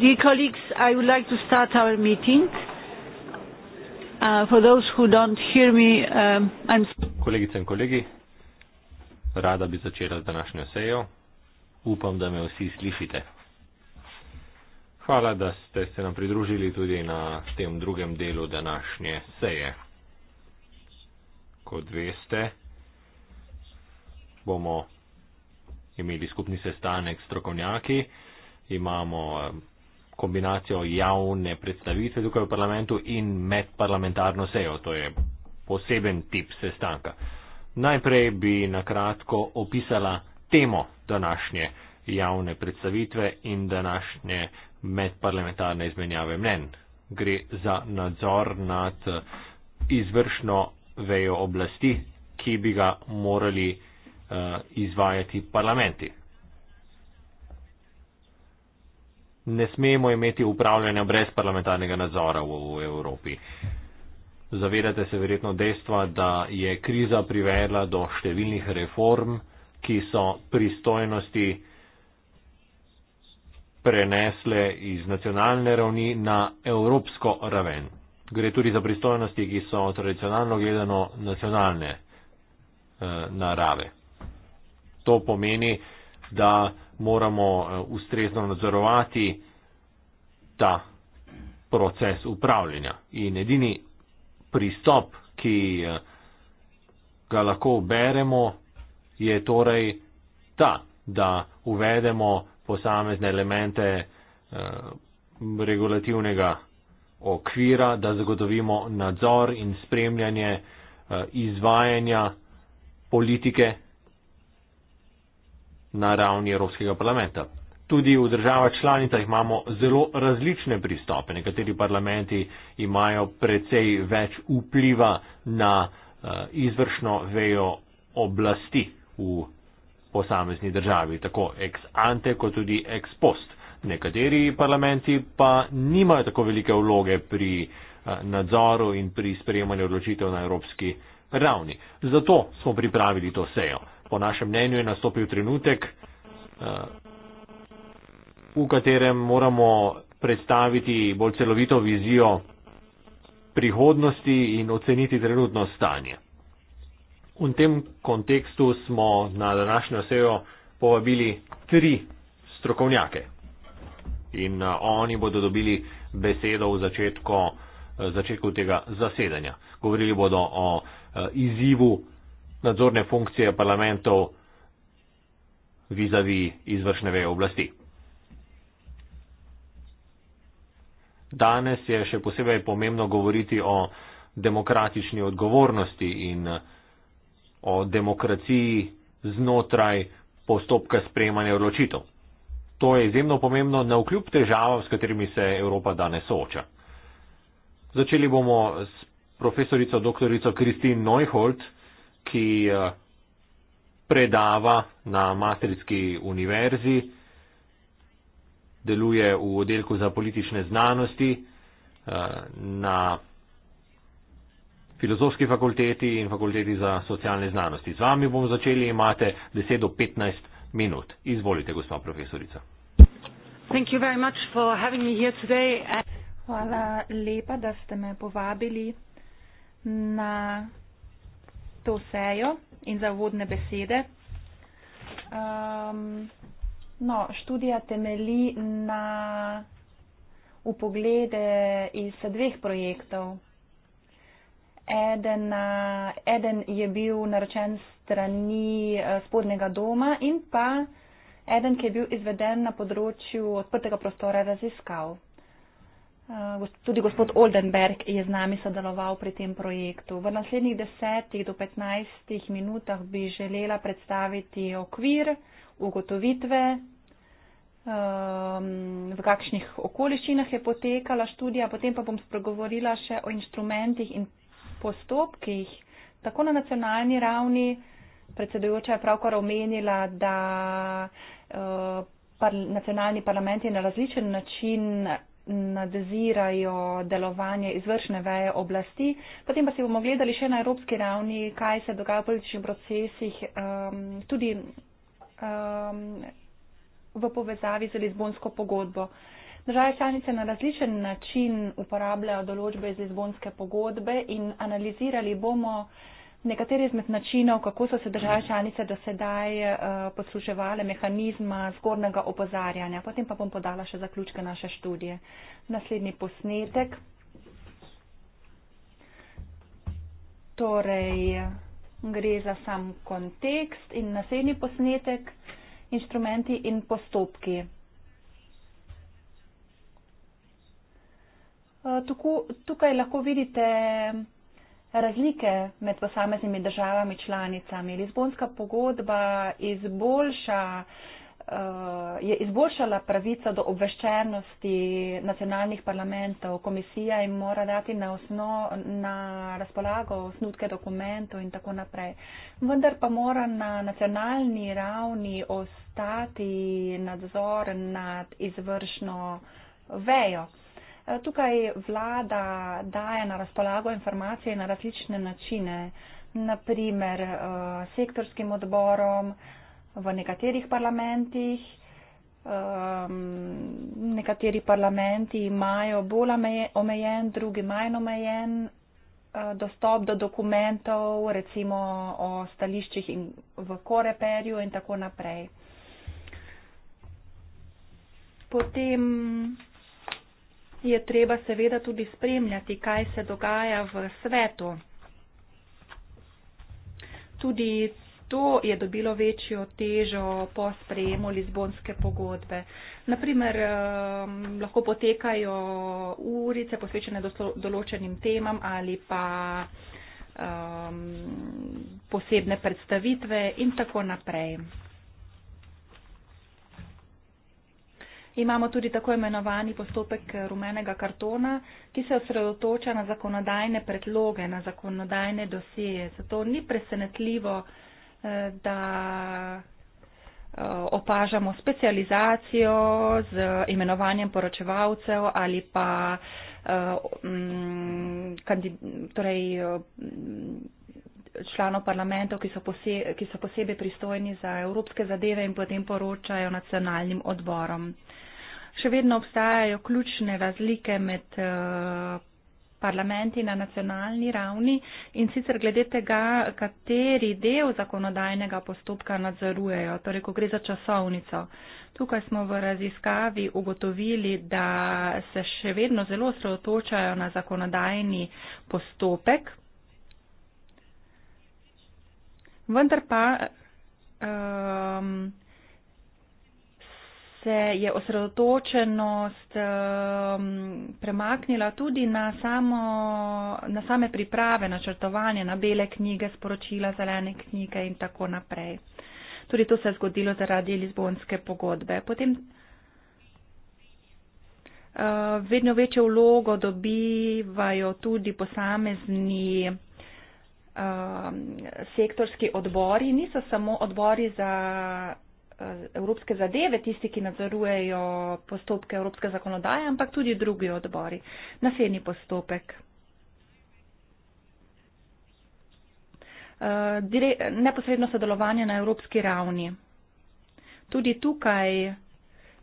Dear colleagues, I would like to start our meeting. Uh, for those who don't hear me, um, I'm. Kolegice in kolegi, rada bi začela z današnjo sejo. Upam, da me vsi slišite. Hvala, da ste se nam pridružili tudi na tem drugem delu današnje seje. Kot veste, bomo imeli skupni sestanek s trokovnjaki, imamo eh, kombinacijo javne predstavitve tukaj v parlamentu in medparlamentarno sejo. To je poseben tip sestanka. Najprej bi nakratko opisala temo današnje javne predstavitve in današnje medparlamentarne izmenjave mnen. Gre za nadzor nad eh, izvršno vejo oblasti, ki bi ga morali uh, izvajati parlamenti. Ne smemo imeti upravljanja brez parlamentarnega nadzora v, v Evropi. Zavedate se verjetno dejstva, da je kriza privedla do številnih reform, ki so pristojnosti prenesle iz nacionalne ravni na evropsko raven. Gre tudi za pristojnosti, ki so tradicionalno gledano nacionalne eh, narave. To pomeni, da moramo eh, ustrezno nadzorovati ta proces upravljanja. In edini pristop, ki eh, ga lahko uberemo, je torej ta, da uvedemo posamezne elemente eh, regulativnega okvira, da zagotovimo nadzor in spremljanje izvajanja politike na ravni Evropskega parlamenta. Tudi v državah članicah imamo zelo različne pristope. Nekateri parlamenti imajo precej več vpliva na uh, izvršno vejo oblasti v posamezni državi, tako ex ante kot tudi ex post. Nekateri parlamenti pa nimajo tako velike vloge pri eh, nadzoru in pri sprejemanju odločitev na evropski ravni. Zato smo pripravili to sejo po našem mnenju je nastopil trenutek, eh, v katerem moramo predstaviti bolj celovito vizijo prihodnosti in oceniti trenutno stanje. V tem kontekstu smo na današnjo sejo povabili tri strokovnjake in eh, oni bodo dobili besedo v začetku, eh, začetku tega zasedanja. Govorili bodo o izzivu nadzorne funkcije parlamentov vizavi izvršneve oblasti. Danes je še posebej pomembno govoriti o demokratični odgovornosti in eh, o demokraciji znotraj postopka sprejemanja odločitev. To je izjemno pomembno na vkljub težavam, s katerimi se Evropa danes sooča. Začeli bomo s profesorico dr. Kristin Neuholt, ki eh, predava na Maastrichtski univerzi, deluje v oddelku za politične znanosti eh, na filozofski fakulteti in fakulteti za socialne znanosti. Z vami bom začeli, imate 10 do 15 minut. Izvolite, gospa profesorica. Hvala lepa, da ste me povabili na to sejo in za vodne besede. Um, no, študija temeli na upoglede iz dveh projektov. Eden, eden je bil naročen strani e, spodnega doma in pa eden, ki je bil izveden na področju odprtega prostora raziskav. Eh, tudi gospod Oldenberg je z nami sodeloval pri tem projektu. V naslednjih desetih do petnajstih minutah bi želela predstaviti okvir, ugotovitve, ehm, v kakšnih okoliščinah je potekala študija, potem pa bom spregovorila še o instrumentih in postopkih, tako na nacionalni ravni, predsedujoča je pravkar omenila, da. Eh, nacionalni parlament je na različen način nadzirajo delovanje izvršne veje oblasti. Potem pa si bomo gledali še na evropski ravni, kaj se dogaja v političnih procesih, um, tudi um, v povezavi z Lizbonsko pogodbo. Države članice na različen način uporabljajo določbe iz Lizbonske pogodbe in analizirali bomo, uh, nekateri izmed načinov, kako so se države članice do sedaj uh, posluževale mehanizma zgornjega opozarjanja. Potem pa bom podala še zaključke naše študije. Naslednji posnetek. Torej, gre za sam kontekst in naslednji posnetek, inštrumenti in postopki. Eh, tukaj lahko vidite razlike med posameznimi državami članicami. Lizbonska pogodba izboljša, eh, je izboljšala pravico do obveščenosti nacionalnih parlamentov. Komisija jim mora dati na, osno, na razpolago osnutke dokumentov in tako naprej. Vendar pa mora na nacionalni ravni ostati nadzor nad izvršno vejo. Eh, tukaj vlada daje na razpolago informacije na različne načine, naprimer eh, sektorskim odborom v nekaterih parlamentih. Ehm, nekateri parlamenti imajo bolj omejen, drugi manj omejen eh, dostop do dokumentov, recimo o stališčih in v koreperju in tako naprej. Potem je treba seveda tudi spremljati, kaj se dogaja v svetu. Tudi to je dobilo večjo težo po sprejemu Lizbonske pogodbe. Naprimer, eh, um, lahko potekajo urice posvečene določenim temam ali pa eh, posebne predstavitve in tako naprej. Imamo tudi tako imenovani postopek eh, rumenega kartona, ki se osredotoča na zakonodajne predloge, na zakonodajne dosije. Zato ni presenetljivo, eh, da eh, opažamo specializacijo z imenovanjem poročevalcev ali pa torej, članov parlamentov, ki, ki so posebej pristojni za evropske zadeve in potem poročajo nacionalnim odborom še vedno obstajajo ključne razlike med eh, parlamenti na nacionalni ravni in sicer glede tega, kateri del zakonodajnega postopka nadzorujejo, torej ko gre za časovnico. Tukaj smo v raziskavi ugotovili, da se še vedno zelo sredotočajo na zakonodajni postopek. Vendar pa um, se je osredotočenost um, premaknila tudi na, samo, na same priprave, načrtovanje, na bele knjige, sporočila zelene knjige in tako naprej. Tudi to se je zgodilo zaradi Lizbonske pogodbe. Potem uh, vedno večjo vlogo dobivajo tudi posamezni uh, sektorski odbori, niso samo odbori za evropske zadeve, tisti, ki nadzorujejo postopke evropske zakonodaje, ampak tudi drugi odbori. Naslednji postopek. Eh, neposredno sodelovanje na evropski ravni. Tudi tukaj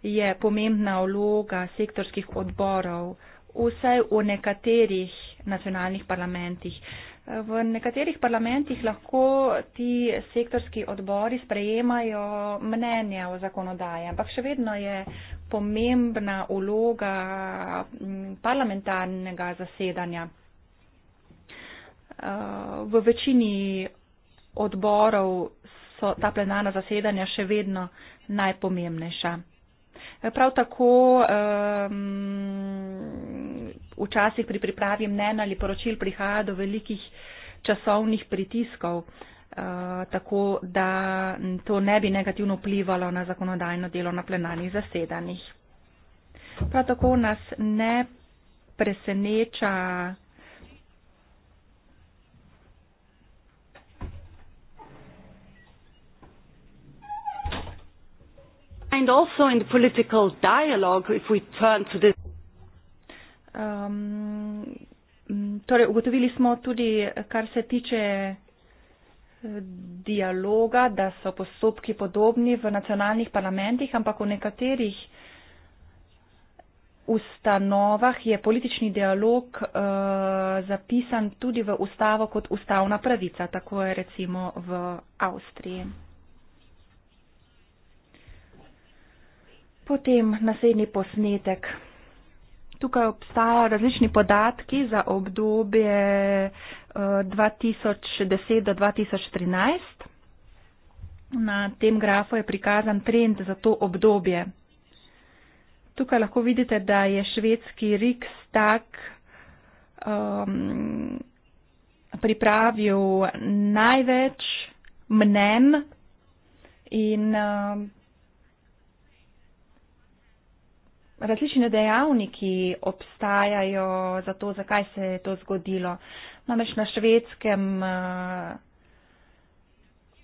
je pomembna vloga sektorskih odborov, vsaj v nekaterih nacionalnih parlamentih. V nekaterih parlamentih lahko ti sektorski odbori sprejemajo mnenja o zakonodaje, ampak še vedno je pomembna uloga parlamentarnega zasedanja. Eh, v večini odborov so ta plenarna zasedanja še vedno najpomembnejša. Eh, prav tako um, včasih pri pripravi mnen ali poročil prihaja do velikih časovnih pritiskov, eh, tako da to ne bi negativno vplivalo na zakonodajno delo na plenarnih zasedanjih. Prav tako nas ne preseneča. In also in the political dialogue, if we turn to this. Um, torej, ugotovili smo tudi, kar se tiče eh, dialoga, da so postopki podobni v nacionalnih parlamentih, ampak v nekaterih ustanovah je politični dialog uh, zapisan tudi v ustavo kot ustavna pravica, tako je recimo v Avstriji. Potem naslednji posnetek tukaj obstajajo različni podatki za obdobje 2010 eh, do 2013. Na tem grafu je prikazan trend za to obdobje. Tukaj lahko vidite, da je švedski Rikstak um, ehm, pripravil največ mnen in um, različne dejavniki obstajajo za to, zakaj se je to zgodilo. Namreč na švedskem eh,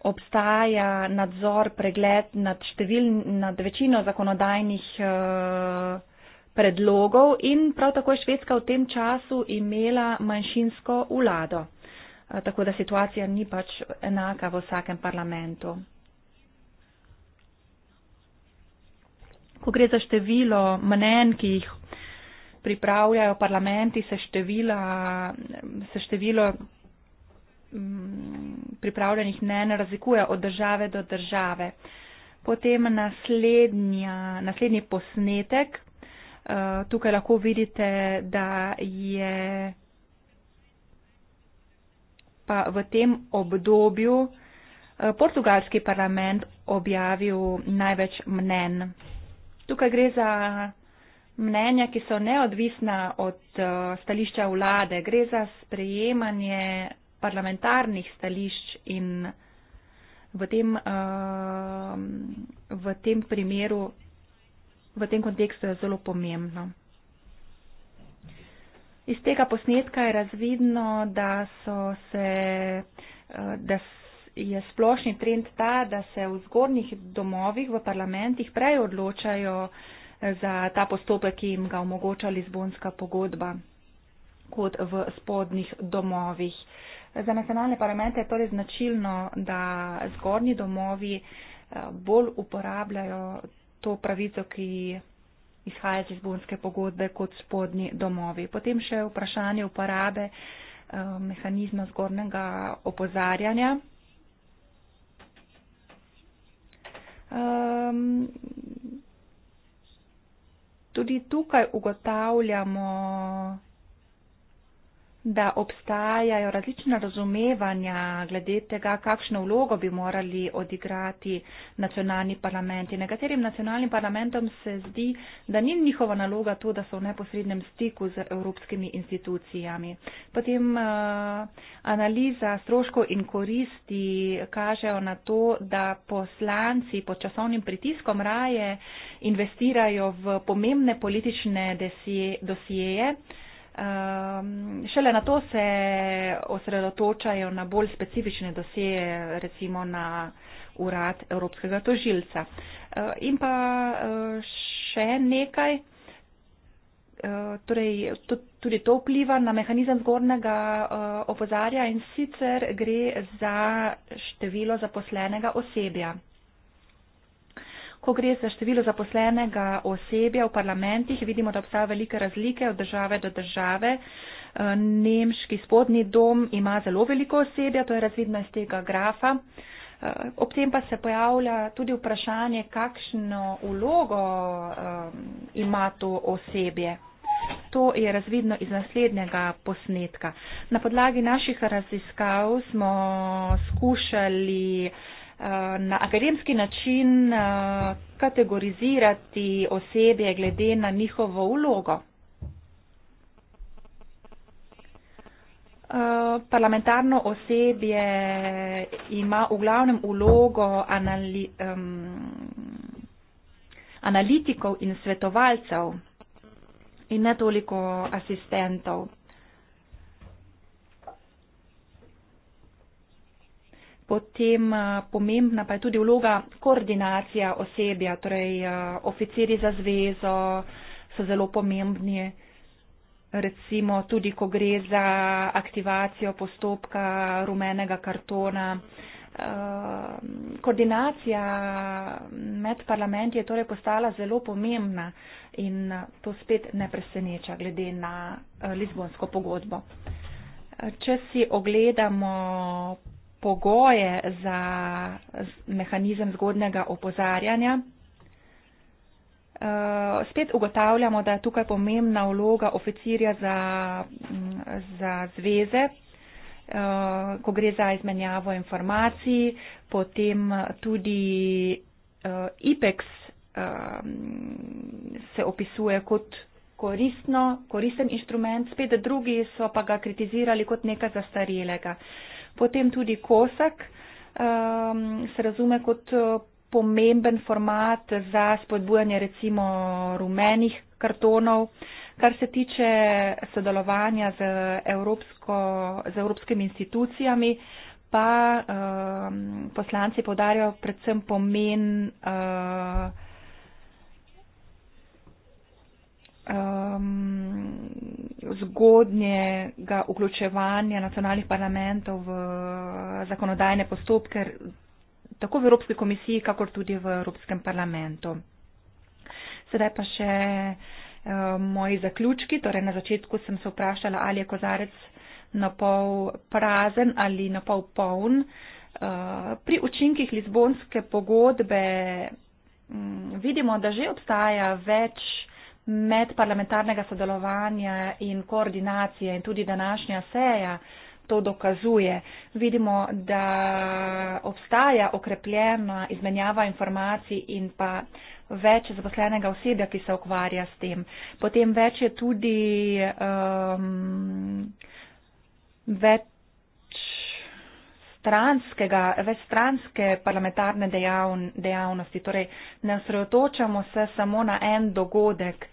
obstaja nadzor, pregled nad, števil, nad večino zakonodajnih eh, predlogov in prav tako je Švedska v tem času imela manjšinsko vlado. Eh, tako da situacija ni pač enaka v vsakem parlamentu. ko gre za število mnen, ki jih pripravljajo parlamenti, se, števila, se število mm, pripravljenih mnen razlikuje od države do države. Potem naslednji posnetek. Eh, tukaj lahko vidite, da je pa v tem obdobju eh, portugalski parlament objavil največ mnen. Tukaj gre za mnenja, ki so neodvisna od eh, stališča vlade. Gre za sprejemanje parlamentarnih stališč in v tem, eh, v tem primeru, v tem kontekstu je zelo pomembno. Iz tega posnetka je razvidno, da so se. Eh, da so je splošni trend ta, da se v zgornjih domovih, v parlamentih prej odločajo eh, za ta postopek, ki jim ga omogoča Lizbonska pogodba, kot v spodnjih domovih. Za nacionalne parlamente je torej značilno, da zgornji domovi eh, bolj uporabljajo to pravico, ki izhaja iz Lizbonske pogodbe, kot spodnji domovi. Potem še vprašanje uporabe eh, mehanizma zgornjega opozarjanja. Um, tudi tukaj ugotavljamo, da obstajajo različna razumevanja glede tega, kakšno vlogo bi morali odigrati nacionalni parlamenti. Nekaterim nacionalnim parlamentom se zdi, da ni njihova naloga to, da so v neposrednem stiku z evropskimi institucijami. Potem uh, analiza stroškov in koristi kažejo na to, da poslanci pod časovnim pritiskom raje investirajo v pomembne politične dosjeje. Dosije, Um, šele na to se osredotočajo na bolj specifične dosije, recimo na urad Evropskega tožilca. Uh, in pa uh, še nekaj, uh, torej, tudi to vpliva na mehanizem zgornjega uh, opozarja in sicer gre za število zaposlenega osebja ko gre za število zaposlenega osebja v parlamentih, vidimo, da obstaja velike razlike od države do države. Eh, nemški spodnji dom ima zelo veliko osebja, to je razvidno iz tega grafa. Eh, ob tem pa se pojavlja tudi vprašanje, kakšno ulogo eh, ima to osebje. To je razvidno iz naslednjega posnetka. Na podlagi naših raziskav smo skušali Eh, na akademski način eh, kategorizirati osebje glede na njihovo vlogo. Eh, parlamentarno osebje ima v glavnem vlogo anali, um, analitikov in svetovalcev in ne toliko asistentov. Potem eh, pomembna pa je tudi vloga koordinacija osebja, torej eh, oficiri za zvezo so zelo pomembni, recimo tudi, ko gre za aktivacijo postopka rumenega kartona. Eh, koordinacija med parlamenti je torej postala zelo pomembna in to spet ne preseneča glede na Lizbonsko pogodbo. Če si ogledamo pogoje za mehanizem zgodnega opozarjanja. Eh, spet ugotavljamo, da je tukaj pomembna vloga oficirja za, za zveze, eh, ko gre za izmenjavo informacij, potem tudi eh, IPEX se opisuje kot koristno, koristen inštrument, spet drugi so pa ga kritizirali kot nekaj zastarelega. Potem tudi kosek um, se razume kot eh, pomemben format za spodbujanje recimo rumenih kartonov. Kar se tiče sodelovanja z, Evropsko, z evropskimi institucijami, pa um, poslanci podarjajo predvsem pomen uh, um, zgodnjega vključevanja nacionalnih parlamentov v zakonodajne postopke, tako v Evropski komisiji, kakor tudi v Evropskem parlamentu. Sedaj pa še eh, moji zaključki. Torej, na začetku sem se vprašala, ali je kozarec napol prazen ali napol poln. Eh, pri učinkih Lizbonske pogodbe mm, vidimo, da že obstaja več medparlamentarnega sodelovanja in koordinacije in tudi današnja seja to dokazuje. Vidimo, da obstaja okrepljena izmenjava informacij in pa več zaposlenega osebja, ki se ukvarja s tem. Potem več je tudi um, več transkega, večstranske parlamentarne dejavn, dejavnosti. Torej, ne osredotočamo se samo na en dogodek.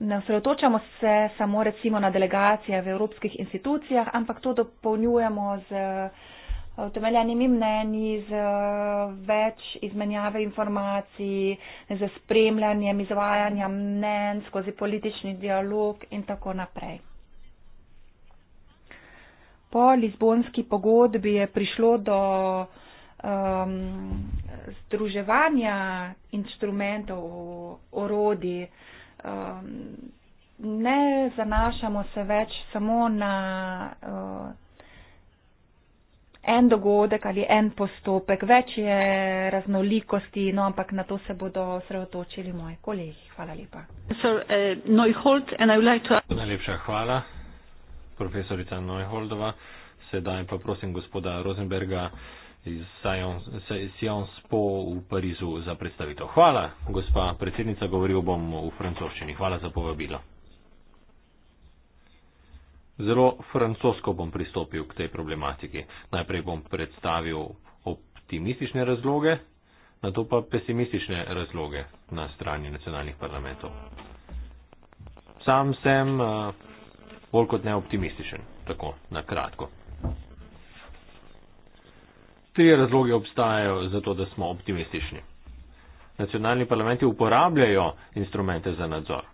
Ne osredotočamo se samo recimo na delegacije v evropskih institucijah, ampak to dopolnjujemo z eh, utemeljenimi mnenji, z eh, več izmenjave informacij, z spremljanjem izvajanja mnen skozi politični dialog in tako naprej po Lizbonski pogodbi je prišlo do um, združevanja inštrumentov, orodi. Um, ne zanašamo se več samo na uh, en dogodek ali en postopek, več je raznolikosti, no, ampak na to se bodo osredotočili moji kolegi. Hvala lepa. Sir, uh, eh, Neuhold, like to... Najlepša hvala profesorica Neuholdova. Sedaj pa prosim gospoda Rosenberga iz Sciences Po v Parizu za predstavitev. Hvala, gospa predsednica, govoril bom v francoščini. Hvala za povabilo. Zelo francosko bom pristopil k tej problematiki. Najprej bom predstavil optimistične razloge, na to pa pesimistične razloge na strani nacionalnih parlamentov. Sam sem eh, bolj kot neoptimističen, tako na kratko. Tri razloge obstajajo za to, da smo optimistični. Nacionalni parlamenti uporabljajo instrumente za nadzor.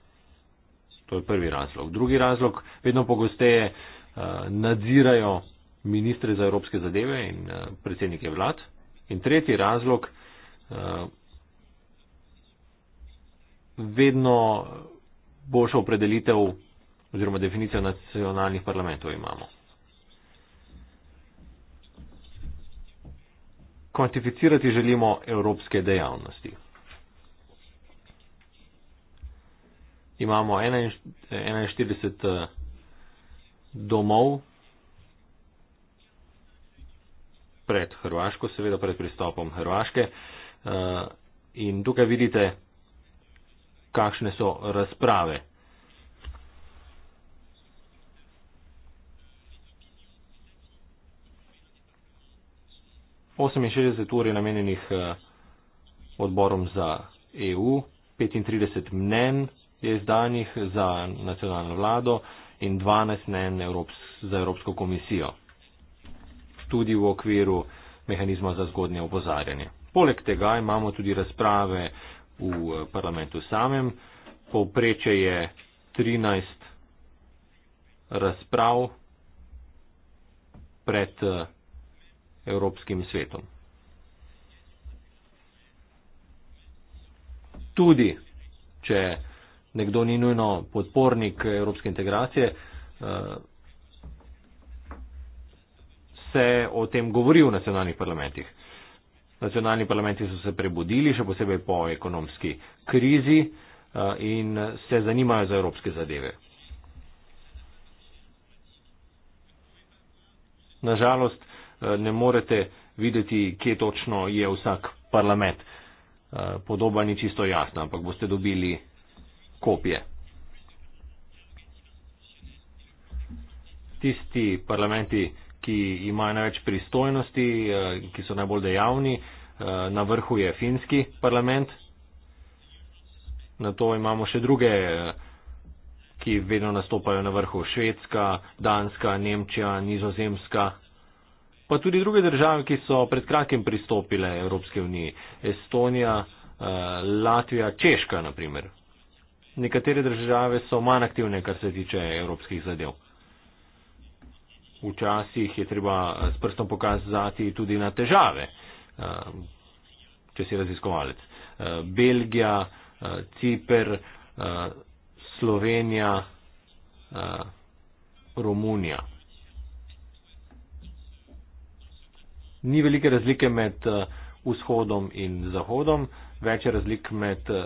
To je prvi razlog. Drugi razlog, vedno pogosteje uh, nadzirajo ministre za evropske zadeve in uh, predsednike vlad. In tretji razlog, uh, vedno boljša opredelitev oziroma definicijo nacionalnih parlamentov imamo. Kvantificirati želimo evropske dejavnosti. Imamo 41 eh, domov pred Hrvaško, seveda pred pristopom Hrvaške. Eh, in tukaj vidite, kakšne so razprave 68 ur je namenjenih eh, odborom za EU, 35 mnen je izdanih za nacionalno vlado in 12 mnen Evrops za Evropsko komisijo. Tudi v okviru mehanizma za zgodnje opozarjanje. Poleg tega imamo tudi razprave v eh, parlamentu samem. Povpreče je 13 eh, razprav pred evropskim svetom. Tudi, če nekdo ni nujno podpornik evropske integracije, eh, se o tem govori v nacionalnih parlamentih. Nacionalni parlamenti so se prebudili, še posebej po ekonomski krizi eh, in se zanimajo za evropske zadeve. Nažalost, ne morete videti, kje točno je vsak parlament. Eh, podoba ni čisto jasna, ampak boste dobili kopije. Tisti parlamenti, ki imajo največ pristojnosti, eh, ki so najbolj dejavni, eh, na vrhu je finski parlament. Na to imamo še druge, ki vedno nastopajo na vrhu. Švedska, Danska, Nemčija, Nizozemska, pa tudi druge države, ki so pred kratkim pristopile Evropske unije. Estonija, eh, Latvija, Češka naprimer. Nekatere države so manj aktivne, kar se tiče evropskih zadev. Včasih je treba eh, s prstom pokazati tudi na težave, eh, če si raziskovalec. Belgija, Ciper, Slovenija, Romunija. ni velike razlike med eh, vzhodom in zahodom, več je razlik med eh,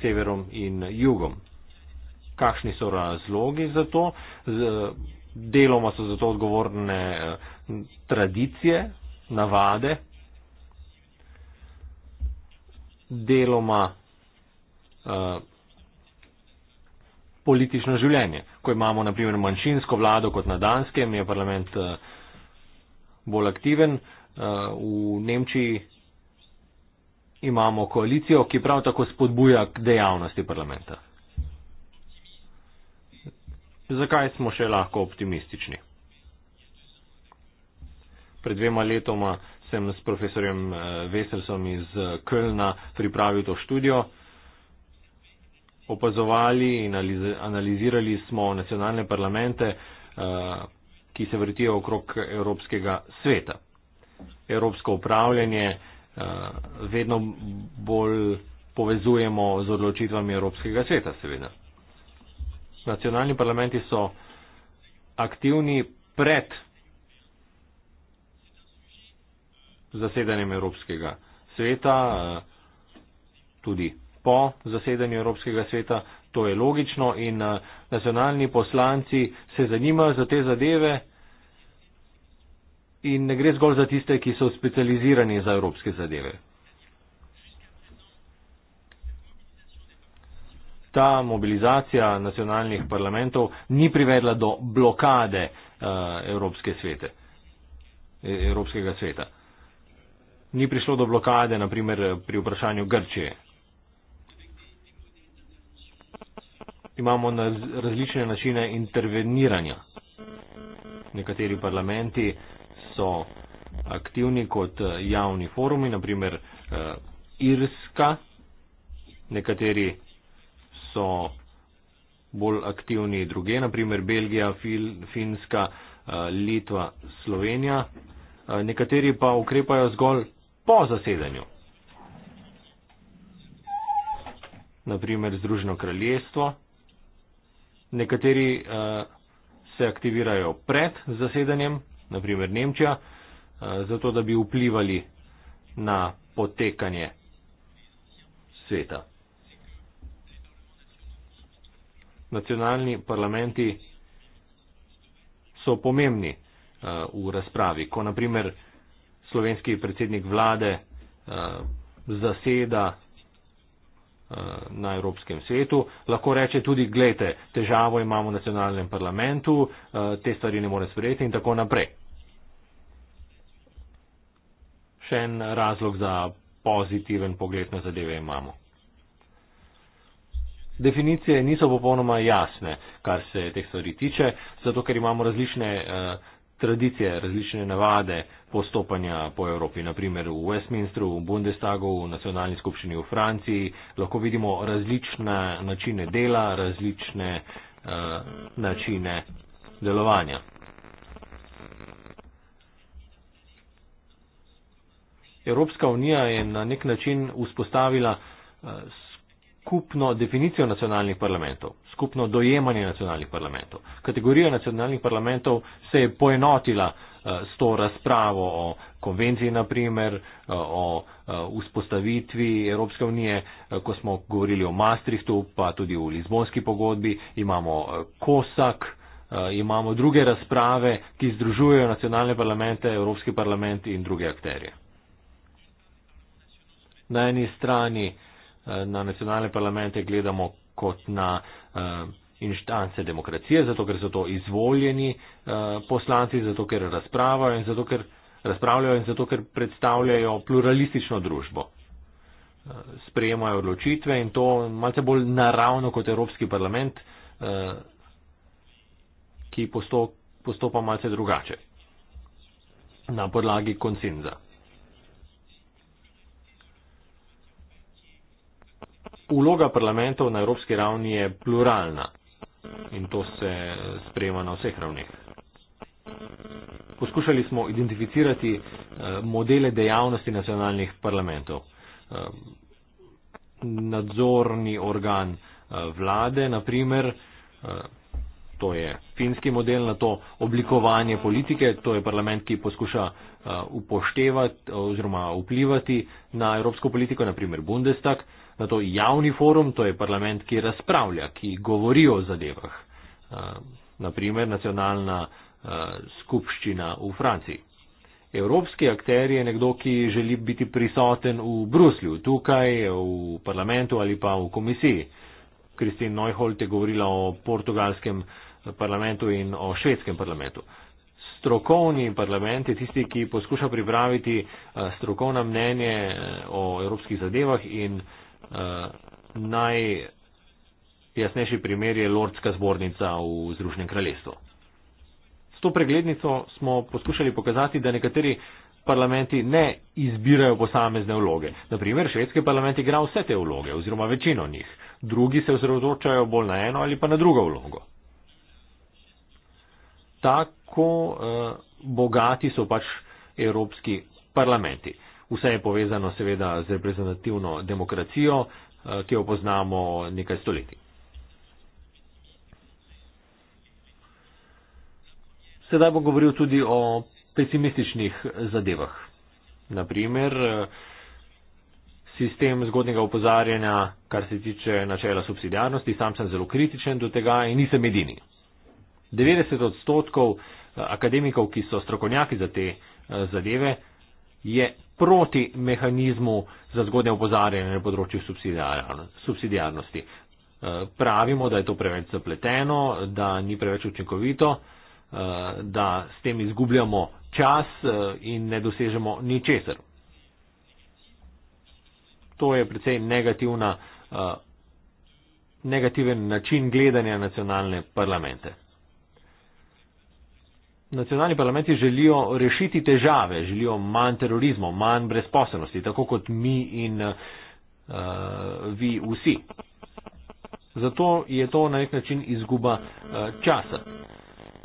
severom in jugom. Kakšni so razlogi za to? Eh, deloma so za to odgovorne tradicije, navade, deloma politično življenje. Ko imamo na primer manjšinsko vlado kot na Danskem, je parlament bolj aktiven, Eh, v Nemčiji imamo koalicijo, ki prav tako spodbuja k dejavnosti parlamenta. Zakaj smo še lahko optimistični? Pred dvema letoma sem s profesorjem eh, Vesersom iz eh, Kölna pripravil to študijo. Opazovali in analizirali smo nacionalne parlamente, ki se vrtijo okrog Evropskega sveta evropsko upravljanje eh, vedno bolj povezujemo z odločitvami Evropskega sveta, seveda. Nacionalni parlamenti so aktivni pred zasedanjem Evropskega sveta, eh, tudi po zasedanju Evropskega sveta, to je logično in eh, nacionalni poslanci se zanimajo za te zadeve, in ne gre zgolj za tiste, ki so specializirani za evropske zadeve. Ta mobilizacija nacionalnih parlamentov ni privedla do blokade eh, Evropske svete, e, Evropskega sveta. Ni prišlo do blokade, naprimer, pri vprašanju Grčije. Imamo na različne načine interveniranja. Nekateri parlamenti uh, so aktivni kot eh, javni forumi, naprimer eh, Irska, nekateri so bolj aktivni druge, naprimer Belgija, Fil, Finska, eh, Litva, Slovenija, nekateri pa ukrepajo zgolj po zasedanju. Naprimer Združeno kraljestvo. Nekateri uh, se aktivirajo pred zasedanjem naprimer Nemčija, eh, zato da bi vplivali na potekanje sveta. Nacionalni parlamenti so pomembni eh, v razpravi. Ko naprimer slovenski predsednik vlade eh, zaseda Eh, na Evropskem svetu. Lahko reče tudi, gledajte, težavo imamo v nacionalnem parlamentu, eh, te stvari ne more sprejeti in tako naprej. Še en razlog za pozitiven pogled na zadeve imamo. Definicije niso popolnoma jasne, kar se teh stvari tiče, zato ker imamo različne uh, tradicije, različne navade postopanja po Evropi, naprimer v Westminsteru, v Bundestagu, v nacionalni skupščini v Franciji, lahko vidimo različne načine dela, različne uh, načine delovanja. Evropska unija je na nek način vzpostavila uh, skupno definicijo nacionalnih parlamentov, skupno dojemanje nacionalnih parlamentov. Kategorija nacionalnih parlamentov se je poenotila eh, s to razpravo o konvenciji, naprimer, eh, o eh, vzpostavitvi Evropske unije, ko smo govorili o Maastrichtu, pa tudi o Lizbonski pogodbi, imamo Kosak, imamo druge razprave, ki združujejo nacionalne parlamente, Evropski parlament in druge akterje. Na eni strani Eh, na nacionalne parlamente gledamo kot na eh, inštance demokracije, zato ker so to izvoljeni eh, poslanci, zato ker razpravljajo in zato ker, razpravljajo in zato, ker predstavljajo pluralistično družbo. Sprejemajo odločitve in to malce bolj naravno kot Evropski parlament, ki postopa malce drugače na podlagi konsenza. Uloga parlamentov na evropski ravni je pluralna in to se sprejema na vseh ravneh. Poskušali smo identificirati eh, modele dejavnosti nacionalnih parlamentov. Eh, nadzorni organ eh, vlade, na primer, to je finski model na to oblikovanje politike, to je parlament, ki poskuša upoštevati oziroma vplivati na evropsko politiko, na primer Bundestag na to javni forum, to je parlament, ki razpravlja, ki govori o zadevah. Eh, Naprimer, nacionalna eh, skupščina v Franciji. Evropski akter je nekdo, ki želi biti prisoten v Bruslju, tukaj, v parlamentu ali pa v komisiji. Kristin Neuholt je govorila o portugalskem eh, parlamentu in o švedskem parlamentu. Strokovni parlament je tisti, ki poskuša pripraviti strokovna mnenje o evropskih zadevah in uh, Eh, najjasnejši primer je Lordska zbornica v Združenem kraljestvu. S to preglednico smo poskušali pokazati, da nekateri parlamenti ne izbirajo posamezne vloge. Naprimer, švedski parlament igra vse te vloge oziroma večino njih. Drugi se ozročajo bolj na eno ali pa na drugo vlogo. Tako eh, bogati so pač evropski parlamenti. Vse je povezano seveda z reprezentativno demokracijo, eh, ki jo poznamo nekaj stoletij. Sedaj bom govoril tudi o pesimističnih zadevah. Naprimer, eh, sistem zgodnega opozarjanja, kar se tiče načela subsidijarnosti, sam sem zelo kritičen do tega in nisem edini. 90 odstotkov eh, akademikov, ki so strokovnjaki za te zadeve, je proti mehanizmu za zgodnje upozarjanje na področju subsidijarnosti. Eh, pravimo, da je to preveč zapleteno, da ni preveč učinkovito, eh, da s tem izgubljamo čas eh, in ne dosežemo ničesar. To je precej negativen način gledanja nacionalne parlamente nacionalni parlamenti želijo rešiti težave, želijo manj terorizma, manj brezposobnosti, tako kot mi in uh, vi vsi. Zato je to na nek način izguba uh, časa.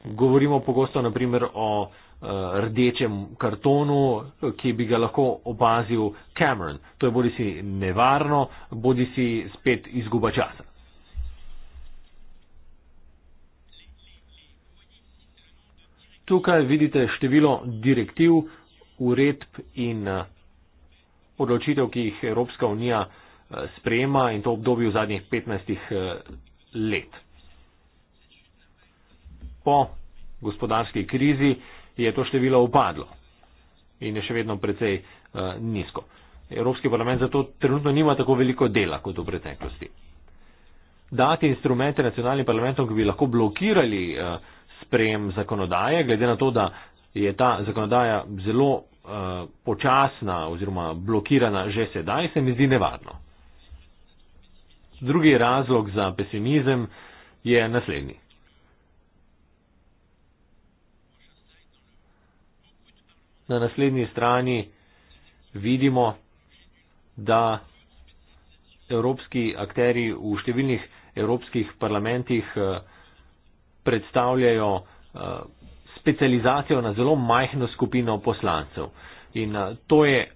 Govorimo pogosto naprimer o uh, rdečem kartonu, ki bi ga lahko opazil Cameron. To je bodi si nevarno, bodi si spet izguba časa. Tukaj vidite število direktiv, uredb in eh, odločitev, ki jih Evropska unija eh, sprejema in to obdobju zadnjih 15 eh, let. Po gospodarski krizi je to število upadlo in je še vedno precej nizko. Evropski parlament zato trenutno nima tako veliko dela kot v preteklosti. Dati instrumente nacionalnim parlamentom, ki bi lahko blokirali uh, sprejem zakonodaje, glede na to, da je ta zakonodaja zelo eh, počasna oziroma blokirana že sedaj, se mi zdi nevarno. Drugi razlog za pesimizem je naslednji. Na naslednji strani vidimo, da evropski akteri v številnih evropskih parlamentih eh, predstavljajo eh, specializacijo na zelo majhno skupino poslancev. In eh, to je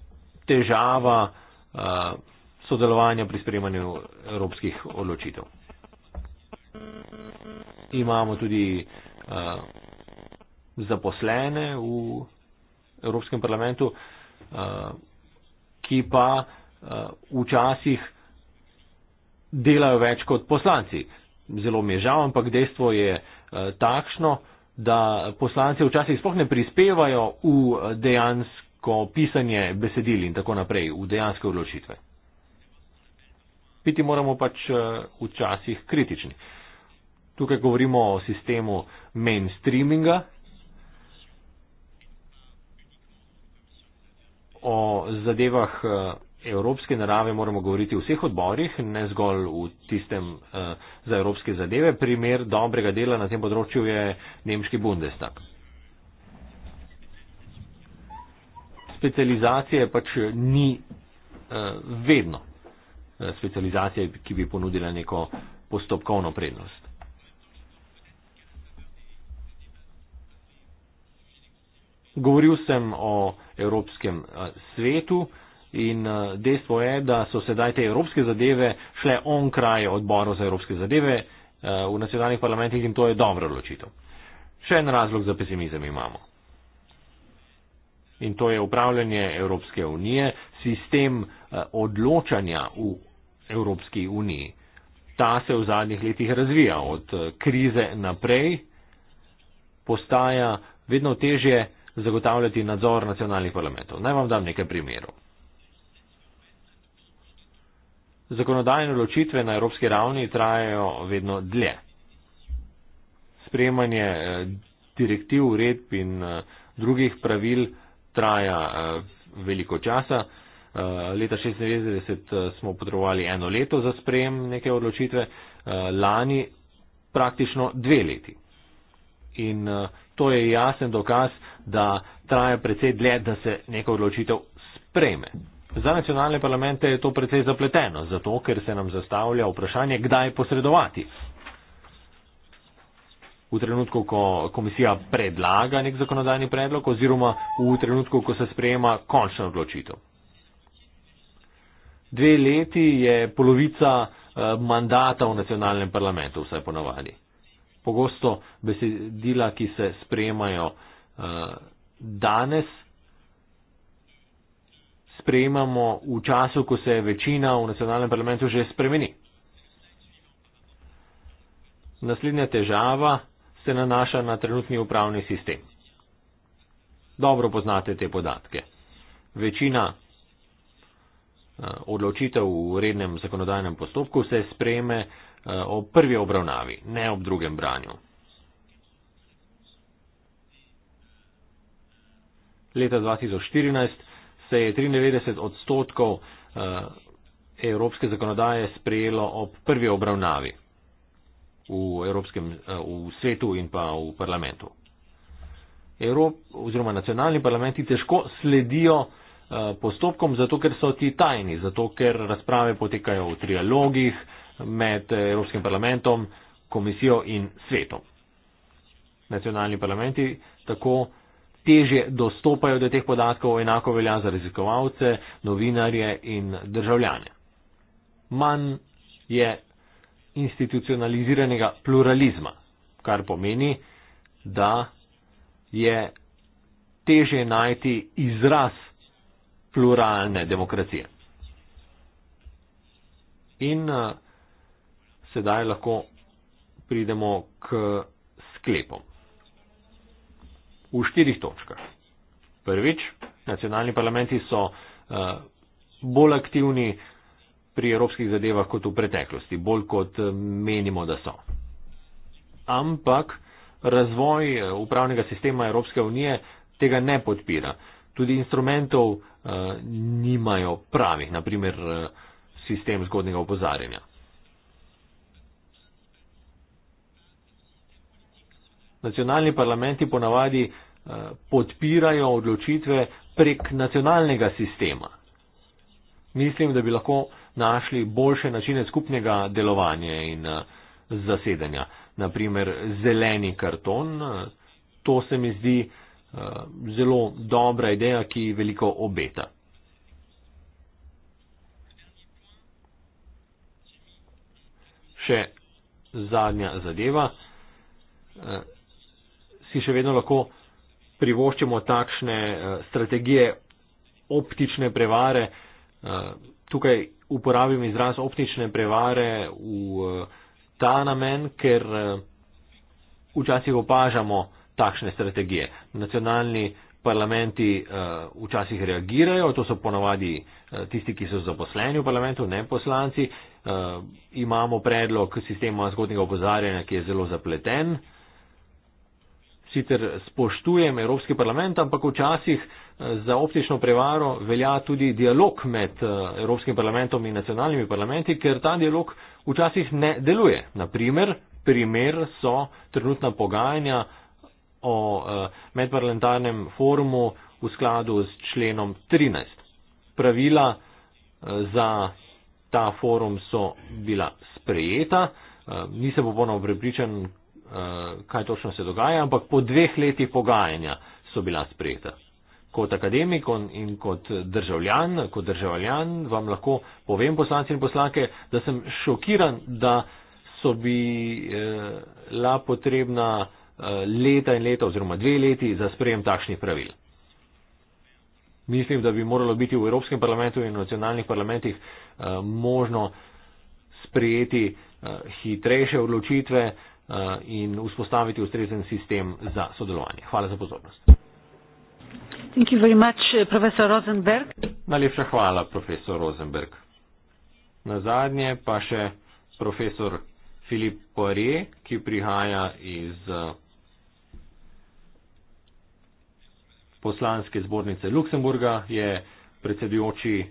težava eh, sodelovanja pri sprejemanju evropskih odločitev. Imamo tudi zaposlene v Evropskem parlamentu, ki pa včasih delajo več kot poslanci. Zelo mi je žal, ampak dejstvo je, Eh, takšno, da poslanci včasih sploh ne prispevajo v dejansko pisanje besedil in tako naprej, v dejanske odločitve. Biti moramo pač eh, včasih kritični. Tukaj govorimo o sistemu mainstreaminga, o zadevah eh, evropske narave moramo govoriti v vseh odborih, ne zgolj v tistem uh, za evropske zadeve. Primer dobrega dela na tem področju je nemški Bundestag. Specializacije pač ni uh, vedno uh, specializacije, ki bi ponudila neko postopkovno prednost. Govoril sem o Evropskem uh, svetu. In eh, dejstvo je, da so sedaj te evropske zadeve šle onkraj odborov za evropske zadeve eh, v nacionalnih parlamentih in to je dobro odločitev. Še en razlog za pesimizem imamo. In to je upravljanje Evropske unije, sistem eh, odločanja v Evropski uniji. Ta se v zadnjih letih razvija od krize naprej, postaja vedno težje zagotavljati nadzor nacionalnih parlamentov. Naj vam dam nekaj primerov. Zakonodajne odločitve na evropski ravni trajajo vedno dlje. Sprejemanje eh, direktiv, uredb in eh, drugih pravil traja eh, veliko časa. Leta 1996 smo potrebovali eno leto za sprejem neke odločitve, lani praktično dve leti. In to je jasen dokaz, da traja precej dlje, da se neka odločitev sprejme. Za nacionalne parlamente je to precej zapleteno, zato ker se nam zastavlja vprašanje, kdaj posredovati. V trenutku, ko komisija predlaga nek zakonodajni predlog oziroma v trenutku, ko se sprejema končna odločitev. Dve leti je polovica eh, mandata v nacionalnem parlamentu, vse ponovadi. Pogosto besedila, ki se sprejemajo eh, danes, sprejemamo v času, ko se večina v nacionalnem parlamentu že spremeni. Naslednja težava se nanaša na trenutni upravni sistem. Dobro poznate te podatke. Večina eh, odločitev v rednem zakonodajnem postopku se sprejme eh, ob prvi obravnavi, ne ob drugem branju. Leta 2014 se je 93 odstotkov eh, evropske zakonodaje sprejelo ob prvi obravnavi v, evropskem, eh, v svetu in pa v parlamentu. Evrop, oziroma nacionalni parlamenti težko sledijo eh, postopkom, zato ker so ti tajni, zato ker razprave potekajo v trialogih med Evropskim parlamentom, komisijo in svetom. Nacionalni parlamenti tako teže dostopajo do teh podatkov, enako velja za raziskovalce, novinarje in državljane. Manj je institucionaliziranega pluralizma, kar pomeni, da je teže najti izraz pluralne demokracije. In eh, sedaj lahko pridemo k sklepom v štirih točkah. Prvič, nacionalni parlamenti so uh, bolj aktivni pri evropskih zadevah kot v preteklosti, bolj kot eh, menimo, da so. Ampak razvoj eh, upravnega sistema Evropske unije tega ne podpira. Tudi instrumentov uh, nimajo pravih, naprimer uh, sistem zgodnega opozarjanja. Nacionalni parlamenti ponavadi eh, podpirajo odločitve prek nacionalnega sistema. Mislim, da bi lahko našli boljše načine skupnega delovanja in eh, zasedanja. Naprimer, zeleni karton, eh, to se mi zdi zelo dobra ideja, ki veliko obeta. Še zadnja zadeva si še vedno lahko privoščimo takšne eh, strategije optične prevare. Eh, tukaj uporabim izraz optične prevare v eh, ta namen, ker včasih opažamo takšne strategije. Nacionalni parlamenti včasih reagirajo, to so ponavadi tisti, ki so zaposleni v parlamentu, ne poslanci. Imamo predlog sistema zgodnjega opozarjanja, ki je zelo zapleten sicer spoštujem Evropski parlament, ampak včasih eh, za optično prevaro velja tudi dialog med eh, Evropskim parlamentom in nacionalnimi parlamenti, ker ta dialog včasih ne deluje. Naprimer, primer so trenutna pogajanja o eh, medparlamentarnem forumu v skladu s členom 13. Pravila za ta forum so bila sprejeta, nisem popolnoma prepričan, Eh, kaj točno se dogaja, ampak po dveh letih pogajanja so bila sprejeta. Kot akademik in kot državljan, kot državljan vam lahko povem poslanci in poslanke, da sem šokiran, da so bila eh, potrebna eh, leta in leta oziroma dve leti za sprejem takšnih pravil. Mislim, da bi moralo biti v Evropskem parlamentu in nacionalnih parlamentih možno sprejeti hitrejše odločitve, Eh, in vzpostaviti ustrezen sistem za sodelovanje. Hvala za pozornost. Much, eh, Najlepša hvala, profesor Rosenberg. Na zadnje pa še profesor Filip Poirier, ki prihaja iz eh, poslanske zbornice Luksemburga, je predsedujoči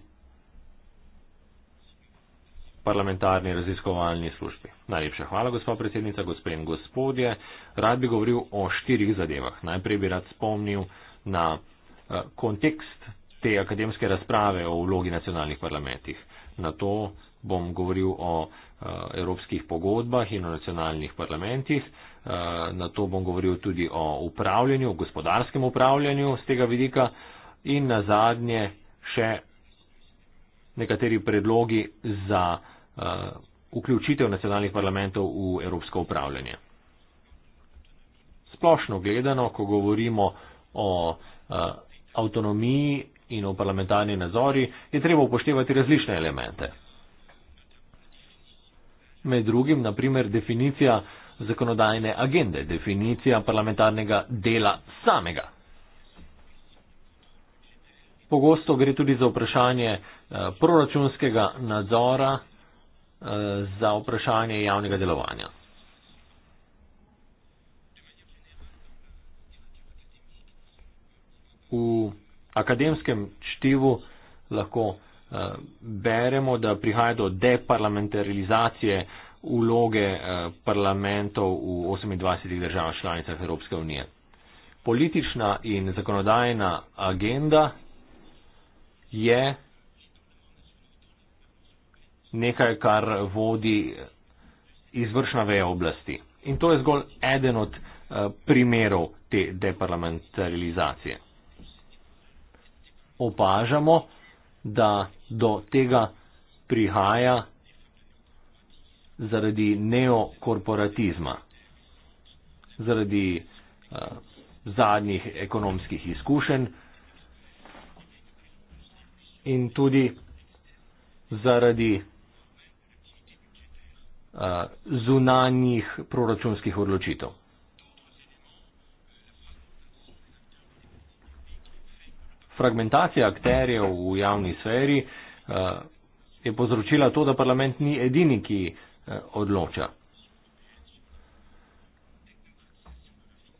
parlamentarni raziskovalni službi. Najlepša hvala, gospa predsednica, gospe in gospodje. Rad bi govoril o štirih zadevah. Najprej bi rad spomnil na eh, kontekst te akademske razprave o vlogi nacionalnih parlamentih. Na to bom govoril o eh, evropskih pogodbah in o nacionalnih parlamentih. Eh, na to bom govoril tudi o upravljanju, o gospodarskem upravljanju z tega vidika. In na zadnje še nekateri predlogi za vključitev nacionalnih parlamentov v evropsko upravljanje. Splošno gledano, ko govorimo o eh, avtonomiji in o parlamentarni nazori, je treba upoštevati različne elemente. Med drugim, naprimer, definicija zakonodajne agende, definicija parlamentarnega dela samega. Pogosto gre tudi za vprašanje eh, proračunskega nadzora Eh, za vprašanje javnega delovanja. V akademskem čtivu lahko eh, beremo, da prihaja do deparlamentarizacije uloge eh, parlamentov v 28 državah članicah Evropske unije. Politična in zakonodajna agenda je nekaj, kar vodi izvršna veja oblasti. In to je zgolj eden od eh, primerov te deparlamentarizacije. Opažamo, da do tega prihaja zaradi neokorporatizma, zaradi uh, zadnjih ekonomskih izkušenj in tudi zaradi uh, zunanjih proračunskih odločitev. Fragmentacija akterjev v javni sferi uh, je povzročila to, da parlament ni edini, ki uh, odloča.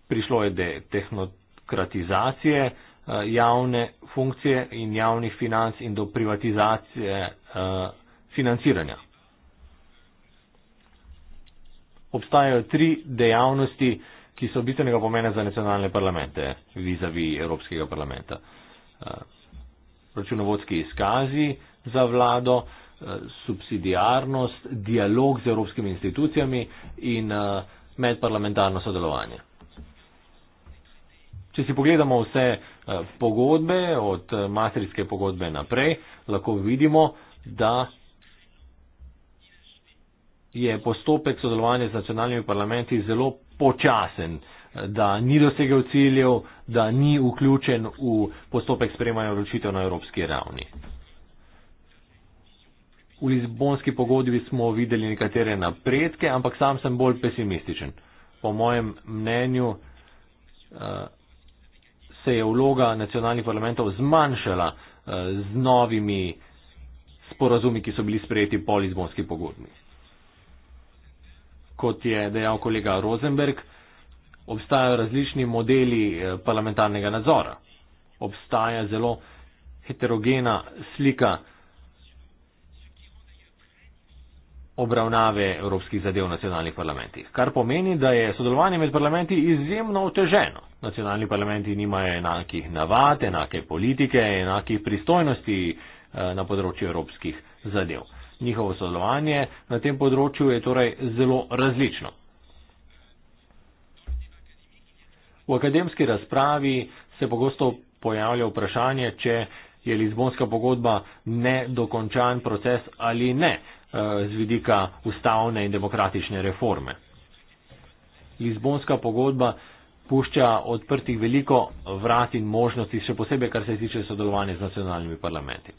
Prišlo je do tehnokratizacije uh, javne funkcije in javnih financ in do privatizacije uh, financiranja. obstajajo tri dejavnosti, ki so bitnega pomena za nacionalne parlamente vizavi Evropskega parlamenta. Eh, računovodski izkazi za vlado, eh, subsidiarnost, dialog z evropskimi institucijami in eh, medparlamentarno sodelovanje. Če si pogledamo vse pogodbe od Maastrichtske pogodbe naprej, lahko vidimo, da je postopek sodelovanja z nacionalnimi parlamenti zelo počasen, da ni dosegel ciljev, da ni vključen v postopek sprejemanja odločitev na evropski ravni. V Lizbonski pogodbi smo videli nekatere napredke, ampak sam sem bolj pesimističen. Po mojem mnenju eh, se je vloga nacionalnih parlamentov zmanjšala eh, z novimi sporazumi, ki so bili sprejeti po Lizbonski pogodbi kot je dejal kolega Rosenberg, obstajajo različni modeli eh, parlamentarnega nadzora. Obstaja zelo heterogena slika obravnave evropskih zadev v nacionalnih parlamentih, kar pomeni, da je sodelovanje med parlamenti izjemno oteženo. Nacionalni parlamenti nimajo enakih navad, enake politike, enakih pristojnosti eh, na področju evropskih zadev. Njihovo sodelovanje na tem področju je torej zelo različno. V akademski razpravi se pogosto pojavlja vprašanje, če je Lizbonska pogodba nedokončan proces ali ne eh, z vidika ustavne in demokratične reforme. Lizbonska pogodba pušča odprtih veliko vrat in možnosti, še posebej kar se tiče sodelovanja z nacionalnimi parlamenti.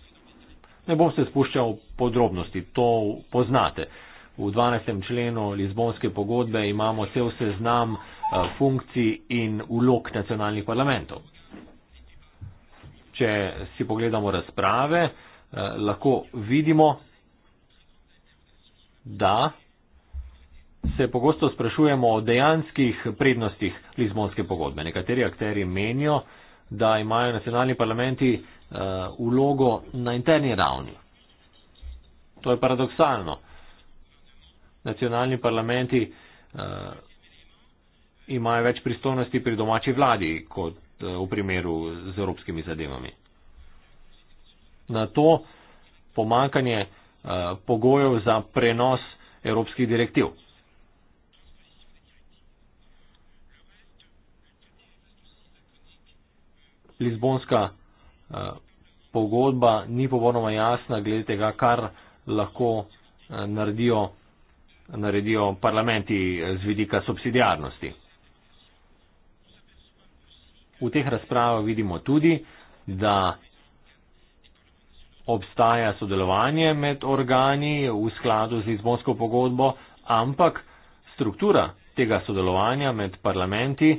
Ne bom se spuščal v podrobnosti, to poznate. V 12. členu Lizbonske pogodbe imamo cel seznam eh, funkcij in ulog nacionalnih parlamentov. Če si pogledamo razprave, eh, lahko vidimo, da se pogosto sprašujemo o dejanskih prednostih Lizbonske pogodbe. Nekateri akteri menijo, da imajo nacionalni parlamenti uh, vlogo na interni ravni. To je paradoksalno. Nacionalni parlamenti uh, imajo več pristojnosti pri domači vladi, kot uh, v primeru z evropskimi zadevami. Na to pomankanje uh, pogojev za prenos evropskih direktiv. Lizbonska Eh, pogodba ni popolnoma jasna glede tega, kar lahko eh, naredijo, naredijo parlamenti eh, z vidika subsidijarnosti. V teh razpravah vidimo tudi, da obstaja sodelovanje med organi v skladu z izbonsko pogodbo, ampak struktura tega sodelovanja med parlamenti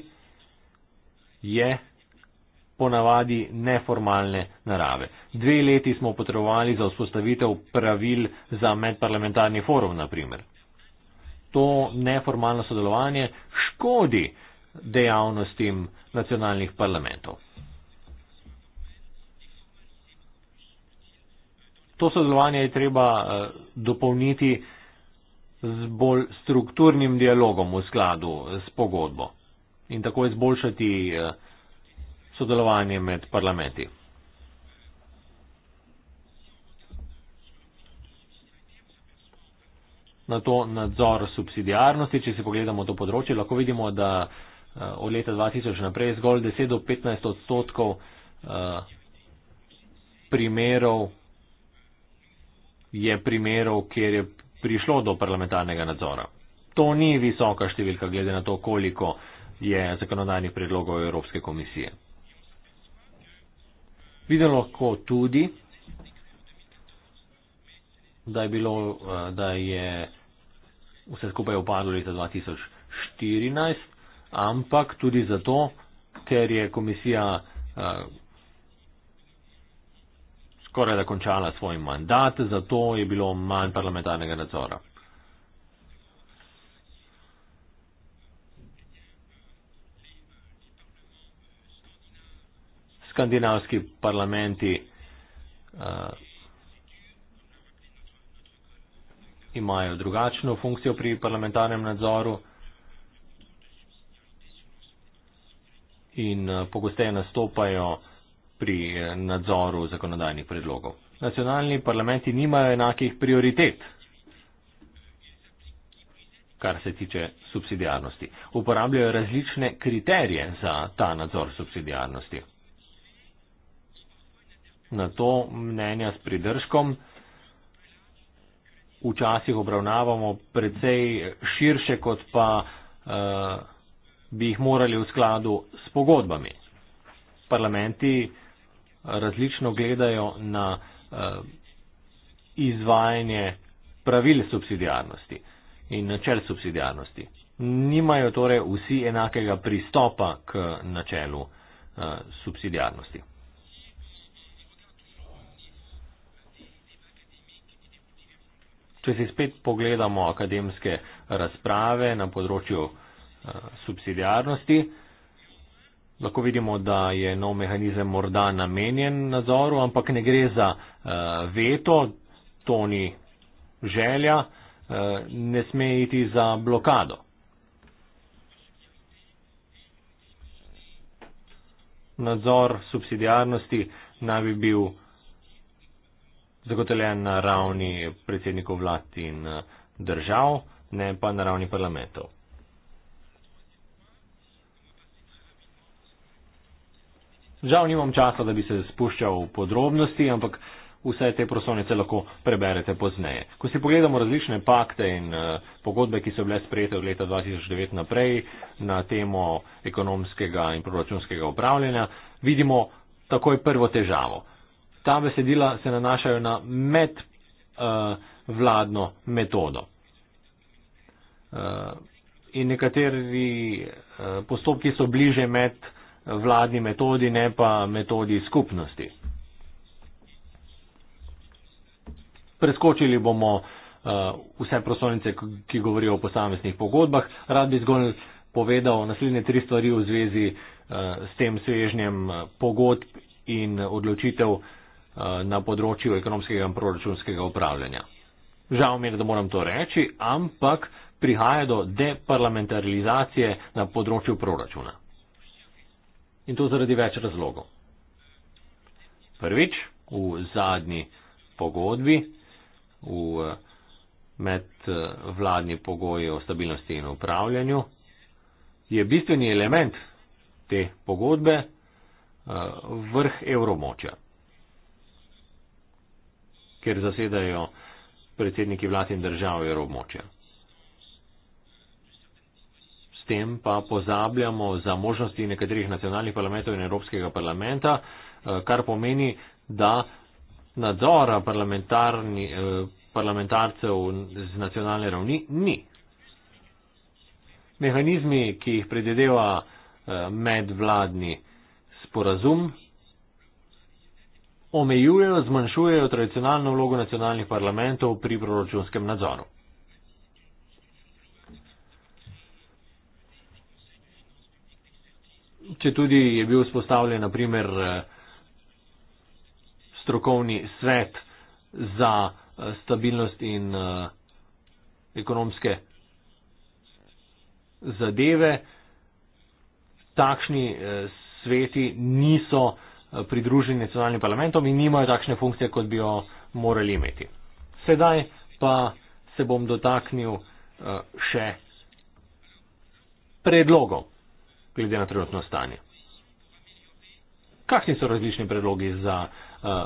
je ponavadi neformalne narave. Dve leti smo potrebovali za vzpostavitev pravil za medparlamentarni forum, na primer. To neformalno sodelovanje škodi dejavnostim nacionalnih parlamentov. To sodelovanje je treba eh, dopolniti z bolj strukturnim dialogom v skladu s pogodbo in tako izboljšati eh, sodelovanje med parlamenti. Na to nadzor subsidijarnosti, če si pogledamo to področje, lahko vidimo, da eh, od leta 2000 naprej zgolj 10 do 15 odstotkov eh, primerov je primerov, kjer je prišlo do parlamentarnega nadzora. To ni visoka številka, glede na to, koliko je zakonodajnih predlogov Evropske komisije. Videli lahko tudi, da je, bilo, eh, da je vse skupaj upadlo leta 2014, ampak tudi zato, ker je komisija eh, skoraj da končala svoj mandat, zato je bilo manj parlamentarnega nadzora. skandinavski parlamenti uh, imajo drugačno funkcijo pri parlamentarnem nadzoru in uh, pogosteje nastopajo pri eh, nadzoru zakonodajnih predlogov. Nacionalni parlamenti nimajo enakih prioritet, kar se tiče subsidijarnosti. Uporabljajo različne kriterije za ta nadzor subsidijarnosti na to mnenja s pridržkom. Včasih obravnavamo precej širše, kot pa uh, bi jih morali v skladu s pogodbami. Parlamenti različno gledajo na uh, izvajanje pravil subsidijarnosti in načel subsidijarnosti. Nimajo torej vsi enakega pristopa k načelu uh, eh, subsidijarnosti. Če si spet pogledamo akademske razprave na področju eh, subsidijarnosti, lahko vidimo, da je nov mehanizem morda namenjen nadzoru, ampak ne gre za eh, veto, to ni želja, eh, ne sme iti za blokado. Nadzor subsidijarnosti naj bi bil zagotovljen na ravni predsednikov vlad in eh, držav, ne pa na ravni parlamentov. Žal nimam časa, da bi se spuščal v podrobnosti, ampak vse te prosovnice lahko preberete pozneje. Ko si pogledamo različne pakte in uh, pogodbe, ki so bile sprejete od leta 2009 naprej na temo ekonomskega in proračunskega upravljanja, vidimo takoj prvo težavo ta besedila se nanašajo na medvladno eh, uh, metodo. Uh, in nekateri uh, postopki so bliže med vladni metodi, ne pa metodi skupnosti. Preskočili bomo uh, vse prosovnice, ki govorijo o posameznih pogodbah. Rad bi zgolj povedal naslednje tri stvari v zvezi uh, s tem svežnjem pogodb in odločitev uh, Eh, na področju ekonomskega in proračunskega upravljanja. Žal mi je, da moram to reči, ampak prihaja do deparlamentarizacije na področju proračuna. In to zaradi več razlogov. Prvič, v zadnji pogodbi, v medvladni pogoji o stabilnosti in upravljanju, je bistveni element te pogodbe eh, vrh evromoča kjer zasedajo predsedniki vlad in držav evroobmočja. S tem pa pozabljamo za možnosti nekaterih nacionalnih parlamentov in Evropskega parlamenta, eh, kar pomeni, da nadzora eh, parlamentarcev z nacionalne ravni ni. Mehanizmi, ki jih predvideva eh, medvladni sporazum, omejujejo, zmanjšujejo tradicionalno vlogo nacionalnih parlamentov pri proračunskem nadzoru. Če tudi je bil vzpostavljen, naprimer, eh, strokovni svet za eh, stabilnost in eh, ekonomske zadeve, takšni sveti niso Eh, pridružili nacionalnim parlamentom in nimajo takšne funkcije, kot bi jo morali imeti. Sedaj pa se bom dotaknil eh, še predlogov, glede na trenutno stanje. Kakšni so različni predlogi za eh,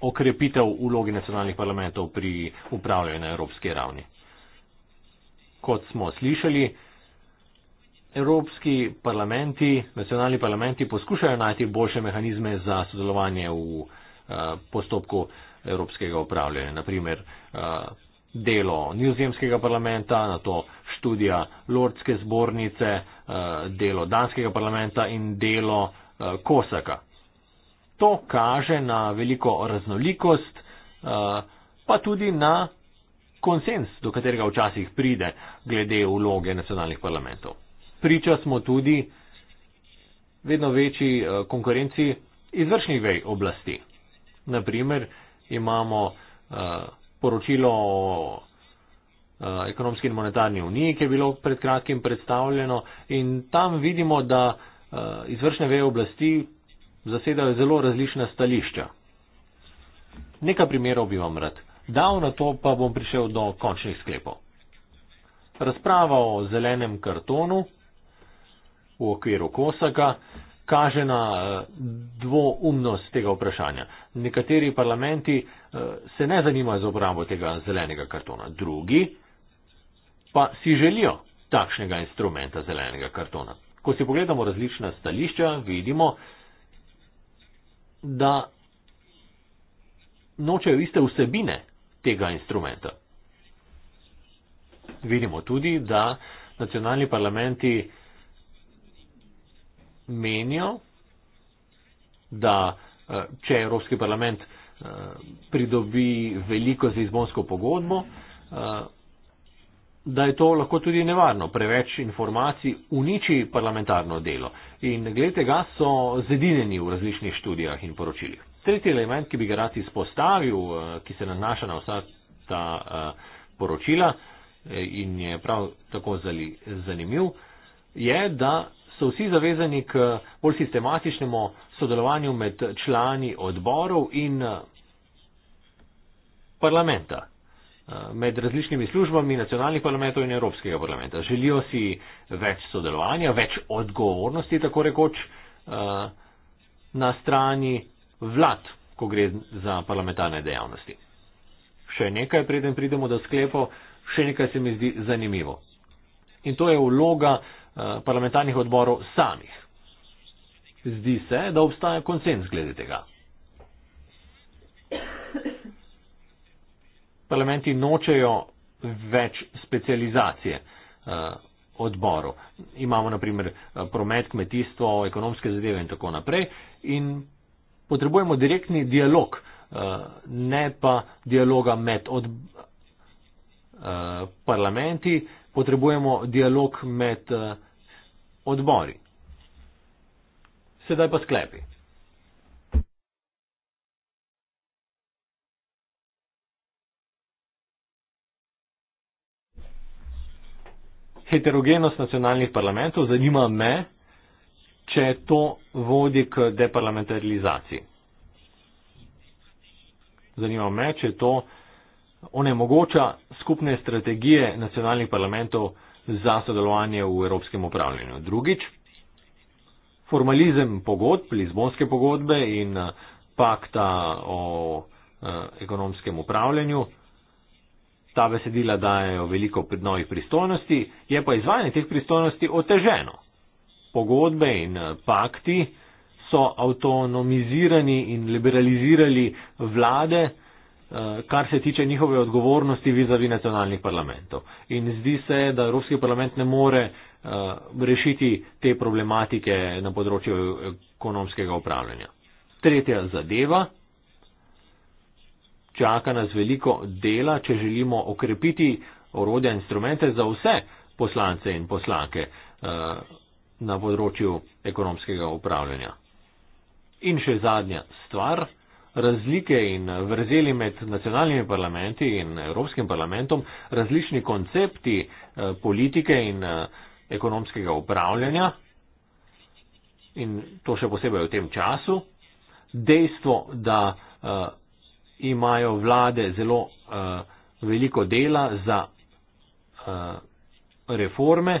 okrepitev uloge nacionalnih parlamentov pri upravljanju na evropski ravni? Kot smo slišali, Evropski parlamenti, nacionalni parlamenti poskušajo najti boljše mehanizme za sodelovanje v eh, postopku evropskega upravljanja. Naprimer eh, delo nizozemskega parlamenta, na to študija Lordske zbornice, eh, delo danskega parlamenta in delo Kosaka. To kaže na veliko raznolikost, pa tudi na konsens, do katerega včasih pride glede vloge nacionalnih parlamentov priča smo tudi vedno večji eh, konkurenci izvršnih vej oblasti. Naprimer, imamo eh, poročilo o eh, ekonomski in monetarni uniji, ki je bilo pred kratkim predstavljeno in tam vidimo, da izvršne veje oblasti zasedajo zelo različna stališča. Nekaj primerov bi vam rad. Davno to pa bom prišel do končnih sklepov. Razprava o zelenem kartonu v okviru Kosaka kaže na eh, dvoumnost tega vprašanja. Nekateri parlamenti eh, se ne zanimajo za obrambo tega zelenega kartona, drugi pa si želijo takšnega instrumenta zelenega kartona. Ko si pogledamo različna stališča, vidimo, da nočejo iste vsebine tega instrumenta. Vidimo tudi, da nacionalni parlamenti menijo, da eh, če Evropski parlament eh, pridobi veliko z izbonsko pogodbo, eh, da je to lahko tudi nevarno. Preveč informacij uniči parlamentarno delo in glede tega so zedineni v različnih študijah in poročilih. Tretji element, ki bi ga rad izpostavil, ki se nanaša na vsa ta poročila in je prav tako zanimiv, je, da so vsi zavezani k bolj sistematičnemu sodelovanju med člani odborov in eh, parlamenta, eh, med različnimi službami nacionalnih parlamentov in Evropskega parlamenta. Želijo si več sodelovanja, več odgovornosti, tako rekoč, eh, na strani vlad, ko gre za parlamentarne dejavnosti. Še nekaj, preden pridemo do sklepo, še nekaj se mi zdi zanimivo. In to je vloga Eh, parlamentarnih odborov samih. Zdi se, da obstaja konsens glede tega. Parlamenti nočejo več specializacije uh, eh, odborov. Imamo naprimer eh, promet, kmetijstvo, ekonomske zadeve in tako naprej in potrebujemo direktni dialog, uh, ne pa dialoga med od, uh, parlamenti, uh, potrebujemo dialog med eh, odbori. Sedaj pa sklepi. Heterogenost nacionalnih parlamentov zanima me, če to vodi k deparlamentarizaciji. Zanima me, če to uh, onemogoča skupne strategije nacionalnih parlamentov za sodelovanje v evropskem upravljanju. Drugič, formalizem pogodb, Lizbonske pogodbe in eh, pakta o eh, ekonomskem upravljanju. Ta besedila dajo veliko novih pristojnosti, je pa izvajanje teh pristojnosti oteženo. Pogodbe in eh, pakti so avtonomizirani in liberalizirali vlade, Eh, kar se tiče njihove odgovornosti vizavi nacionalnih parlamentov. In zdi se, da Evropski parlament ne more eh, rešiti te problematike na področju ekonomskega upravljanja. Tretja zadeva. Čaka nas veliko dela, če želimo okrepiti orodja in instrumente za vse poslance in poslanke eh, na področju ekonomskega upravljanja. In še zadnja stvar razlike in vrzeli med nacionalnimi parlamenti in Evropskim parlamentom, različni koncepti eh, politike in eh, ekonomskega upravljanja in to še posebej v tem času, dejstvo, da uh, imajo vlade zelo uh, veliko dela za uh, reforme,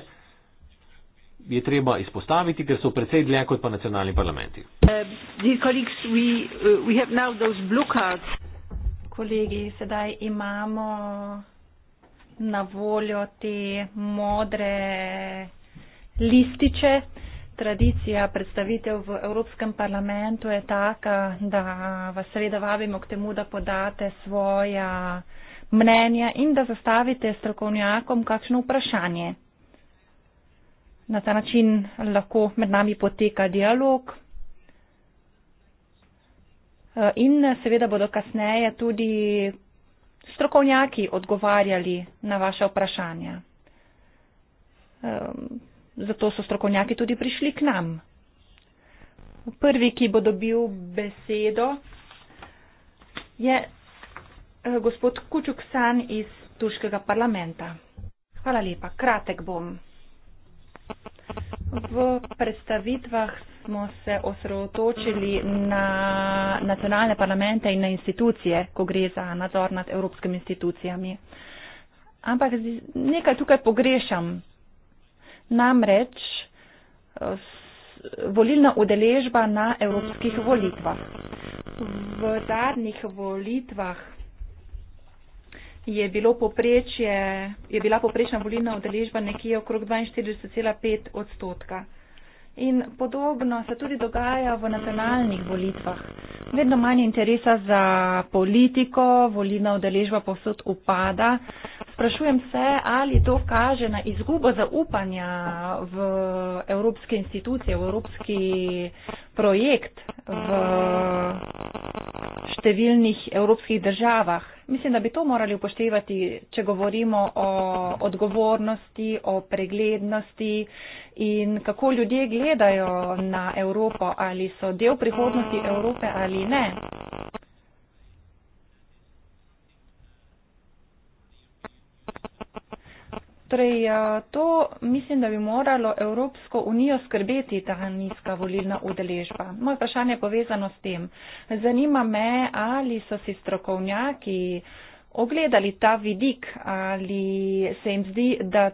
je treba izpostaviti, ker so precej dlje kot pa nacionalni parlamenti. Uh, Kolegi, sedaj imamo na voljo te modre lističe. Tradicija predstavitev v Evropskem parlamentu je taka, da vas seveda vabimo k temu, da podate svoja mnenja in da zastavite strokovnjakom kakšno vprašanje na ta način lahko med nami poteka dialog. Eh, in seveda bodo kasneje tudi strokovnjaki odgovarjali na vaše vprašanja. Ehm, zato so strokovnjaki tudi prišli k nam. Prvi, ki bo dobil besedo, je eh, gospod Kučuksan iz Turškega parlamenta. Hvala lepa, kratek bom. V predstavitvah smo se osredotočili na nacionalne parlamente in na institucije, ko gre za nadzor nad evropskimi institucijami. Ampak nekaj tukaj pogrešam. Namreč volilna udeležba na evropskih volitvah. V zadnjih volitvah je bilo poprečje, je bila poprečna volilna udeležba nekje okrog 42,5 odstotka. In podobno se tudi dogaja v nacionalnih volitvah. Vedno manj interesa za politiko, volilna udeležba posod upada. Sprašujem se, ali to kaže na izgubo zaupanja v evropske institucije, v evropski projekt v številnih evropskih državah. Mislim, da bi to morali upoštevati, če govorimo o odgovornosti, o preglednosti in kako ljudje gledajo na Evropo, ali so del prihodnosti Evrope ali ne. Torej, eh, to mislim, da bi moralo Evropsko unijo skrbeti ta nizka volilna udeležba. Moje vprašanje je povezano s tem. Zanima me, ali so si strokovnjaki ogledali ta vidik, ali se jim zdi, da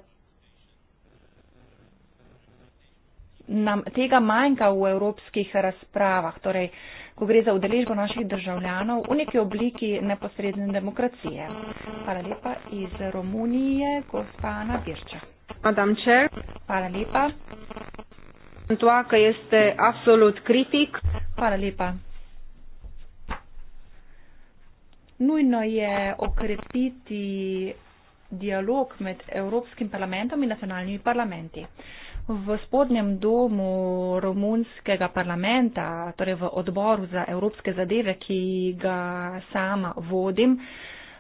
nam tega manjka v evropskih razpravah. Torej, uh, ko gre za udeležbo naših državljanov v neki obliki neposredne demokracije. Hvala lepa iz Romunije, gospa Nadirča. Madam Čer. Hvala lepa. Antoaka, jeste absolut kritik. Hvala lepa. Nujno je okrepiti dialog med Evropskim parlamentom in nacionalnimi parlamenti. V spodnjem domu romunskega parlamenta, torej v odboru za evropske zadeve, ki ga sama vodim,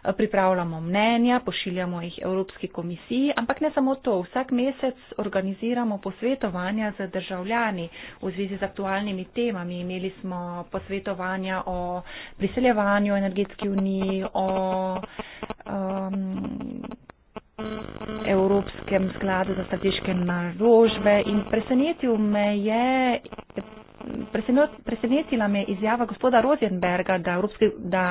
pripravljamo mnenja, pošiljamo jih Evropski komisiji, ampak ne samo to, vsak mesec organiziramo posvetovanja z državljani v zvezi z aktualnimi temami. Imeli smo posvetovanja o priseljevanju energetski uniji, o. Um, Evropskem skladu za strateške naložbe in presenetil me je. Presenetila me je izjava gospoda Rosenberga, da, Evropski, da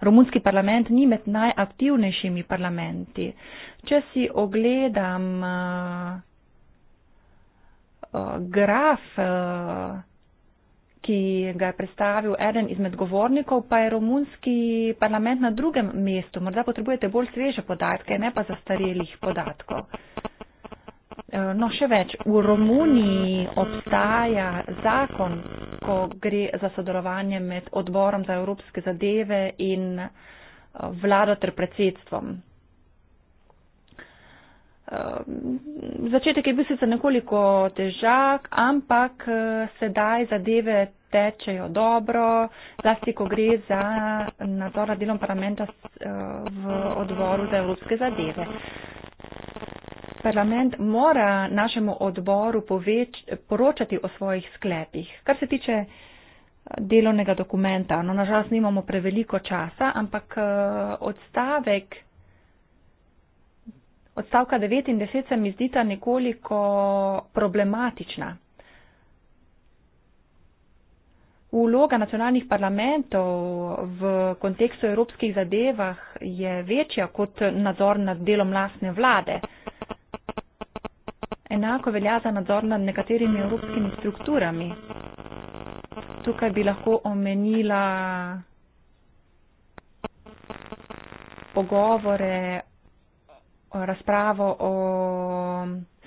romunski parlament ni med najaktivnejšimi parlamenti. Če si ogledam uh, uh, graf uh, ki ga je predstavil eden izmed govornikov, pa je romunski parlament na drugem mestu. Morda potrebujete bolj sveže podatke, ne pa zastarelih podatkov. E, no, še več. V Romuniji obstaja zakon, ko gre za sodelovanje med odborom za evropske zadeve in e, vlado ter predsedstvom. Ehm, začetek je bil sicer nekoliko težak, ampak eh, sedaj zadeve tečejo dobro, zlasti ko gre za nadzor nad delom parlamenta eh, v odboru za evropske zadeve. Parlament mora našemu odboru poveč, poročati o svojih sklepih. Kar se tiče eh, delovnega dokumenta, no nažalost nimamo preveliko časa, ampak odstavek Odstavka 9 in 10 se mi zdita nekoliko problematična. Uloga nacionalnih parlamentov v kontekstu evropskih zadevah je večja kot nadzor nad delom lastne vlade. Enako velja za nadzor nad nekaterimi evropskimi strukturami. Tukaj bi lahko omenila pogovore razpravo o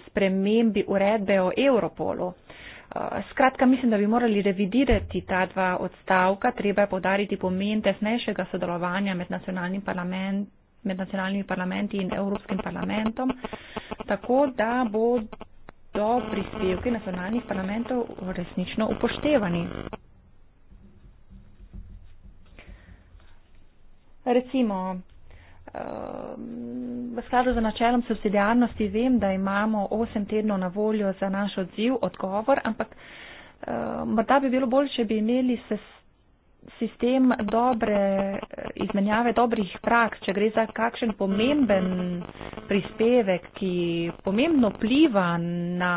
spremembi uredbe o Europolu. Uh, skratka, mislim, da bi morali revidirati ta dva odstavka. Treba je podariti pomen tesnejšega sodelovanja med, nacionalnim med nacionalnimi parlamenti in Evropskim parlamentom, tako da bodo prispevki nacionalnih parlamentov resnično upoštevani. Recimo, Ehm, v skladu z načelom subsidijarnosti vem, da imamo 8 tednov na voljo za naš odziv, odgovor, ampak ehm, morda bi bilo bolj, če bi imeli se sistem dobre izmenjave dobrih praks, če gre za kakšen pomemben prispevek, ki pomembno pliva na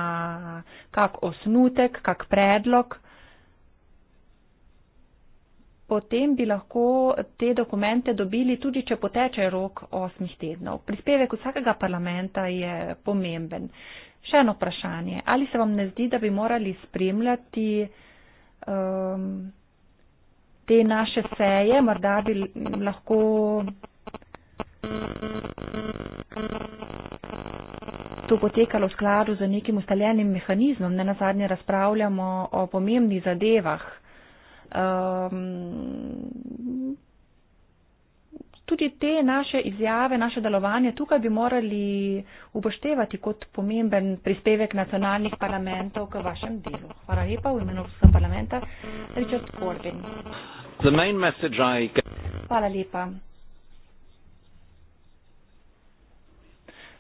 kak osnutek, kak predlog, potem bi lahko te dokumente dobili tudi, če poteče rok osmih tednov. Prispevek vsakega parlamenta je pomemben. Še eno vprašanje. Ali se vam ne zdi, da bi morali spremljati um, te naše seje? Morda bi lahko. To potekalo v skladu z nekim ustaljenim mehanizmom, ne na zadnje razpravljamo o pomembnih zadevah um, tudi te naše izjave, naše delovanje tukaj bi morali upoštevati kot pomemben prispevek nacionalnih parlamentov k vašem delu. Hvala lepa v imenu vsem parlamenta. Richard Corbyn. Hvala lepa.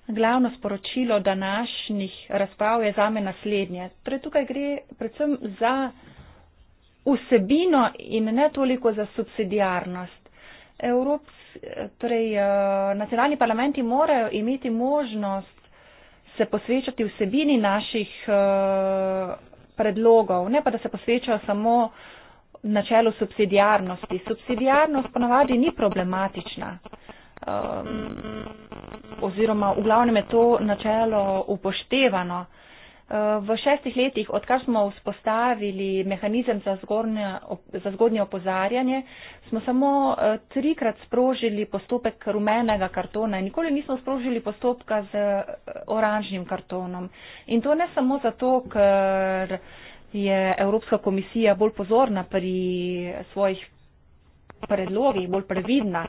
Glavno sporočilo današnjih razprav je zame naslednje. Torej, tukaj gre predvsem za vsebino in ne toliko za subsidijarnost. Evrops, torej, eh, nacionalni parlamenti morajo imeti možnost se posvečati vsebini naših eh, predlogov, ne pa da se posvečajo samo načelu subsidijarnosti. Subsidijarnost ponavadi ni problematična. Um, oziroma, v glavnem je to načelo upoštevano. Uh, V šestih letih, odkar smo vzpostavili mehanizem za, zgornje, za zgodnje opozarjanje, smo samo eh, trikrat sprožili postopek rumenega kartona in nikoli nismo sprožili postopka z eh, oranžnim kartonom. In to ne samo zato, ker je Evropska komisija bolj pozorna pri svojih predlogih, bolj previdna.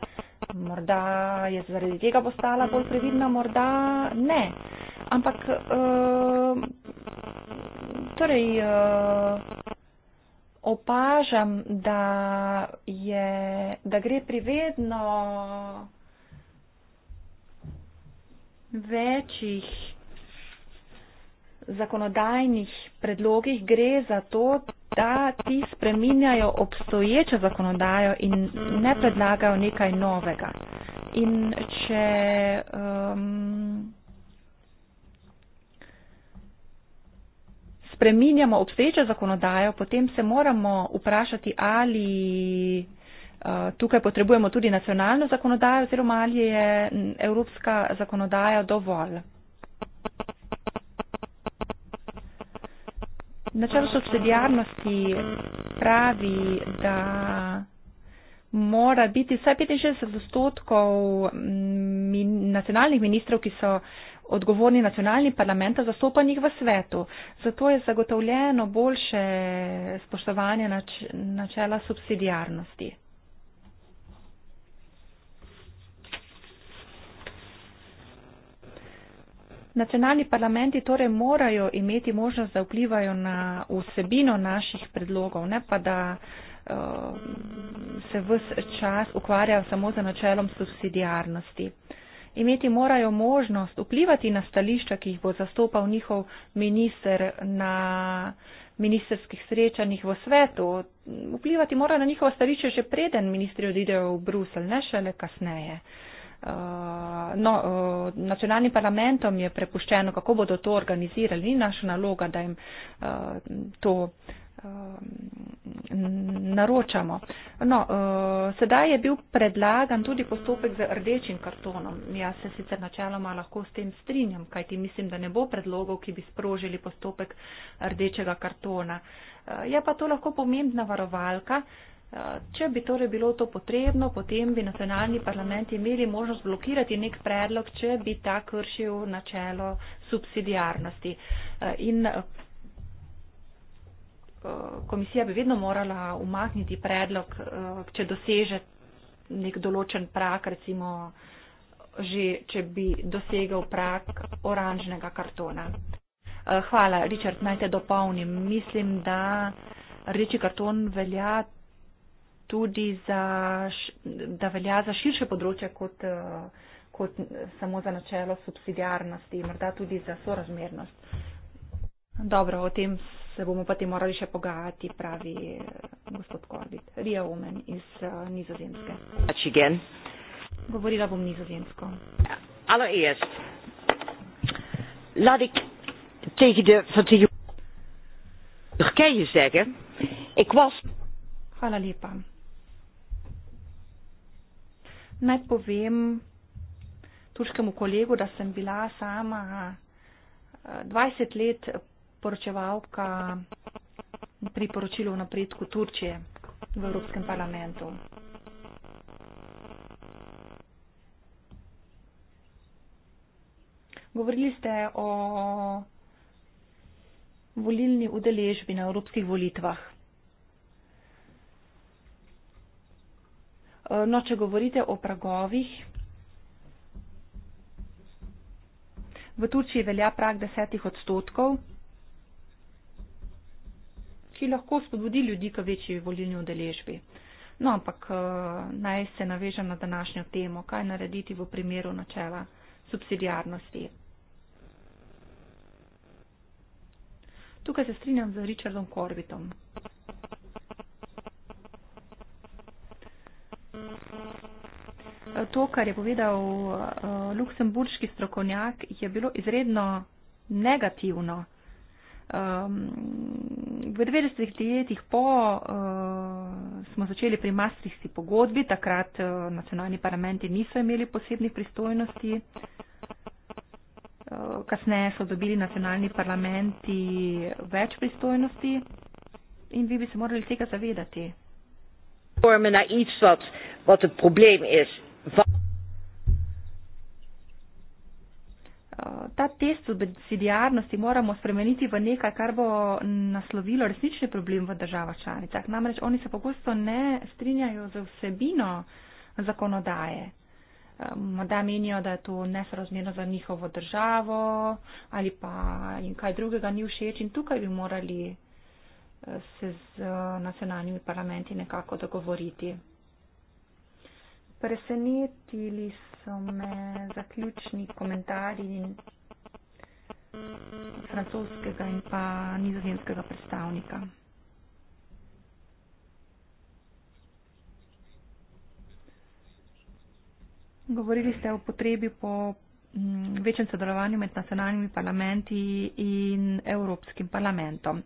Morda je zaradi tega postala bolj previdna, morda ne. Ampak, uh, torej, uh, opažam, da, je, da gre pri vedno večjih zakonodajnih predlogih, gre za to, da ti spreminjajo obstoječo zakonodajo in ne mhm. predlagajo nekaj novega. In če, um, spreminjamo obstoječo zakonodajo, potem se moramo vprašati, ali uh, Tukaj potrebujemo tudi nacionalno zakonodajo, oziroma ali je evropska zakonodaja dovolj. Načelo subsidijarnosti pravi, da mora biti vsaj 65 odstotkov mm, nacionalnih ministrov, ki so odgovorni nacionalni parlamenta, zastopanih v svetu. Zato je zagotovljeno boljše spoštovanje nač načela subsidijarnosti. Nacionalni parlamenti torej morajo imeti možnost, da vplivajo na vsebino naših predlogov, ne pa da uh, se vse čas ukvarjajo samo za načelom subsidiarnosti. Imeti morajo možnost vplivati na stališča, ki jih bo zastopal njihov minister na ministerskih srečanjih v svetu. Vplivati morajo na njihovo stališče že preden ministri odidejo v Brusel, ne šele kasneje. Uh, no, eh, nacionalnim parlamentom je prepuščeno, kako bodo to organizirali. Ni naša naloga, da jim eh, to eh, naročamo. No, sedaj je bil predlagan tudi postopek z rdečim kartonom. Jaz se sicer načeloma lahko s tem strinjam, kajti mislim, da ne bo predlogov, ki bi sprožili postopek rdečega kartona. Je pa to lahko pomembna varovalka, Če bi torej bilo to potrebno, potem bi nacionalni parlament imeli možnost blokirati nek predlog, če bi ta kršil načelo subsidijarnosti. Eh, in eh, komisija bi vedno morala umakniti predlog, eh, če doseže nek določen prak, recimo že, če bi dosegel prak oranžnega kartona. Hvala, Richard, naj te dopolnim. Mislim, da reči karton velja tudi za, da velja za širše področje kot, eh, kot samo za načelo subsidiarnosti, morda tudi za sorazmernost. Dobro, o tem se bomo pa te morali še pogajati, pravi eh, gospod Korbit. Ria Omen iz eh, Nizozemske. Govorila bom nizozemsko. Ja. Allereerst, laat ik tegen de vertegenwoordiger Turkije zeggen, ik was... Hallo, lepa naj povem turškemu kolegu, da sem bila sama 20 eh, let poročevalka pri poročilu o napredku Turčije v Evropskem parlamentu. Govorili ste o volilni udeležbi na evropskih volitvah. Eh, no, če govorite o pragovih, v Turčiji velja prag desetih odstotkov, ki lahko spodbudi ljudi k večji volilni udeležbi. No, ampak eh, naj se navežem na današnjo temo, kaj narediti v primeru načela subsidijarnosti. Tukaj se strinjam z Richardom Corbitom, to, kar je povedal uh, luksemburški strokovnjak, je bilo izredno negativno. Um, v 90-ih letih po uh, smo začeli pri Maastrichti pogodbi, takrat uh, nacionalni parlamenti niso imeli posebnih pristojnosti. Uh, kasneje so dobili nacionalni parlamenti več pristojnosti in vi bi se morali tega zavedati. Na each spot, what the problem is, ta test subsidijarnosti moramo spremeniti v nekaj, kar bo naslovilo resnični problem v državah članicah. Namreč oni se pogosto ne strinjajo z vsebino zakonodaje. Ehm, morda menijo, da je to nesrazmerno za njihovo državo ali pa jim kaj drugega ni všeč in tukaj bi morali eh, se z eh, nacionalnimi parlamenti nekako dogovoriti presenetili so me zaključni komentarji francoskega in pa nizozemskega predstavnika. Govorili ste o potrebi po mm, večjem sodelovanju med nacionalnimi parlamenti in Evropskim parlamentom.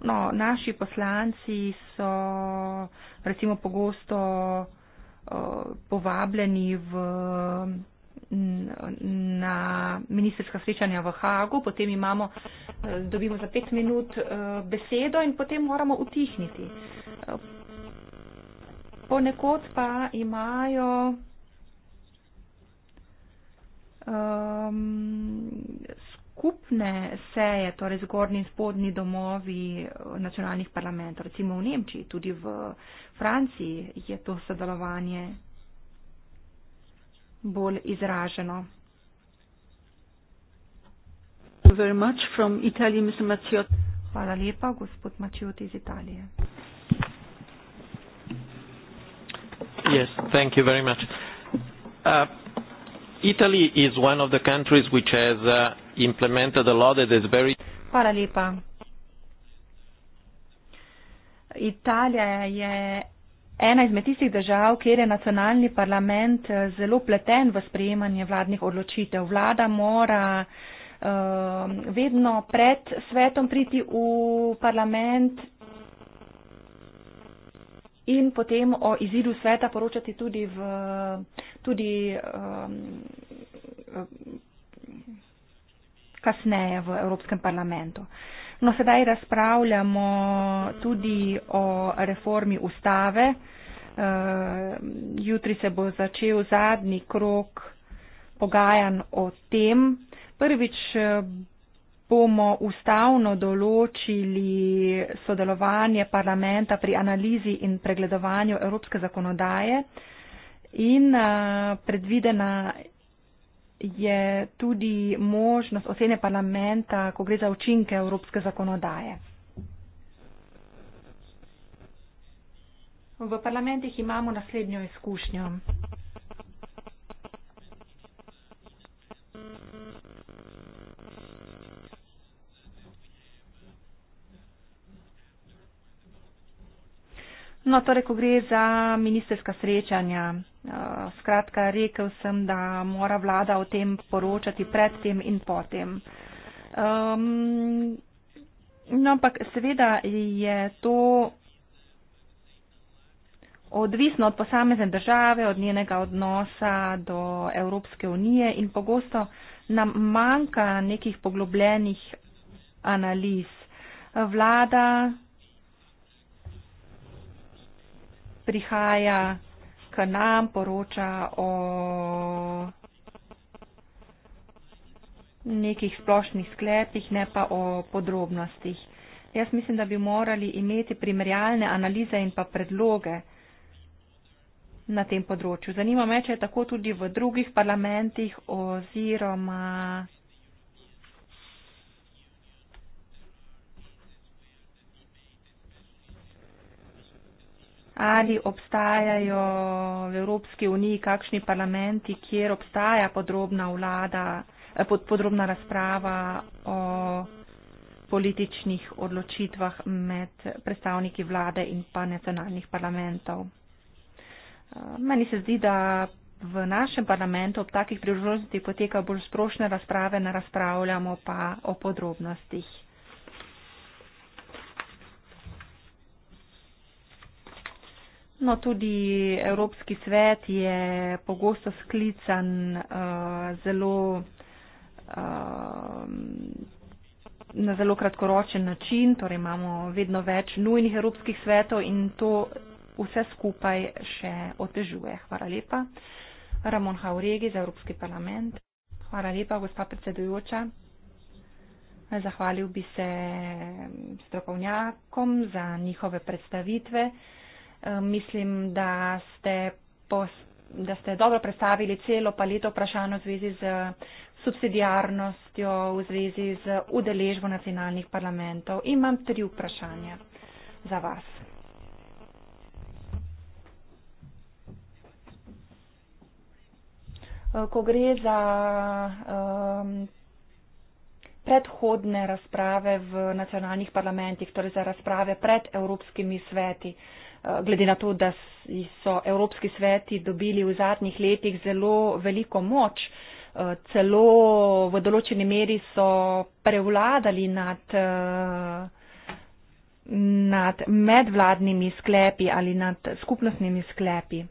No, naši poslanci so recimo pogosto Eh, povabljeni v, mm, na ministerska srečanja v Hagu, potem imamo, eh, dobimo za pet minut eh, besedo in potem moramo utihniti. Ponekod pa imajo um, skupne seje, torej zgornji in spodnji domovi eh, nacionalnih parlamentov, recimo v Nemčiji, tudi v Franciji je to sodelovanje bolj izraženo. Italy, Hvala lepa, gospod Mačiot iz Italije. Yes, thank you very much. Uh, Italy is one of the countries which has uh, implemented a law that is very Hvala lepa. Italija je ena izmed tistih držav, kjer je nacionalni parlament eh, zelo pleten v sprejemanje vladnih odločitev. Vlada mora uh, vedno pred svetom priti v parlament in potem o izidu sveta poročati tudi v tudi, um, kasneje v Evropskem parlamentu. No, sedaj razpravljamo tudi o reformi ustave. Uh, jutri se bo začel zadnji krok pogajan o tem. Prvič eh, bomo ustavno določili sodelovanje parlamenta pri analizi in pregledovanju evropske zakonodaje in uh, predvidena je tudi možnost ocene parlamenta, ko gre za učinke evropske zakonodaje. V parlamentih imamo naslednjo izkušnjo. No, torej, ko gre za ministerska srečanja, Eh, skratka, rekel sem, da mora vlada o tem poročati predtem in potem. Um, no, ampak seveda je to odvisno od posamezne države, od njenega odnosa do Evropske unije in pogosto nam manjka nekih poglobljenih analiz. Vlada prihaja ki nam poroča o nekih splošnih sklepih, ne pa o podrobnostih. Jaz mislim, da bi morali imeti primerjalne analize in pa predloge na tem področju. Zanima me, če je tako tudi v drugih parlamentih oziroma. ali obstajajo v Evropski uniji kakšni parlamenti, kjer obstaja podrobna vlada, eh, podrobna razprava o političnih odločitvah med predstavniki vlade in pa nacionalnih parlamentov. Eh, meni se zdi, da v našem parlamentu ob takih priložnostih poteka bolj sprošne razprave, ne razpravljamo pa o podrobnostih. No, tudi Evropski svet je pogosto sklican uh, zelo, uh, na zelo kratkoročen način, torej imamo vedno več nujnih Evropskih svetov in to vse skupaj še otežuje. Hvala lepa. Ramon Hauregi za Evropski parlament. Hvala lepa, gospa predsedujoča. Zahvalil bi se strokovnjakom za njihove predstavitve. Eh, mislim, da ste, pos, da ste dobro predstavili celo paleto vprašanj v zvezi z subsidijarnostjo, v zvezi z udeležbo nacionalnih parlamentov. Imam tri vprašanja za vas. Eh, ko gre za um, predhodne razprave v nacionalnih parlamentih, torej za razprave pred Evropskimi sveti, uh, Eh, glede na to, da so Evropski sveti dobili v zadnjih letih zelo veliko moč, eh, celo v določeni meri so prevladali nad, eh, nad medvladnimi sklepi ali nad skupnostnimi sklepi.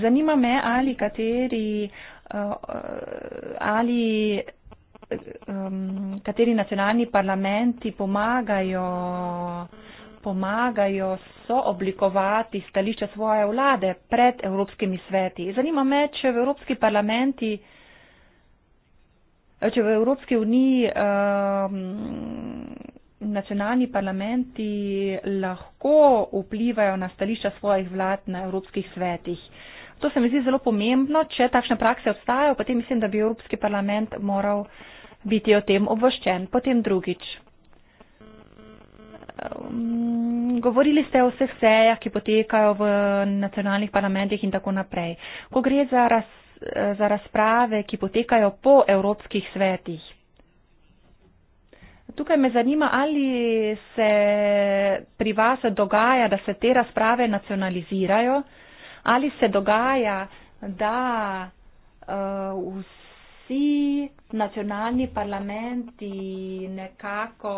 Zanima me, ali kateri, ali, um, kateri nacionalni parlamenti pomagajo pomagajo sooblikovati stališče svoje vlade pred evropskimi sveti. Zanima me, če v Evropski parlamenti, če v Evropski uniji um, nacionalni parlamenti lahko vplivajo na stališča svojih vlad na evropskih svetih. To se mi zdi zelo pomembno. Če takšne prakse obstajajo, potem mislim, da bi Evropski parlament moral biti o tem obvoščen. Potem drugič. Um, govorili ste o vseh sejah, ki potekajo v nacionalnih parlamentih in tako naprej. Ko gre za, raz, za razprave, ki potekajo po evropskih svetih, tukaj me zanima, ali se pri vas dogaja, da se te razprave nacionalizirajo, ali se dogaja, da uh, vse vsi nacionalni parlamenti nekako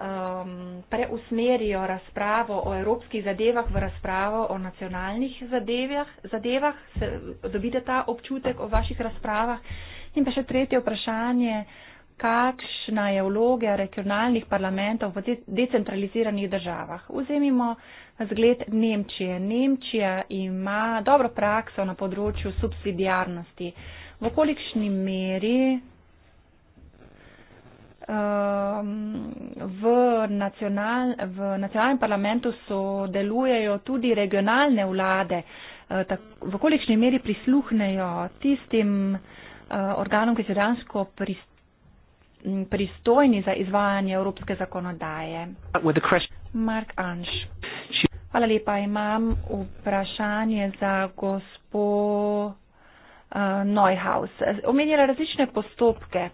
um, preusmerijo razpravo o evropskih zadevah v razpravo o nacionalnih zadevah, zadevah se, dobite ta občutek o vaših razpravah. In pa še tretje vprašanje, kakšna je vloga regionalnih parlamentov v decentraliziranih državah? Vzemimo zgled Nemčije. Nemčija ima dobro prakso na področju subsidijarnosti. Uh, v kolikšni meri um, v, nacional, v nacionalnem parlamentu sodelujejo tudi regionalne vlade, uh, tak, v kolikšni meri prisluhnejo tistim uh, organom, ki so dejansko pristopili pristojni za izvajanje evropske zakonodaje. Mark Anš. Hvala lepa, imam vprašanje za gospod uh, Neuhaus. Omenjala različne postopke.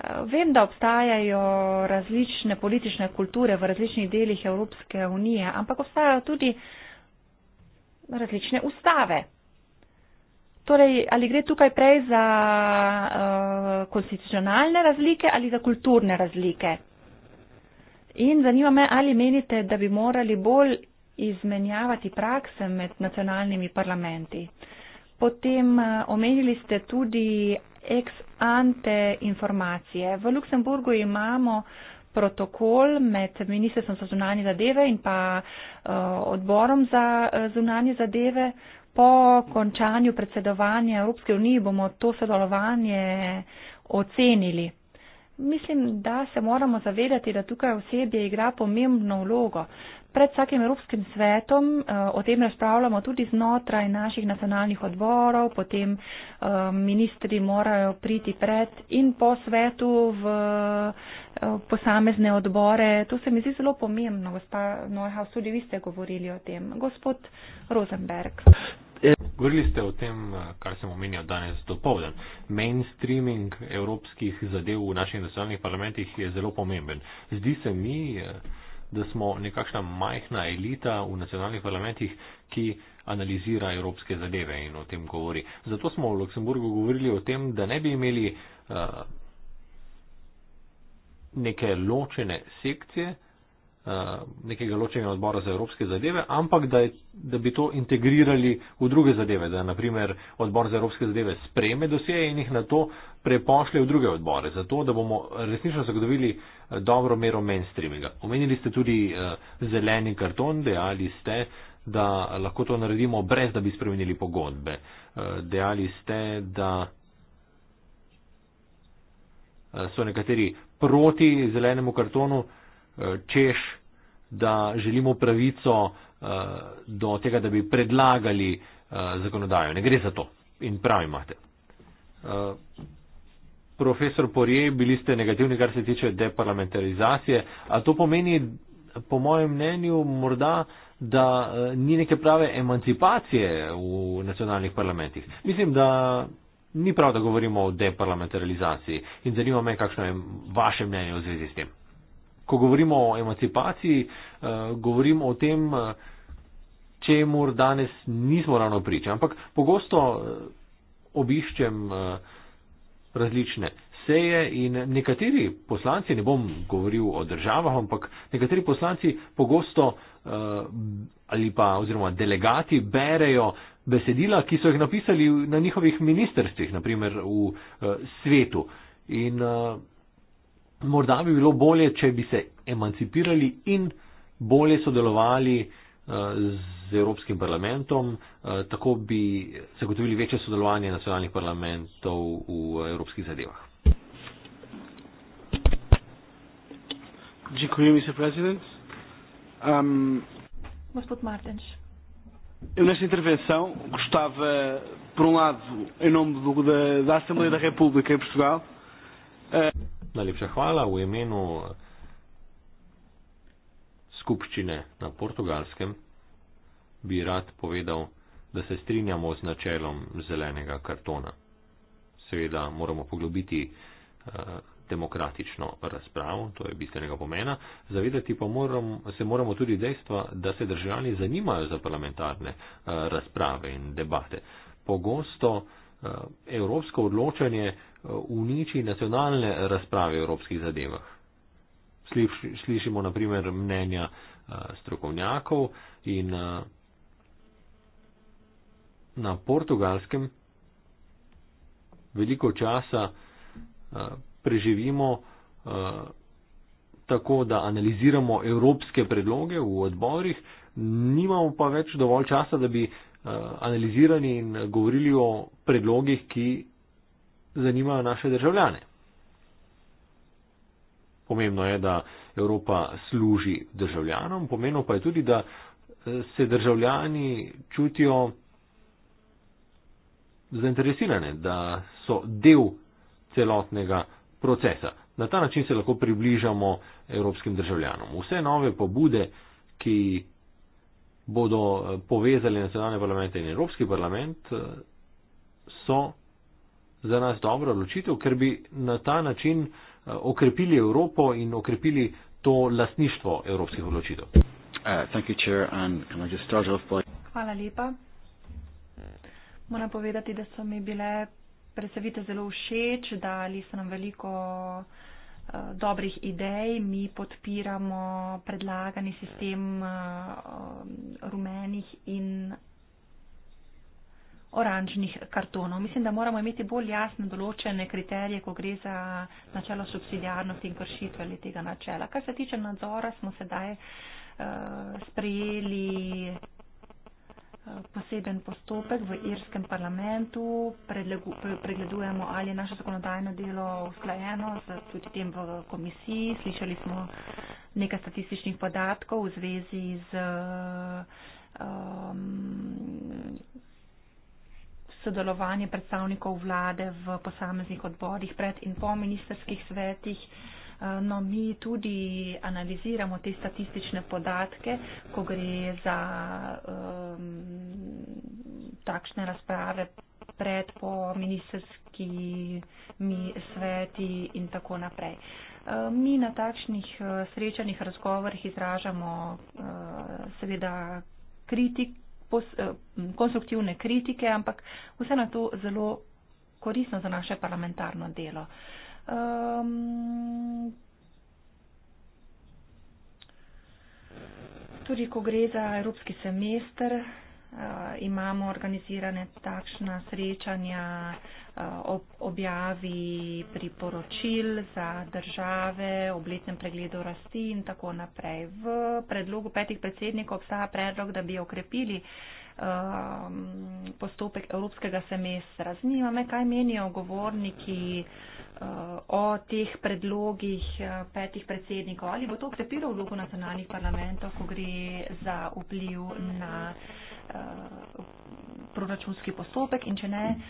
Eh, vem, da obstajajo različne politične kulture v različnih delih Evropske unije, ampak obstajajo tudi različne ustave. Torej, ali gre tukaj prej za uh, konstitucionalne razlike ali za kulturne razlike? In zanima me, ali menite, da bi morali bolj izmenjavati prakse med nacionalnimi parlamenti. Uh, Potem eh, omenili ste tudi ex ante informacije. V Luksemburgu imamo protokol med Ministrstvom za zunanje zadeve in pa eh, odborom za eh, zunanje zadeve. Po končanju predsedovanja Evropske unije bomo to sodelovanje ocenili mislim, da se moramo zavedati, da tukaj osebje igra pomembno vlogo. Pred vsakim Evropskim svetom eh, o tem razpravljamo tudi znotraj naših nacionalnih odborov, potem eh, ministri morajo priti pred in po svetu v eh, posamezne odbore. To se mi zdi zelo pomembno, gospod Neuhaus, tudi vi ste govorili o tem. Gospod Rosenberg. Govorili ste o tem, kar sem omenjal danes do povdan. Mainstreaming evropskih zadev v naših nacionalnih parlamentih je zelo pomemben. Zdi se mi, da smo nekakšna majhna elita v nacionalnih parlamentih, ki analizira evropske zadeve in o tem govori. Zato smo v Luksemburgu govorili o tem, da ne bi imeli uh, neke ločene sekcije, Eh, nekega ločenega odbora za evropske zadeve, ampak da, je, da bi to integrirali v druge zadeve, da naprimer odbor za evropske zadeve spreme dosjeje in jih na to prepošlje v druge odbore, zato da bomo resnično zagotovili eh, dobro mero mainstreaminga. Omenili ste tudi uh, zeleni karton, dejali ste, da lahko to naredimo brez, da bi spremenili pogodbe. Uh, dejali ste, da so nekateri proti zelenemu kartonu, češ, da želimo pravico uh, do tega, da bi predlagali uh, zakonodajo. Ne gre za to. In prav imate. Uh, profesor Porje, bili ste negativni, kar se tiče deparlamentarizacije. A to pomeni, po mojem mnenju, morda, da uh, ni neke prave emancipacije v nacionalnih parlamentih. Mislim, da. Ni prav, da govorimo o deparlamentarizaciji in zanima me, kakšno je vaše mnenje v zvezi s tem ko govorimo o emancipaciji, eh, govorimo o tem, eh, če mor danes nismo ravno priča. Ampak pogosto eh, obiščem različne seje in nekateri poslanci, ne bom govoril o državah, ampak nekateri poslanci pogosto ali pa oziroma delegati berejo besedila, ki so jih napisali na njihovih ministrstvih, naprimer v svetu. In morda bi bilo bolje, če bi se emancipirali in bolje sodelovali eh, z Evropskim parlamentom, eh, tako bi zagotovili večje sodelovanje nacionalnih parlamentov v evropskih zadevah. Zahvaljujem, gospod predsednik. Um, gospod Martens. Nesta intervenção gostava, por um lado, em nome do, da, da Assembleia da República em Portugal, uh, Najlepša hvala v imenu skupščine na portugalskem bi rad povedal, da se strinjamo z načelom zelenega kartona. Seveda moramo poglobiti eh, demokratično razpravo, to je bistvenega pomena. Zavedati pa moram, se moramo tudi dejstva, da se državljani zanimajo za parlamentarne eh, razprave in debate. Pogosto eh, evropsko odločanje eh, Eh, uniči nacionalne razprave o evropskih zadevah. Slišimo naprimer mnenja eh, strokovnjakov in eh, na portugalskem veliko časa preživimo tako, da analiziramo evropske predloge v odborih, nimamo pa več dovolj časa, da bi analizirali in govorili o predlogih, ki zanimajo naše državljane. Pomembno je, da Evropa služi državljanom, pomembno pa je tudi, da eh, se državljani čutijo zainteresirane, da so del celotnega procesa. Na ta način se lahko približamo evropskim državljanom. Vse nove pobude, ki bodo eh, povezali nacionalne parlamente in Evropski parlament, eh, so za nas dobro ločitev, ker bi na ta način eh, okrepili Evropo in okrepili to lastništvo evropskih odločitev. Uh, by... Hvala lepa. Moram povedati, da so mi bile predstavite zelo všeč, dali so nam veliko uh, dobrih idej, mi podpiramo predlagani sistem uh, rumenih in oranžnih kartonov. Mislim, da moramo imeti bolj jasne določene kriterije, ko gre za načelo subsidijarnosti in kršitve ali tega načela. Kar se tiče nadzora, smo sedaj uh, sprejeli eh, poseben postopek v irskem parlamentu, pregledujemo, ali je naše zakonodajno delo usklajeno s tudi tem v komisiji. Slišali smo nekaj statističnih podatkov v zvezi z um, sodelovanje predstavnikov vlade v posameznih odborih pred in po ministerskih svetih. Eh, no, mi tudi analiziramo te statistične podatke, ko gre za um, takšne razprave pred, po ministerskimi sveti in tako naprej. Eh, mi na takšnih eh, srečanih razgovorih izražamo seveda kritik, pos, eh, konstruktivne kritike, ampak vse na to zelo koristno za naše parlamentarno delo. Um, tudi, ko gre za evropski semester, uh, imamo organizirane takšna srečanja eh, ob objavi priporočil za države, obletnem pregledu rasti in tako naprej. V predlogu petih predsednikov obstaja predlog, da bi okrepili um, postopek evropskega semestra. Zanima me, kaj menijo govorniki uh, o teh predlogih petih predsednikov. Ali bo to okrepilo vlogo nacionalnih parlamentov, ko gre za vpliv na uh, Eh, proračunski postopek in če ne, eh,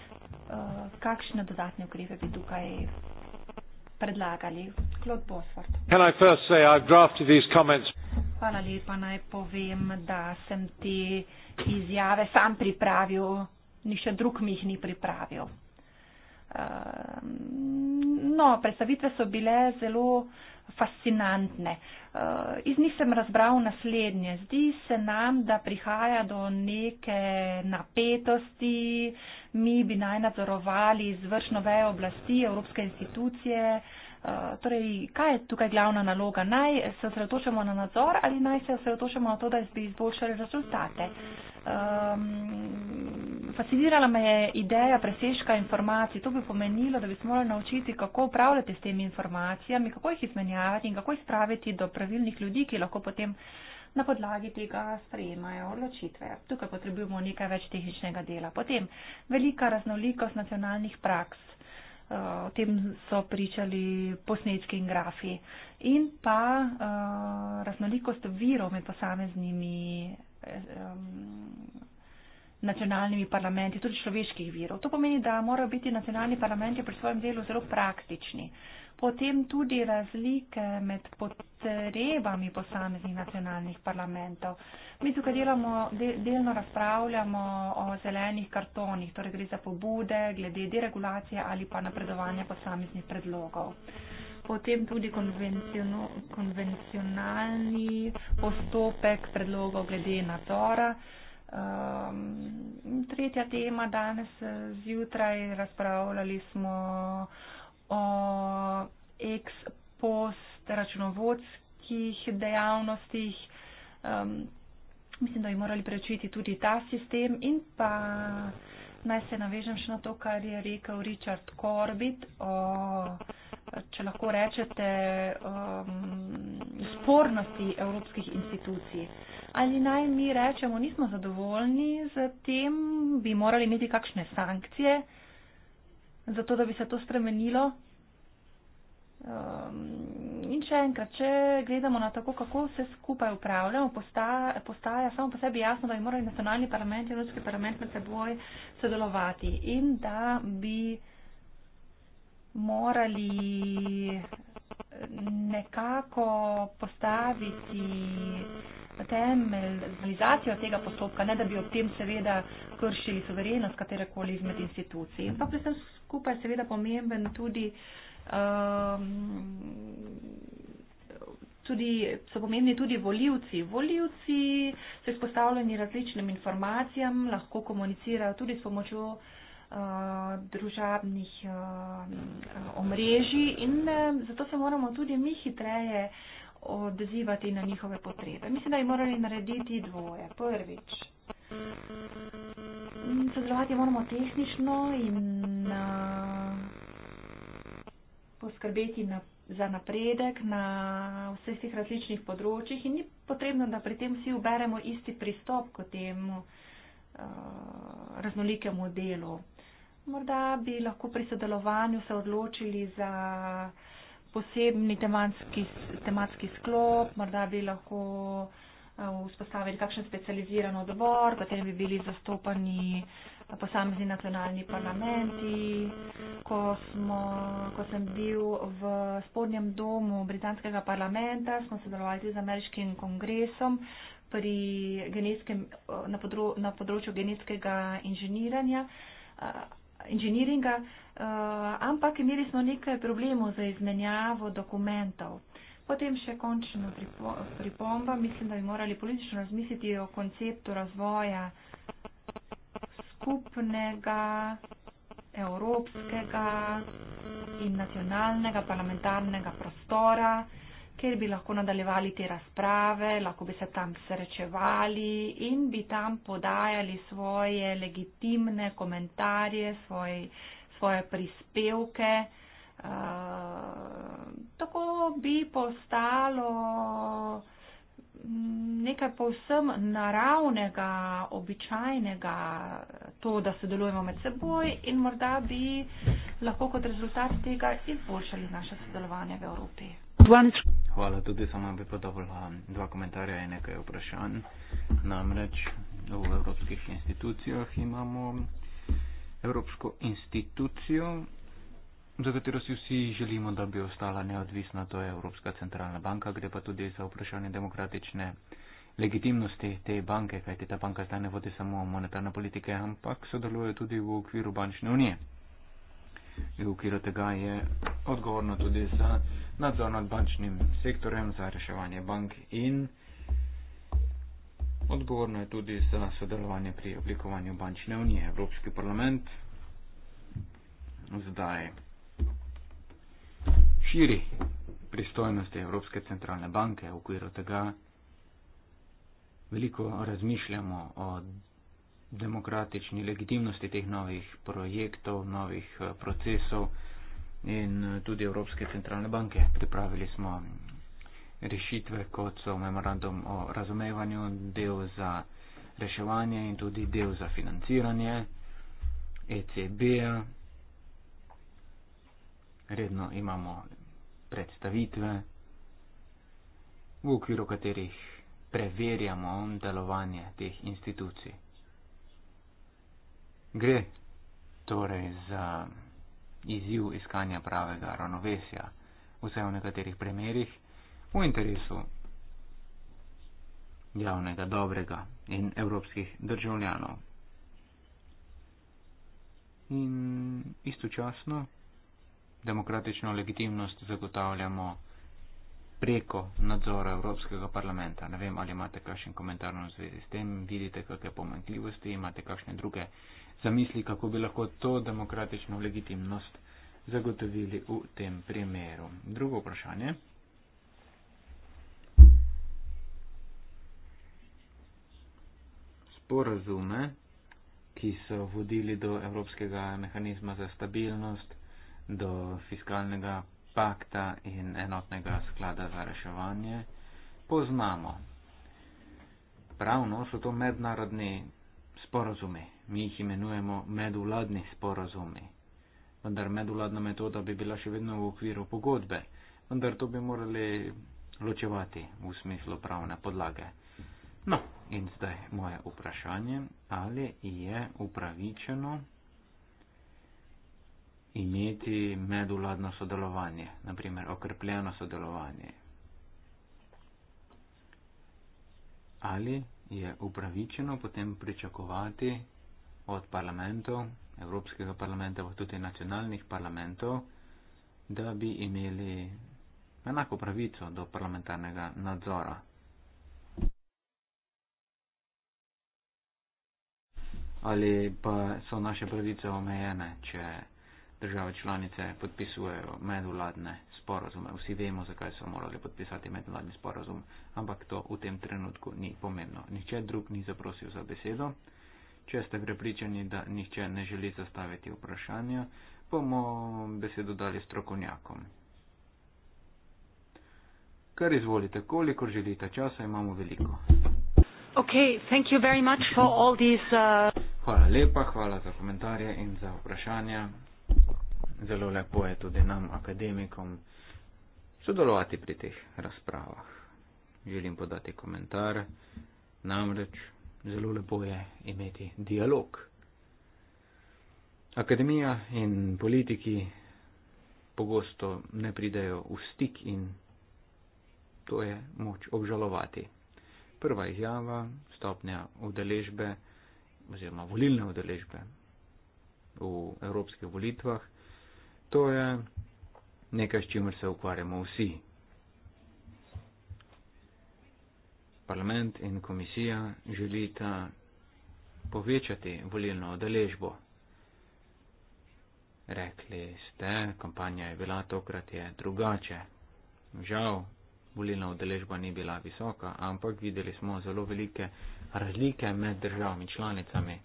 kakšne dodatne ukrepe bi tukaj predlagali. Klod Bosford. Hvala lepa, naj povem, da sem te izjave sam pripravil, nišče drug mi jih ni pripravil. Eh, no, predstavitve so bile zelo uh, fascinantne. Eh, iz njih sem razbral naslednje. Zdi se nam, da prihaja do neke napetosti, mi bi naj nadzorovali izvršno vejo oblasti, evropske institucije, Eh, torej, kaj je tukaj glavna naloga? Naj se osredotočamo na nadzor ali naj se osredotočamo na to, da bi izboljšali rezultate? Um, fascinirala me je ideja presežka informacij. To bi pomenilo, da bi se morali naučiti, kako upravljati s temi informacijami, kako jih izmenjavati in kako jih spraviti do pravilnih ljudi, ki lahko potem na podlagi tega sprejemajo odločitve. Tukaj potrebujemo nekaj več tehničnega dela. Potem velika raznolikost nacionalnih praks. Eh, o tem so pričali posnetki in grafi, in pa eh, raznolikost virov med posameznimi eh, nacionalnimi parlamenti, tudi človeških virov. To pomeni, da morajo biti nacionalni parlamenti pri svojem delu zelo praktični. Uh, potem tudi razlike med potrebami posameznih nacionalnih parlamentov. Mi tukaj delamo, delno razpravljamo o zelenih kartonih, torej gre za pobude glede deregulacije ali pa napredovanja posameznih predlogov. Potem tudi konvencionalni postopek predlogov glede nadzora. Um, tretja tema danes eh, zjutraj razpravljali smo o ex post računovodskih dejavnostih. Um, mislim, da bi morali prečiti tudi ta sistem in pa naj se navežem še na to, kar je rekel Richard Corbett o, če lahko rečete, um, spornosti evropskih institucij. Ali naj mi rečemo, nismo zadovoljni z tem, bi morali imeti kakšne sankcije, uh, zato da bi se to spremenilo. Um, in še enkrat, če gledamo na tako, kako vse skupaj upravljamo, postaja, postaja samo po sebi jasno, da bi morali nacionalni parlament in evropski parlament med seboj sodelovati in da bi morali nekako postaviti temelj realizacijo tega postopka, ne da bi ob tem seveda kršili soverenost katerekoli izmed institucij. In pa pri vsem skupaj seveda pomemben tudi, um, tudi so pomembni tudi voljivci. Voljivci so izpostavljeni različnim informacijam, lahko komunicirajo tudi s pomočjo Eh, družabnih eh, omrežij in eh, zato se moramo tudi mi hitreje odzivati na njihove potrebe. Mislim, da bi morali narediti dvoje. Prvič, sodelovati moramo tehnično in poskrbeti na, za napredek na vseh teh različnih področjih in ni potrebno, da pri tem vsi uberemo isti pristop k temu uh, raznolikemu delu morda bi lahko pri sodelovanju se odločili za posebni tematski, tematski sklop, morda bi lahko vzpostavili kakšen specializiran odbor, v katerem bi bili zastopani posamezni nacionalni parlamenti. Ko, smo, ko sem bil v spodnjem domu britanskega parlamenta, smo sodelovali z ameriškim kongresom pri genetskem, na, podro, na področju genetskega inženiranja inženiringa, eh, ampak imeli smo nekaj problemov za izmenjavo dokumentov. Potem še končno pripomba, mislim, da bi morali politično razmisliti o konceptu razvoja skupnega, evropskega in nacionalnega parlamentarnega prostora kjer bi lahko nadaljevali te razprave, lahko bi se tam srečevali in bi tam podajali svoje legitimne komentarje, svoj, svoje prispevke. Uh, tako bi postalo mm, nekaj povsem naravnega, običajnega, to, da sodelujemo med seboj in morda bi lahko kot rezultat tega izboljšali naše sodelovanje v Evropi danes. Hvala, tudi sama bi podobila dva komentarja in nekaj vprašanj. Namreč v evropskih institucijah imamo evropsko institucijo, za katero si vsi želimo, da bi ostala neodvisna, to je Evropska centralna banka, gre pa tudi za vprašanje demokratične legitimnosti te banke, kajti ta banka zdaj ne vodi samo monetarne politike, ampak sodeluje tudi v okviru bančne unije. In v okviru tega je odgovorno tudi za nadzor nad bančnim sektorjem za reševanje bank in odgovorno je tudi za sodelovanje pri oblikovanju bančne unije. Evropski parlament zdaj širi pristojnosti Evropske centralne banke v okviru tega. Veliko razmišljamo o demokratični legitimnosti teh novih projektov, novih eh, procesov in eh, tudi Evropske centralne banke. Pripravili smo rešitve, kot so memorandum o razumevanju, del za reševanje in tudi del za financiranje ECB-ja. Redno imamo predstavitve, v okviru katerih preverjamo delovanje teh institucij. Gre torej za izziv iskanja pravega ravnovesja, vse v nekaterih primerjih v interesu javnega dobrega in evropskih državljanov. In istočasno demokratično legitimnost zagotavljamo preko nadzora Evropskega parlamenta. Ne vem, ali imate kakšen komentar v zvezi s tem, vidite kakšne pomankljivosti, imate kakšne druge zamisli, kako bi lahko to demokratično legitimnost zagotovili v tem primeru. Drugo vprašanje. Sporazume, ki so vodili do Evropskega mehanizma za stabilnost, do fiskalnega pakta in enotnega sklada za reševanje, poznamo. Pravno so to mednarodni sporazumi mi jih imenujemo medvladni sporazumi. Vendar medvladna metoda bi bila še vedno v okviru pogodbe, vendar to bi morali ločevati v smislu pravne podlage. No, in zdaj moje vprašanje, ali je upravičeno imeti medvladno sodelovanje, naprimer okrepljeno sodelovanje. Ali je upravičeno potem pričakovati od parlamentov, Evropskega parlamenta, pa tudi nacionalnih parlamentov, da bi imeli enako pravico do parlamentarnega nadzora. Ali pa so naše pravice omejene, če države članice podpisujejo medvladne sporazume. Vsi vemo, zakaj so morali podpisati medvladni sporazum, ampak to v tem trenutku ni pomembno. Nihče drug ni zaprosil za besedo. Če ste prepričani, da nihče ne želi zastaviti vprašanja, bomo besedo dali strokovnjakom. Kar izvolite, koliko želite časa, imamo veliko. Okay, these, uh... Hvala lepa, hvala za komentarje in za vprašanja. Zelo lepo je tudi nam, akademikom, sodelovati pri teh razpravah. Želim podati komentar. Namreč zelo lepo je imeti dialog. Akademija in politiki pogosto ne pridejo v stik in to je moč obžalovati. Prva izjava, stopnja udeležbe oziroma volilne udeležbe v evropskih volitvah, to je nekaj, s čimer se ukvarjamo vsi, parlament in komisija želita povečati volilno odeležbo. Rekli ste, kampanja je bila tokrat je drugače. Žal, volilna odeležba ni bila visoka, ampak videli smo zelo velike razlike med državami članicami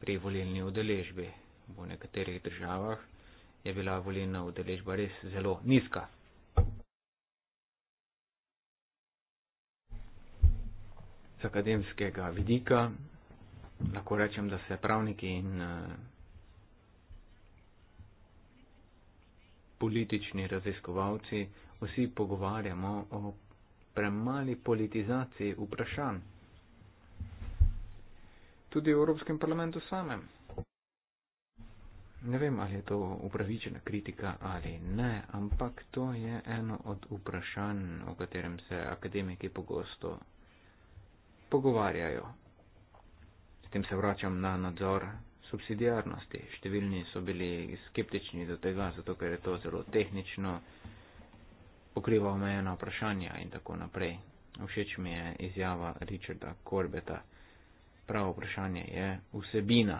pri volilni odeležbi. V nekaterih državah je bila volilna odeležba res zelo nizka. z akademskega vidika. Lahko rečem, da se pravniki in eh, politični raziskovalci vsi pogovarjamo o premali politizaciji vprašanj. Tudi v Evropskem parlamentu samem. Ne vem, ali je to upravičena kritika ali ne, ampak to je eno od vprašanj, o katerem se akademiki pogosto pogovarjajo. S tem se vračam na nadzor subsidijarnosti. Številni so bili skeptični do tega, zato ker je to zelo tehnično, pokriva omejena vprašanja in tako naprej. Všeč mi je izjava Richarda Corbeta. Pravo vprašanje je vsebina.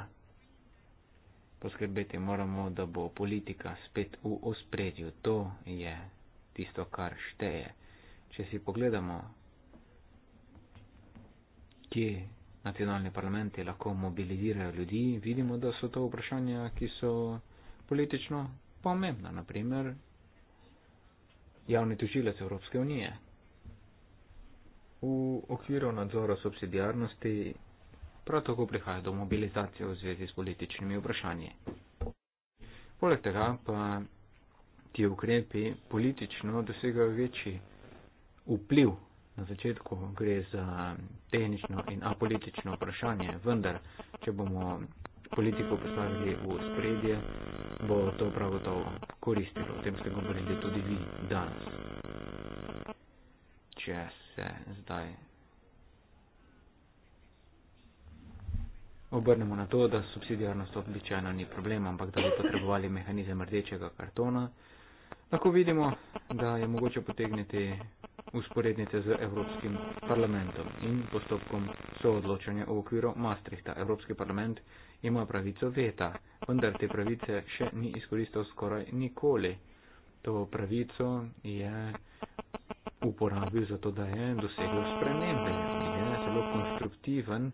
Poskrbeti moramo, da bo politika spet v ospredju. To je tisto, kar šteje. Če si pogledamo kje nacionalni parlamenti lahko mobilizirajo ljudi, vidimo, da so to vprašanja, ki so politično pomembna. Naprimer, javni tužilec Evropske unije. V okviru nadzora subsidijarnosti prav tako prihaja do mobilizacije v zvezi s političnimi vprašanji. Poleg tega pa ti ukrepi politično dosegajo večji vpliv na začetku gre za tehnično in apolitično vprašanje, vendar, če bomo politiko postavili v spredje, bo to prav gotovo koristilo. O tem ste govorili tudi vi danes. Če se zdaj obrnemo na to, da subsidijarnost običajno ni problem, ampak da bi potrebovali mehanizem rdečega kartona, lahko vidimo, da je mogoče potegniti usporednice z Evropskim parlamentom in postopkom soodločanja v okviru Maastrichta. Evropski parlament ima pravico veta, vendar te pravice še ni izkoristil skoraj nikoli. To pravico je uporabil zato, da je dosegel spremembe. Je zelo konstruktiven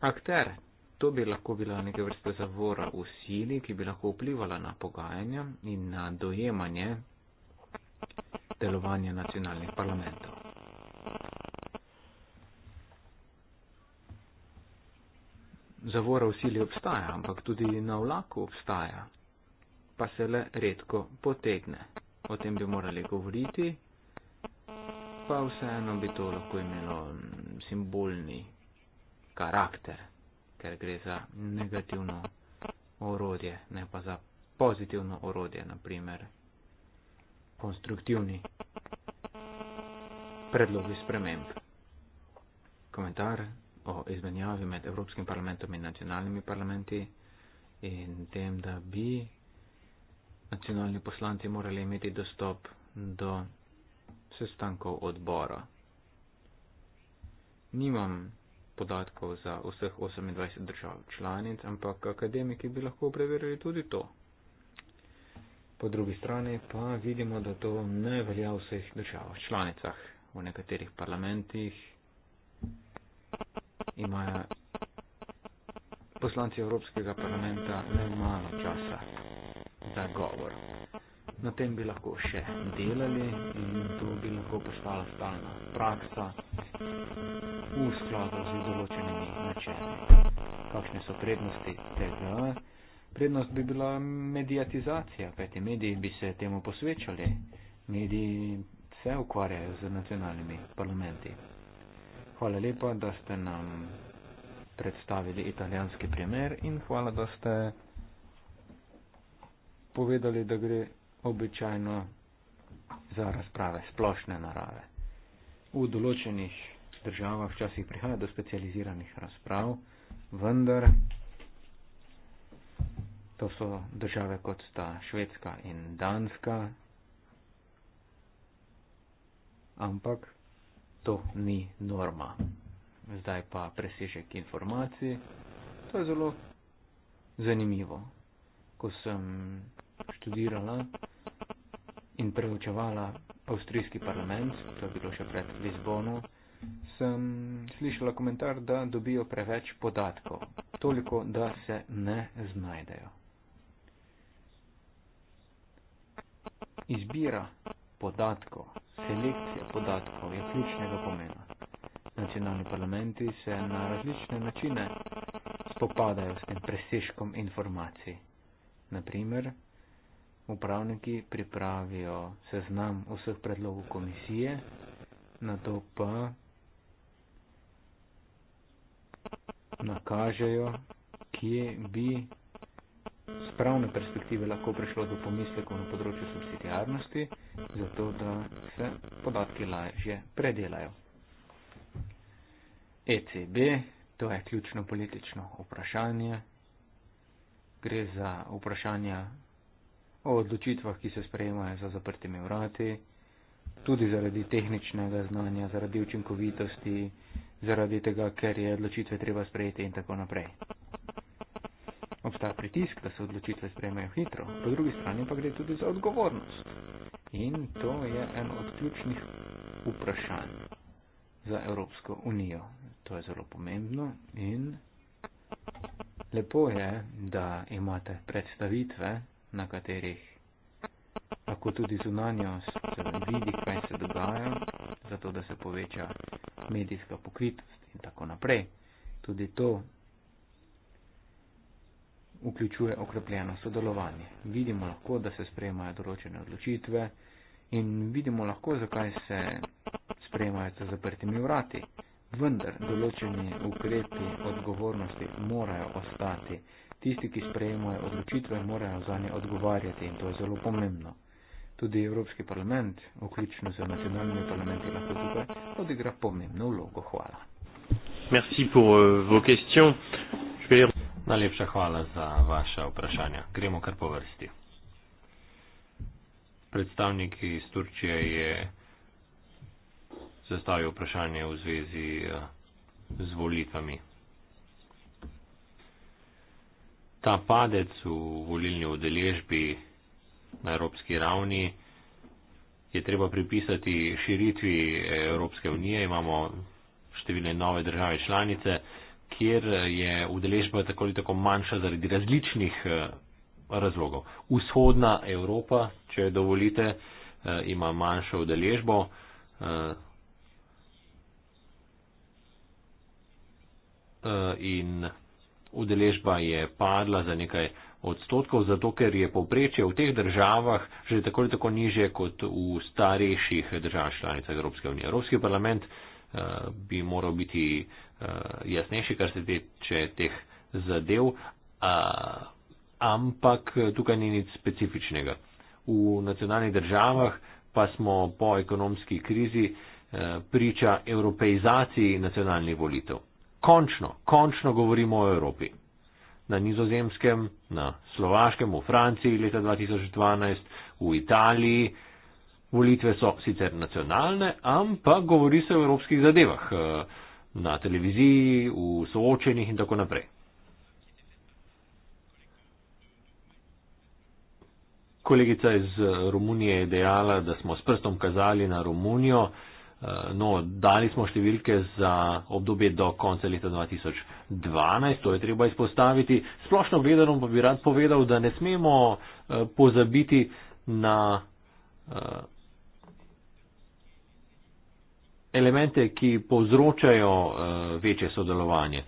akter. To bi lahko bila neke vrste zavora v sili, ki bi lahko vplivala na pogajanja in na dojemanje delovanje nacionalnih parlamentov. Zavora v sili obstaja, ampak tudi na vlaku obstaja, pa se le redko potegne. O tem bi morali govoriti, pa vseeno bi to lahko imelo simbolni karakter, ker gre za negativno orodje, ne pa za pozitivno orodje, naprimer konstruktivni predlogi sprememb. Komentar o izmenjavi med Evropskim parlamentom in nacionalnimi parlamenti in tem, da bi nacionalni poslanci morali imeti dostop do sestankov odbora. Nimam podatkov za vseh 28 držav članic, ampak akademiki bi lahko preverili tudi to po drugi strani pa vidimo, da to ne velja v vseh državah članicah. V nekaterih parlamentih imajo poslanci Evropskega parlamenta le malo časa za govor. Na tem bi lahko še delali in to bi lahko postala stalna praksa v skladu z določenimi načeli. Kakšne so prednosti tega? prednost bi bila medijatizacija, kajti mediji bi se temu posvečali, mediji se ukvarjajo z nacionalnimi parlamenti. Hvala lepa, da ste nam predstavili italijanski primer in hvala, da ste povedali, da gre običajno za razprave splošne narave. V določenih državah včasih prihaja do specializiranih razprav, vendar. To so države kot sta Švedska in Danska. Ampak to ni norma. Zdaj pa presežek informacij. To je zelo zanimivo. Ko sem študirala in preučevala avstrijski parlament, to je bilo še pred Lizbono, sem slišala komentar, da dobijo preveč podatkov, toliko, da se ne znajdejo. Izbira podatkov, selekcija podatkov je ključnega pomena. Nacionalni parlamenti se na različne načine spopadajo s tem preseškom informacij. Naprimer, upravniki pripravijo seznam vseh predlogov komisije, na to pa nakažejo, kje bi z pravne perspektive lahko prišlo do pomislekov na področju subsidijarnosti, zato da se podatki lažje predelajo. ECB, to je ključno politično vprašanje. Gre za vprašanja o odločitvah, ki se sprejemajo za zaprtimi vrati, tudi zaradi tehničnega znanja, zaradi učinkovitosti, zaradi tega, ker je odločitve treba sprejeti in tako naprej obstaja pritisk, da se odločitve sprejmejo hitro, po drugi strani pa gre tudi za odgovornost. In to je en od ključnih vprašanj za Evropsko unijo. To je zelo pomembno in lepo je, da imate predstavitve, na katerih lahko tudi zunanjost vidi, kaj se dogaja, zato da se poveča medijska pokritost in tako naprej. Tudi to vključuje okrepljeno sodelovanje. Vidimo lahko, da se sprejemajo določene odločitve in vidimo lahko, zakaj se sprejemajo za zaprtimi vrati. Vendar določeni ukrepi odgovornosti morajo ostati. Tisti, ki sprejemajo odločitve, morajo za nje odgovarjati in to je zelo pomembno. Tudi Evropski parlament, vključno z nacionalnimi parlamenti, lahko tukaj odigra pomembno vlogo. Hvala. Merci pour euh, vos questions. Je vais... Najlepša hvala za vaše vprašanja. Gremo kar po vrsti. Predstavnik iz Turčije je zastavil vprašanje v zvezi eh, z volitvami. Ta padec v volilni udeležbi na evropski ravni je treba pripisati širitvi Evropske unije. Imamo številne nove države članice kjer je udeležba tako ali tako manjša zaradi različnih eh, razlogov. Vzhodna Evropa, če dovolite, eh, ima manjšo udeležbo. Eh, in udeležba je padla za nekaj odstotkov, zato ker je povprečje v teh državah že tako ali tako niže kot v starejših državah članicah Evropske unije. Evropski parlament uh, bi moral biti uh, uh, jasnejši, kar se tiče teh zadev, uh, ampak tukaj ni nič specifičnega. V nacionalnih državah pa smo po ekonomski krizi uh, priča evropeizaciji nacionalnih volitev. Končno, končno govorimo o Evropi. Na nizozemskem, na slovaškem, v Franciji leta 2012, v Italiji. Volitve so sicer nacionalne, ampak govori se o evropskih zadevah. Uh, na televiziji, v soočenih in tako naprej. Kolegica iz Romunije je dejala, da smo s prstom kazali na Romunijo, eh, no, dali smo številke za obdobje do konca leta 2012, to je treba izpostaviti. Splošno gledano pa bi rad povedal, da ne smemo eh, pozabiti na eh, elemente, ki povzročajo uh, večje sodelovanje.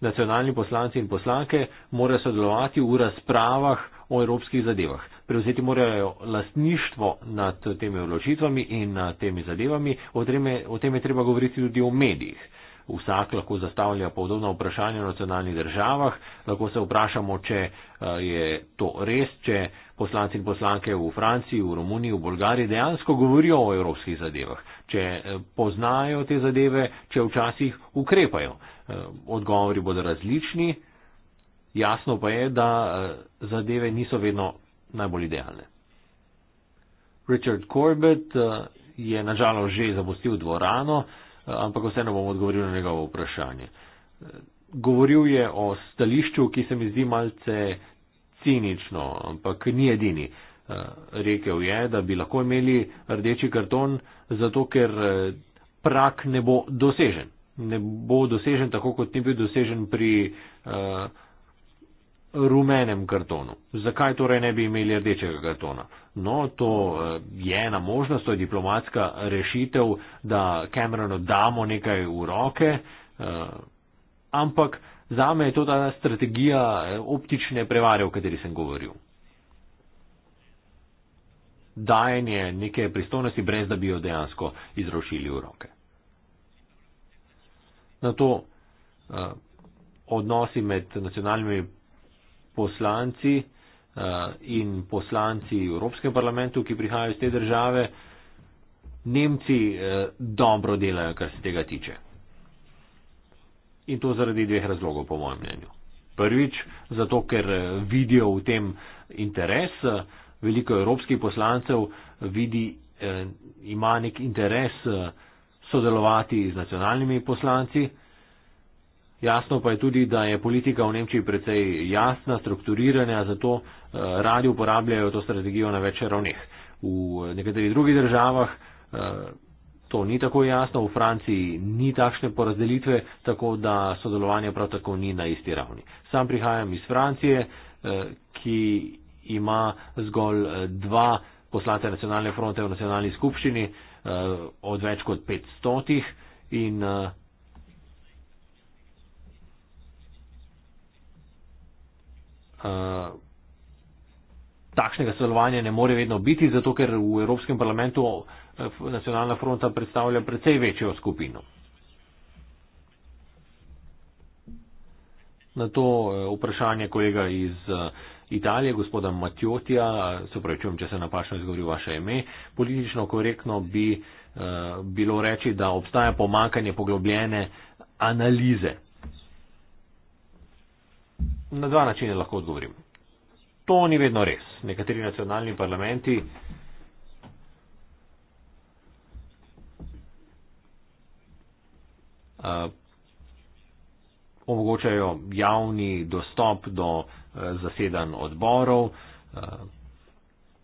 Nacionalni poslanci in poslanke morajo sodelovati v razpravah o evropskih zadevah. Prevzeti morajo lastništvo nad temi vložitvami in nad temi zadevami. O, treme, o tem je treba govoriti tudi v medijih. Vsak lahko zastavlja podobno vprašanje o nacionalnih državah. Lahko se vprašamo, če uh, je to res, če uh, poslanci in poslanke v Franciji, v Romuniji, v Bolgariji dejansko govorijo o evropskih zadevah, če eh, poznajo te zadeve, če včasih ukrepajo. Eh, odgovori bodo različni, jasno pa je, da eh, zadeve niso vedno najbolj idealne. Richard Corbett je nažalost že zapustil dvorano, ampak vseeno bom odgovoril na njegovo vprašanje. Govoril je o stališču, ki se mi zdi malce cinično, ampak ni edini. Eh, rekel je, da bi lahko imeli rdeči karton, zato ker eh, prak ne bo dosežen. Ne bo dosežen tako, kot ni bil dosežen pri uh, rumenem kartonu. Zakaj torej ne bi imeli rdečega kartona? No, to je ena možnost, to je diplomatska rešitev, da Cameronu damo nekaj v roke, uh, ampak. Zame je to ta strategija eh, optične prevare, o kateri sem govoril. Dajanje neke pristojnosti, brez da bi jo dejansko izrošili v roke. Na to uh, eh, odnosi med nacionalnimi poslanci uh, in poslanci v Evropskem parlamentu, ki prihajajo iz te države, Nemci uh, dobro delajo, kar se tega tiče. In to zaradi dveh razlogov, po mojem mnenju. Prvič, zato ker eh, vidijo v tem interes, eh, veliko evropskih poslancev eh, vidi, ima nek interes sodelovati z nacionalnimi poslanci. Jasno pa je tudi, da je politika v Nemčiji precej jasna, strukturirana, zato radi uporabljajo to strategijo na več ravneh. V nekaterih drugih državah to ni tako jasno, v Franciji ni takšne porazdelitve, tako da sodelovanje prav tako ni na isti ravni. Sam prihajam iz Francije, eh, ki ima zgolj eh, dva poslance nacionalne fronte v nacionalni skupščini eh, od več kot 500 in Uh, takšnega sodelovanja ne more vedno biti, zato ker v Evropskem parlamentu eh, nacionalna fronta predstavlja precej večjo skupino. Na to eh, vprašanje kolega iz eh, Italije, gospoda Matjotija, se pravi, čujem, če se napačno izgovori vaše ime, politično korektno bi bilo reči, da obstaja pomankanje poglobljene analize. Na dva načine lahko odgovorim to ni vedno res. Nekateri nacionalni parlamenti omogočajo javni dostop do zasedan odborov.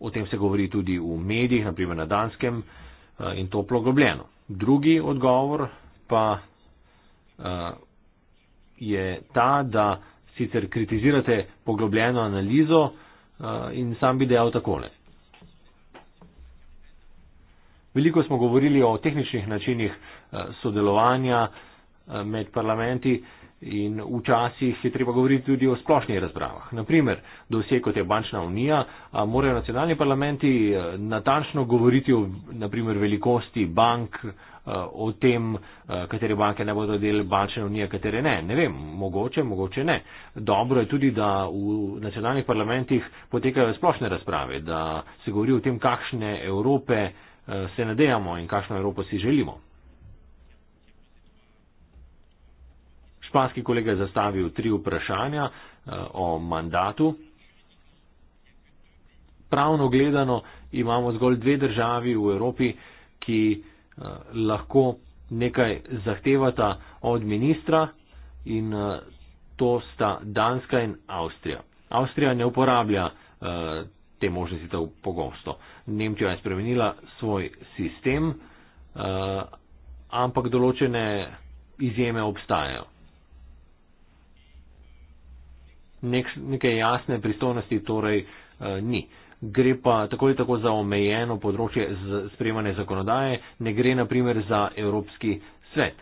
O tem se govori tudi v medijih, naprimer na Danskem, in to ploglobljeno. Drugi odgovor pa je ta, da sicer kritizirate poglobljeno analizo eh, in sam bi dejal takole. Veliko smo govorili o tehničnih načinih eh, sodelovanja eh, med parlamenti in včasih je treba govoriti tudi o splošnih razpravah. Naprimer, do vse kot je bančna unija, morajo nacionalni parlamenti natančno govoriti o naprimer, velikosti bank, Eh, o tem, eh, katere banke ne bodo del bančne unije, katere ne. Ne vem, mogoče, mogoče ne. Dobro je tudi, da v nacionalnih parlamentih potekajo splošne razprave, da se govori o tem, kakšne Evrope eh, se nadejamo in kakšno Evropo si želimo. Španski kolega je zastavil tri vprašanja o mandatu. Pravno gledano imamo zgolj dve državi v Evropi, ki Eh, lahko nekaj zahtevata od ministra in eh, to sta Danska in Avstrija. Avstrija ne uporablja eh, te možnosti tako pogosto. Nemčija je spremenila svoj sistem, ampak določene izjeme obstajajo. Nek, neke jasne pristojnosti torej eh, ni. Eh, gre pa tako ali tako za omejeno področje sprejemane zakonodaje, ne gre naprimer za Evropski svet.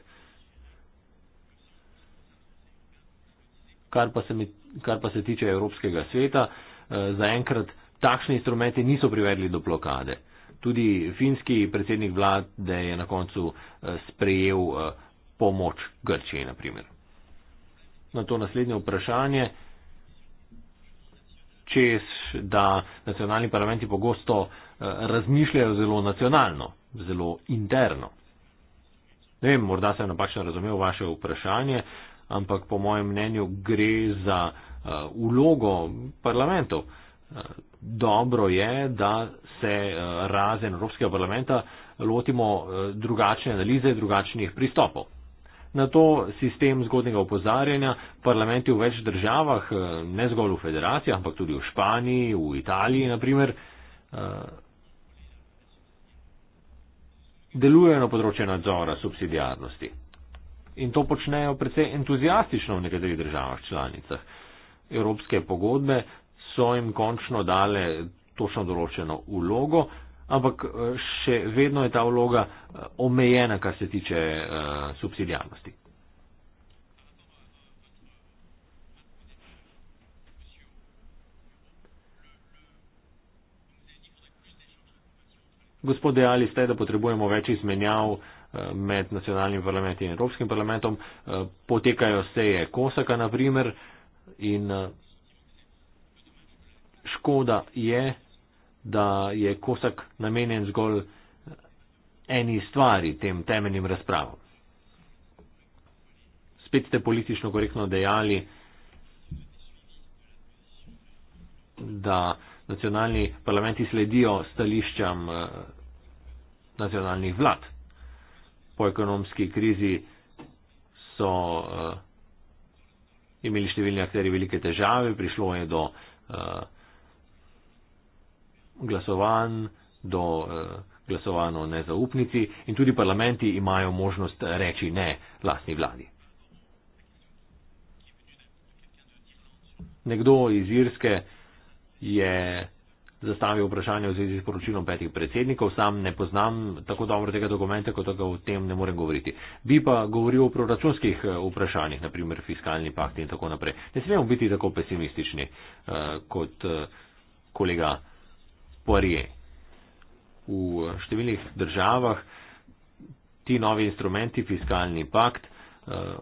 Kar pa se, mi, kar pa se tiče Evropskega sveta, eh, zaenkrat takšne instrumente niso privedli do blokade. Tudi finski predsednik vlade je na koncu eh, sprejel eh, pomoč Grčiji, naprimer. Na to naslednje vprašanje čez, da nacionalni parlamenti pogosto eh, razmišljajo zelo nacionalno, zelo interno. Ne vem, morda sem napačno razumel vaše vprašanje, ampak po mojem mnenju gre za eh, vlogo parlamentov. Eh, dobro je, da se razen Evropskega parlamenta lotimo drugačne analize, drugačnih pristopov. Na to sistem zgodnega upozarjanja parlamenti v več državah, eh, ne zgolj v federacijah, ampak tudi v Španiji, v Italiji naprimer, eh, delujejo na področju nadzora subsidijarnosti. In to počnejo precej entuzijastično v nekaterih državah članicah. Evropske pogodbe so jim končno dale točno določeno ulogo, ampak eh, še vedno je ta vloga eh, omejena, kar se tiče eh, subsidijarnosti. Gospod dejali ste, da potrebujemo več izmenjav med nacionalnim parlamentom in Evropskim parlamentom. Potekajo seje Kosaka, na primer, in škoda je, da je kosek namenjen zgolj eni stvari, tem temeljnim razpravom. Spet ste politično korektno dejali, da nacionalni parlamenti sledijo stališčam eh, nacionalnih vlad. Po ekonomski krizi so eh, imeli številni akteri velike težave, prišlo je do eh, glasovanj, do eh, glasovanj o nezaupnici in tudi parlamenti imajo možnost reči ne vlastni vladi. Nekdo iz Irske je zastavil vprašanje v zvezi s poročilom petih predsednikov, sam ne poznam tako dobro tega dokumenta, kot ga o tem ne morem govoriti. Bi pa govoril o proračunskih eh, vprašanjih, naprimer fiskalni pakt in tako naprej. Ne smemo biti tako pesimistični eh, kot kolega poarije. V številnih državah ti novi instrumenti, fiskalni pakt, eh,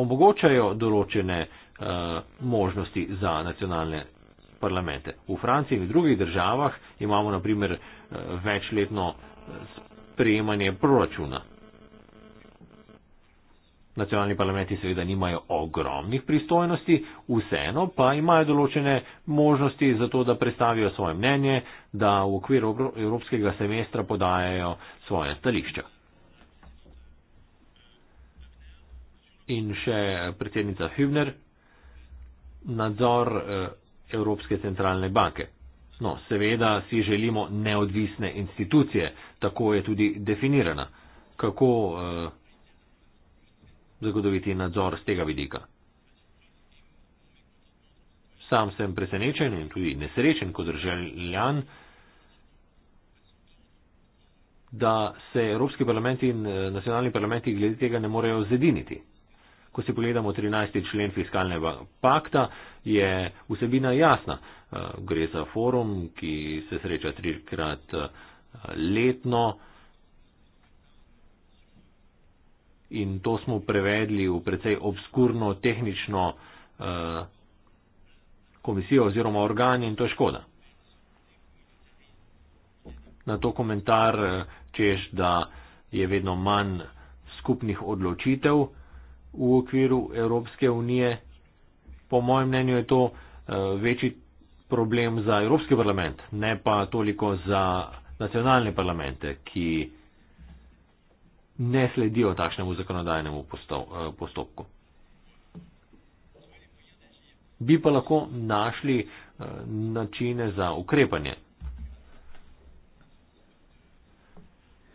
omogočajo določene eh, možnosti za nacionalne parlamente. V Franciji in drugih državah imamo naprimer eh, večletno sprejemanje proračuna. Nacionalni parlamenti seveda nimajo ogromnih pristojnosti, vseeno pa imajo določene možnosti za to, da predstavijo svoje mnenje, da v okviru evropskega semestra podajajo svoje stališče. In še predsednica Hübner, nadzor eh, Evropske centralne banke. No, seveda si želimo neodvisne institucije, tako je tudi definirana. Kako eh, zagotoviti nadzor z tega vidika? Sam sem presenečen in tudi nesrečen kot državljan da se Evropski parlament in eh, nacionalni parlamenti glede tega ne morejo zediniti. Ko si pogledamo 13. člen fiskalnega pakta, je vsebina jasna. Eh, gre za forum, ki se sreča trikrat eh, letno. In to smo prevedli v precej obskurno tehnično komisijo oziroma organ in to je škoda na to komentar, eh, češ, da je vedno manj skupnih odločitev v okviru Evropske unije. Po mojem mnenju je to eh, večji problem za Evropski parlament, ne pa toliko za nacionalne parlamente, ki ne sledijo takšnemu zakonodajnemu eh, postopku. Bi pa lahko našli načine za ukrepanje.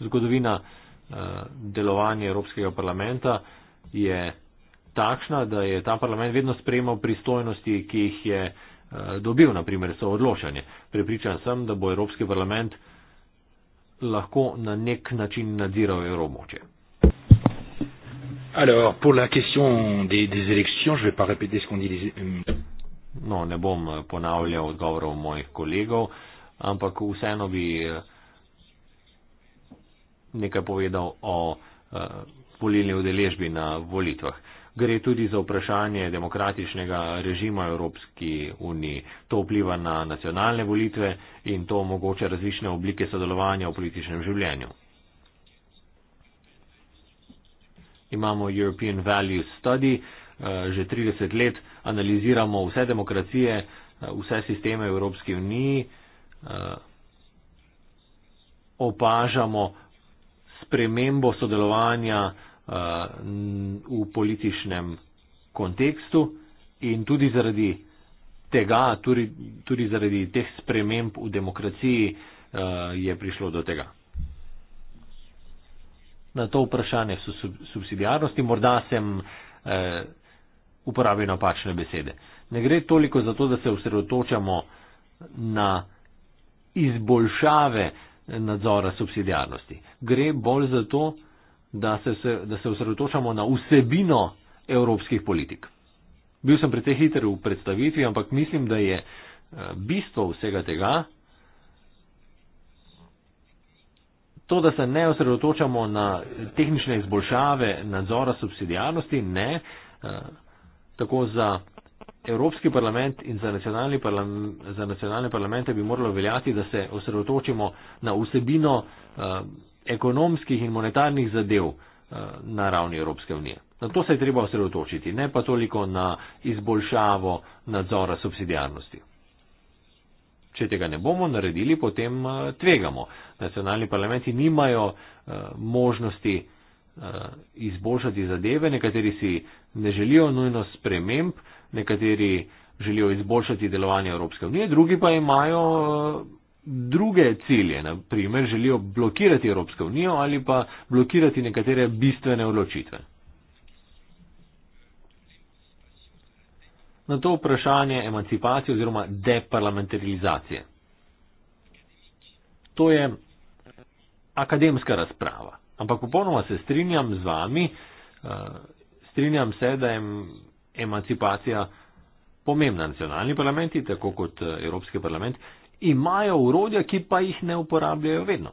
zgodovina eh, delovanja Evropskega parlamenta je takšna, da je ta parlament vedno spremal pristojnosti, ki jih je eh, dobil, naprimer so odločanje. Prepričan sem, da bo Evropski parlament lahko na nek način nadziral Evromoče. Alors, pour la question des, des élections, je ne vais pas répéter ce qu'on dit. Les... No, ne bom ponavljal odgovorov mojih kolegov, ampak vseeno bi eh, nekaj povedal o uh, volilni udeležbi na volitvah. Gre tudi za vprašanje demokratičnega režima Evropski uniji. To vpliva na nacionalne volitve in to omogoča različne oblike sodelovanja v političnem življenju. Imamo European Value Study, eh, že 30 let analiziramo vse demokracije, eh, vse sisteme Evropske unije, opažamo, spremembo sodelovanja eh, v političnem kontekstu in tudi zaradi tega, tudi, tudi zaradi teh sprememb v demokraciji eh, je prišlo do tega. Na to vprašanje so subsidijarnosti, morda sem eh, uporabil napačne besede. Ne gre toliko za to, da se osredotočamo na izboljšave nadzora subsidijarnosti. Gre bolj za to, da se, da se osredotočamo na vsebino evropskih politik. Bil sem precej hiter v predstavitvi, ampak mislim, da je eh, bistvo vsega tega to, da se ne osredotočamo na tehnične izboljšave nadzora subsidijarnosti, ne eh, tako za Evropski parlament in za nacionalne, parlam, za nacionalne parlamente bi moralo veljati, da se osredotočimo na vsebino eh, ekonomskih in monetarnih zadev eh, na ravni Evropske unije. Na to se je treba osredotočiti, ne pa toliko na izboljšavo nadzora subsidijarnosti. Če tega ne bomo naredili, potem eh, tvegamo. Nacionalni parlamenti nimajo eh, možnosti eh, izboljšati zadeve, nekateri si ne želijo nujno sprememb, nekateri želijo izboljšati delovanje Evropske unije, drugi pa imajo eh, druge cilje, naprimer želijo blokirati Evropsko unijo ali pa blokirati nekatere bistvene odločitve. Na to vprašanje emancipacije oziroma deparlamentarizacije. To je akademska razprava. Ampak popolnoma se strinjam z vami, eh, strinjam se, da je emancipacija, pomembna nacionalni parlamenti, tako kot eh, Evropski parlament, imajo urodja, ki pa jih ne uporabljajo vedno.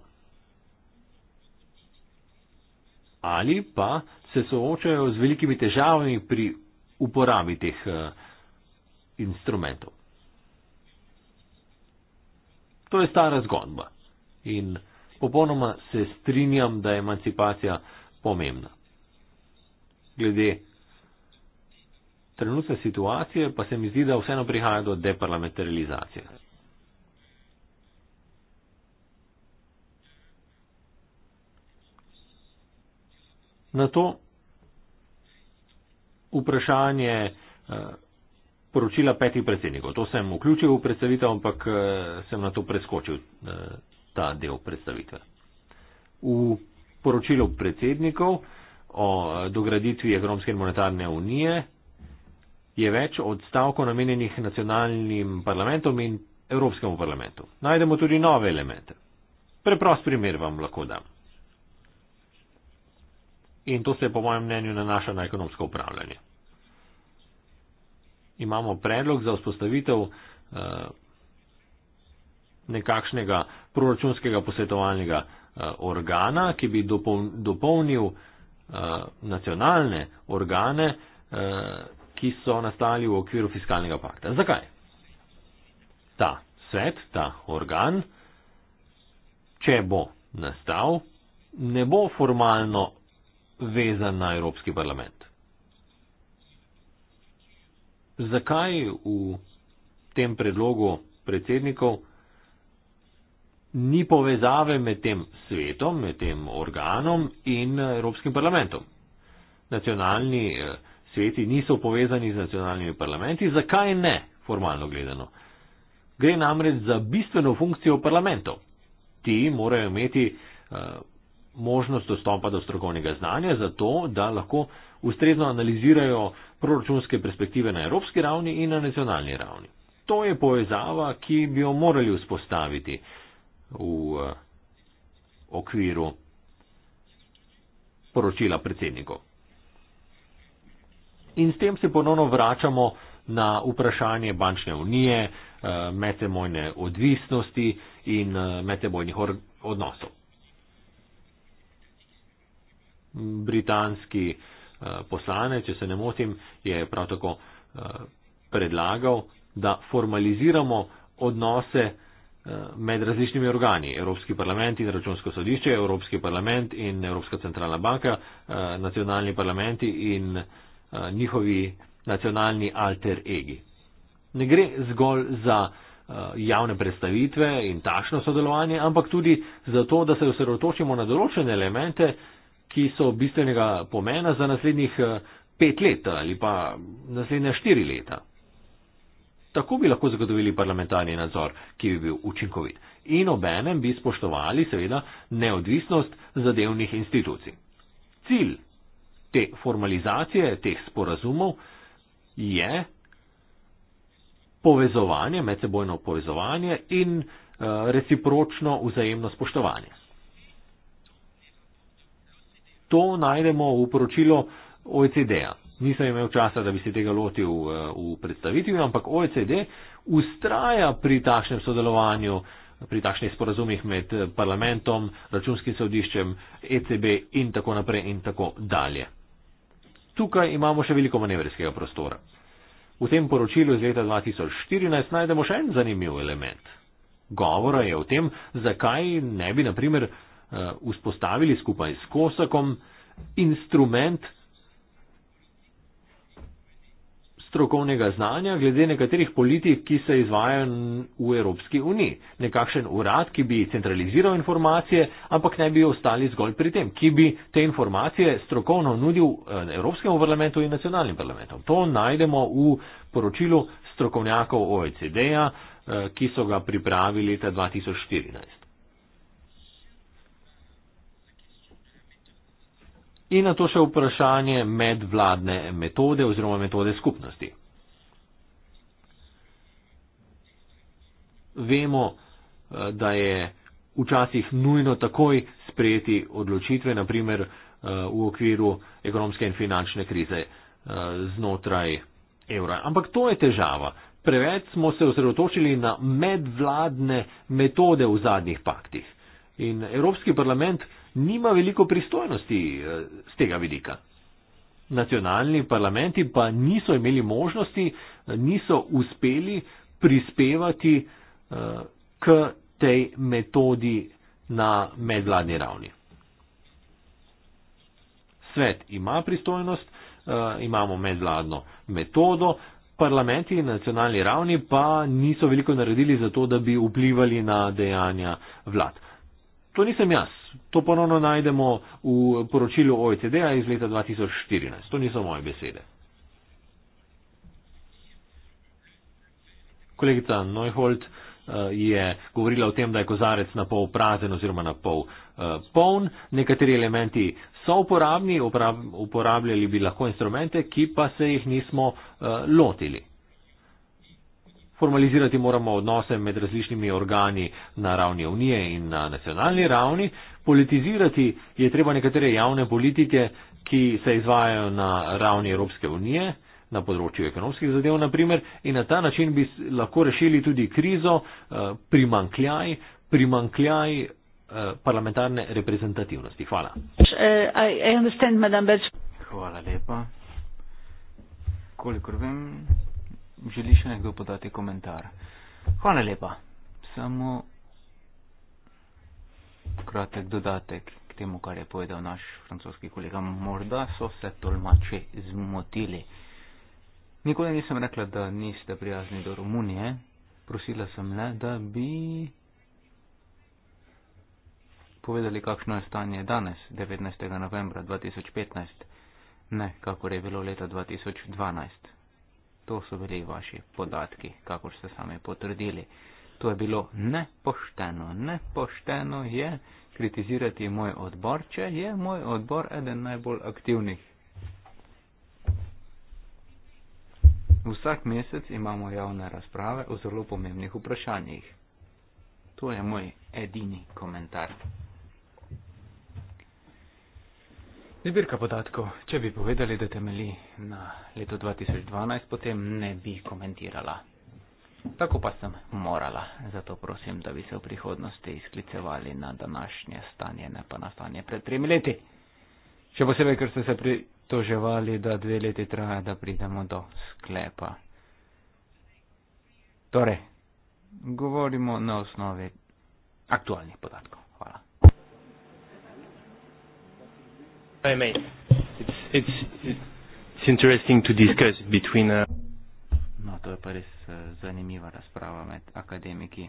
Ali pa se soočajo z velikimi težavami pri uporabi teh eh, instrumentov. To je stara zgodba in popolnoma se strinjam, da je emancipacija pomembna. Glede trenutne situacije pa se mi zdi, da vseeno prihaja do deparlamentarizacije. Na to vprašanje eh, poročila petih predsednikov. To sem vključil v predstavitev, ampak eh, sem na to preskočil eh, ta del predstavitve. V poročilu predsednikov o dograditvi Evropske monetarne unije je več odstavkov namenjenih nacionalnim parlamentom in Evropskemu parlamentu. Najdemo tudi nove elemente. Preprost primer vam lahko dam. In to se je po mojem mnenju nanaša na ekonomsko upravljanje. Imamo predlog za vzpostavitev uh, nekakšnega proračunskega posvetovalnega uh, organa, ki bi dopolnil uh, nacionalne organe ki so nastali v okviru fiskalnega pakta. Zakaj? Ta svet, ta organ, če bo nastal, ne bo formalno vezan na Evropski parlament. Zakaj v tem predlogu predsednikov ni povezave med tem svetom, med tem organom in Evropskim parlamentom? Nacionalni eh, sveti niso povezani z nacionalnimi parlamenti, zakaj ne, formalno gledano. Gre namreč za bistveno funkcijo parlamentov. Ti morajo imeti uh, možnost dostopa do strokovnega znanja, zato da lahko ustrezno analizirajo proračunske perspektive na evropski ravni in na nacionalni ravni. To je povezava, ki bi jo morali vzpostaviti v uh, okviru poročila predsednikov. In s tem se ponovno vračamo na vprašanje bančne unije, eh, medsebojne odvisnosti in eh, medsebojnih odnosov. Britanski eh, poslanec, če se ne motim, je prav tako predlagal, da formaliziramo odnose med različnimi organi. Evropski parlament in računsko sodišče, Evropski parlament in Evropska centralna banka, nacionalni parlamenti in. Eh, njihovi nacionalni alter egi. Ne gre zgolj za eh, javne predstavitve in tašno sodelovanje, ampak tudi za to, da se osredotočimo na določene elemente, ki so bistvenega pomena za naslednjih eh, pet let ali pa naslednja štiri leta. Tako bi lahko zagotovili parlamentarni nadzor, ki bi bil učinkovit. In obenem bi spoštovali, seveda, neodvisnost zadevnih institucij. Cilj te formalizacije, teh sporazumov je povezovanje, medsebojno povezovanje in eh, recipročno vzajemno spoštovanje. To najdemo v poročilu OECD-a. Nisem imel časa, da bi se tega lotil eh, v predstavitvi, ampak OECD ustraja pri takšnem sodelovanju, pri takšnih sporazumih med parlamentom, računskim sodiščem, ECB in tako naprej in tako dalje tukaj imamo še veliko manevrskega prostora. V tem poročilu iz leta 2014 najdemo še en zanimiv element. Govora je o tem, zakaj ne bi, na primer, uh, vzpostavili skupaj s Kosakom instrument strokovnega znanja glede nekaterih politik, ki se izvajajo v Evropski uniji. Nekakšen urad, ki bi centraliziral informacije, ampak ne bi ostali zgolj pri tem, ki bi te informacije strokovno nudil eh, Evropskemu parlamentu in nacionalnim parlamentom. To najdemo v poročilu strokovnjakov OECD-a, eh, ki so ga pripravili leta 2014. In na to še vprašanje medvladne metode oziroma metode skupnosti. Vemo, eh, da je včasih nujno takoj sprejeti odločitve, naprimer eh, v okviru ekonomske in finančne krize eh, znotraj evra. Ampak to je težava. Preveč smo se osredotočili na medvladne metode v zadnjih paktih. In Evropski parlament nima veliko pristojnosti eh, z tega vidika. Nacionalni parlamenti pa niso imeli možnosti, eh, niso uspeli prispevati eh, k tej metodi na medvladni ravni. Svet ima pristojnost, imamo medvladno metodo, parlamenti na nacionalni ravni pa niso veliko naredili za to, da bi vplivali na dejanja vlad. To nisem jaz, to ponovno najdemo v poročilu OECD-a -ja iz leta 2014. To niso moje besede. Kolegica Neuhold eh, je govorila o tem, da je kozarec na pol prazen oziroma na pol eh, poln. Nekateri elementi so uporabni, uporabljali bi lahko instrumente, ki pa se jih nismo eh, lotili. Formalizirati moramo odnose med različnimi organi na ravni Unije in na nacionalni ravni. Politizirati je treba nekatere javne politike, ki se izvajajo na ravni Evropske unije, na področju ekonomskih zadev naprimer, in na ta način bi lahko rešili tudi krizo, eh, primankljaj, primankljaj eh, parlamentarne reprezentativnosti. Hvala. Eh, Hvala lepa. Kolikor vem, želi še nekdo podati komentar. Hvala lepa. Samo kratek dodatek k temu, kar je povedal naš francoski kolega. Morda so se tolmači zmotili. Nikoli nisem rekla, da niste prijazni do Romunije. Prosila sem le, da bi povedali, kakšno je stanje danes, 19. novembra 2015, ne kako je bilo leta 2012 to so bili vaši podatki, kakor ste sami potrdili. To je bilo nepošteno. Nepošteno je kritizirati moj odbor, če je moj odbor eden najbolj aktivnih. Vsak mesec imamo javne razprave o zelo pomembnih vprašanjih. To je moj edini komentar. Zbirka podatkov, če bi povedali, da temeli na letu 2012, potem ne bi komentirala. Tako pa sem morala, zato prosim, da bi se v prihodnosti izklicevali na današnje stanje, ne pa na stanje pred tremi leti. Še posebej, ker ste se pritoževali, da dve leti traja, da pridemo do sklepa. Torej, govorimo na osnovi aktualnih podatkov. Hvala. I may. It's, it's, it's interesting to discuss between. Uh, no, to je pa res uh, zanimiva razprava med akademiki.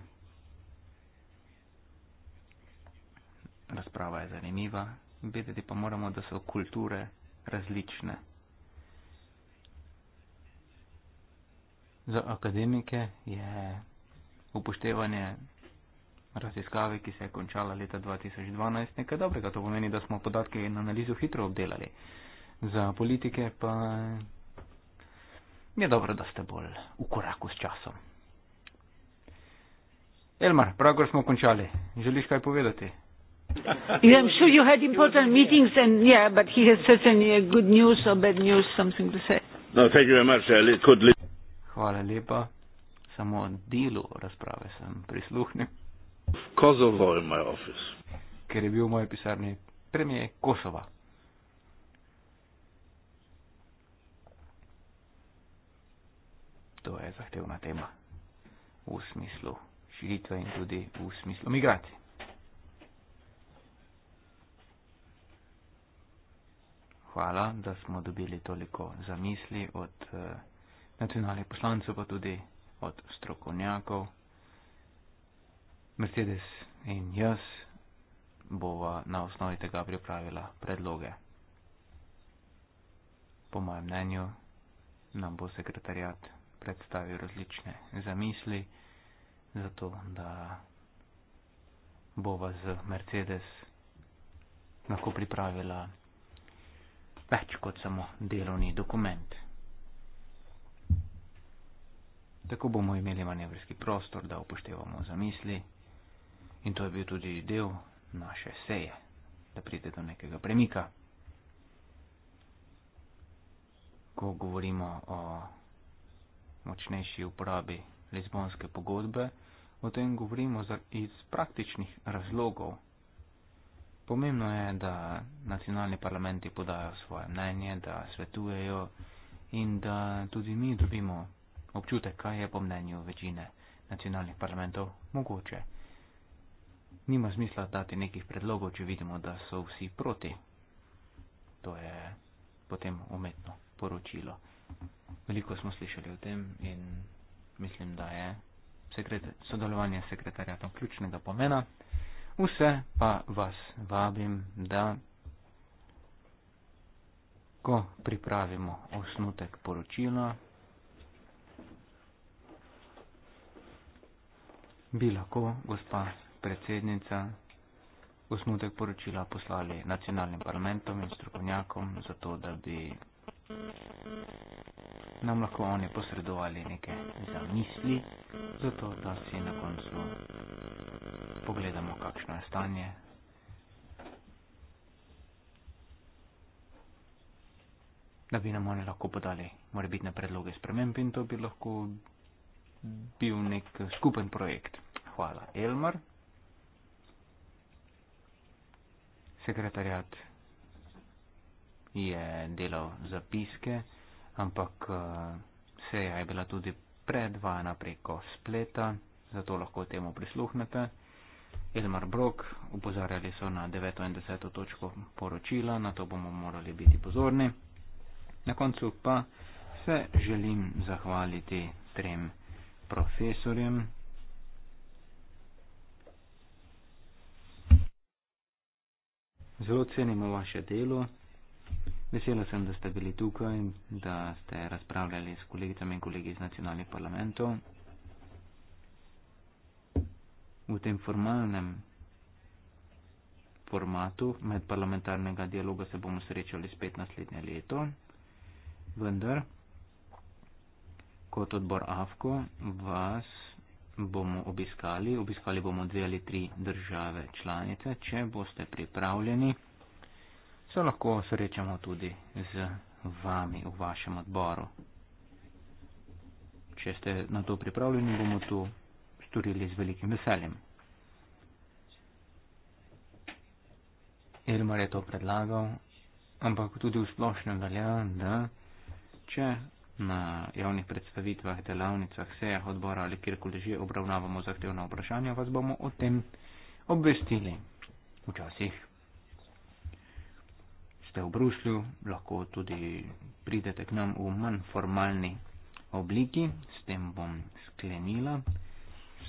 Razprava je zanimiva, vedeti pa moramo, da so kulture različne. Za akademike je upoštevanje raziskave, ki se je končala leta 2012, nekaj dobrega. To pomeni, da smo podatke in analizo hitro obdelali. Za politike pa je dobro, da ste bolj v koraku s časom. Elmar, pravkar smo končali. Želiš kaj povedati? I'm sure you had important meetings and yeah, but he has certainly a good news or bad news, something to say. No, thank you very much. Li li Hvala lepa. Samo delu razprave sem prisluhnil. Kosovo in moj ofis. Ker je bil v moji pisarni premije Kosova. To je zahtevna tema v smislu širitve in tudi v smislu migracije. Hvala, da smo dobili toliko zamisli od eh, nacionalnih poslancev, pa tudi od strokovnjakov. Mercedes in jaz bova na osnovi tega pripravila predloge. Po mojem mnenju nam bo sekretarjat predstavil različne zamisli, zato da bova z Mercedes lahko pripravila več kot samo delovni dokument. Tako bomo imeli manevrski prostor, da upoštevamo zamisli. In to je bil tudi del naše seje, da pride do nekega premika. Ko govorimo o močnejši uporabi Lizbonske pogodbe, o tem govorimo iz praktičnih razlogov. Pomembno je, da nacionalni parlamenti podajo svoje mnenje, da svetujejo in da tudi mi dobimo občutek, kaj je po mnenju večine nacionalnih parlamentov mogoče nima smisla dati nekih predlogov, če vidimo, da so vsi proti. To je potem umetno poročilo. Veliko smo slišali o tem in mislim, da je sodelovanje sekretarjata ključnega pomena. Vse pa vas vabim, da ko pripravimo osnutek poročila, bi lahko gospa predsednica osnutek poročila poslali nacionalnim parlamentom in strokovnjakom, zato da bi nam lahko oni posredovali neke zamisli, zato da si na koncu pogledamo, kakšno je stanje. da bi nam oni lahko podali morebitne predloge sprememb in to bi lahko bil nek skupen projekt. Hvala, Elmar. sekretarjat je delal zapiske, ampak eh, seja je bila tudi predvajana preko spleta, zato lahko temu prisluhnete. Elmar Brok, upozarjali so na 9. in 10. točko poročila, na to bomo morali biti pozorni. Na koncu pa se želim zahvaliti trem profesorjem, Zelo cenimo vaše delo. Vesela sem, da ste bili tukaj, da ste razpravljali s kolegicami in kolegi iz nacionalnih parlamentov. V tem formalnem formatu medparlamentarnega dialoga se bomo srečali spet naslednje leto, vendar kot odbor AFKO vas bomo obiskali. Obiskali bomo dve ali tri države članice. Če boste pripravljeni, se lahko srečamo tudi z vami v vašem odboru. Če ste na to pripravljeni, bomo to storili z velikim veseljem. Irmar je to predlagal, ampak tudi v splošnem velja, da če na javnih predstavitvah, delavnicah, sejah odbora ali kjerkoli že obravnavamo zahtevna vprašanja, vas bomo o tem obvestili. Včasih ste v Bruslju, lahko tudi pridete k nam v manj formalni obliki, s tem bom sklenila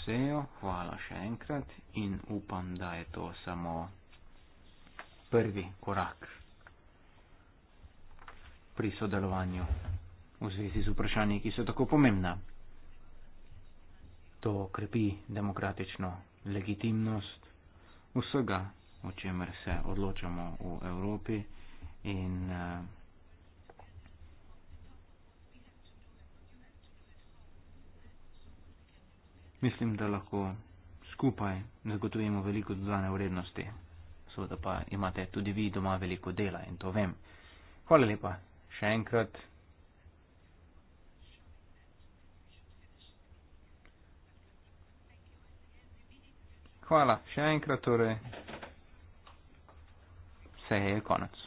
sejo. Hvala še enkrat in upam, da je to samo prvi korak pri sodelovanju v zvezi z vprašanji, ki so tako pomembna. To krepi demokratično legitimnost vsega, o čemer se odločamo v Evropi in uh, mislim, da lahko skupaj zagotovimo veliko dodane vrednosti. Seveda pa imate tudi vi doma veliko dela in to vem. Hvala lepa še enkrat. Hvala, še enkrat torej. Vse je konec.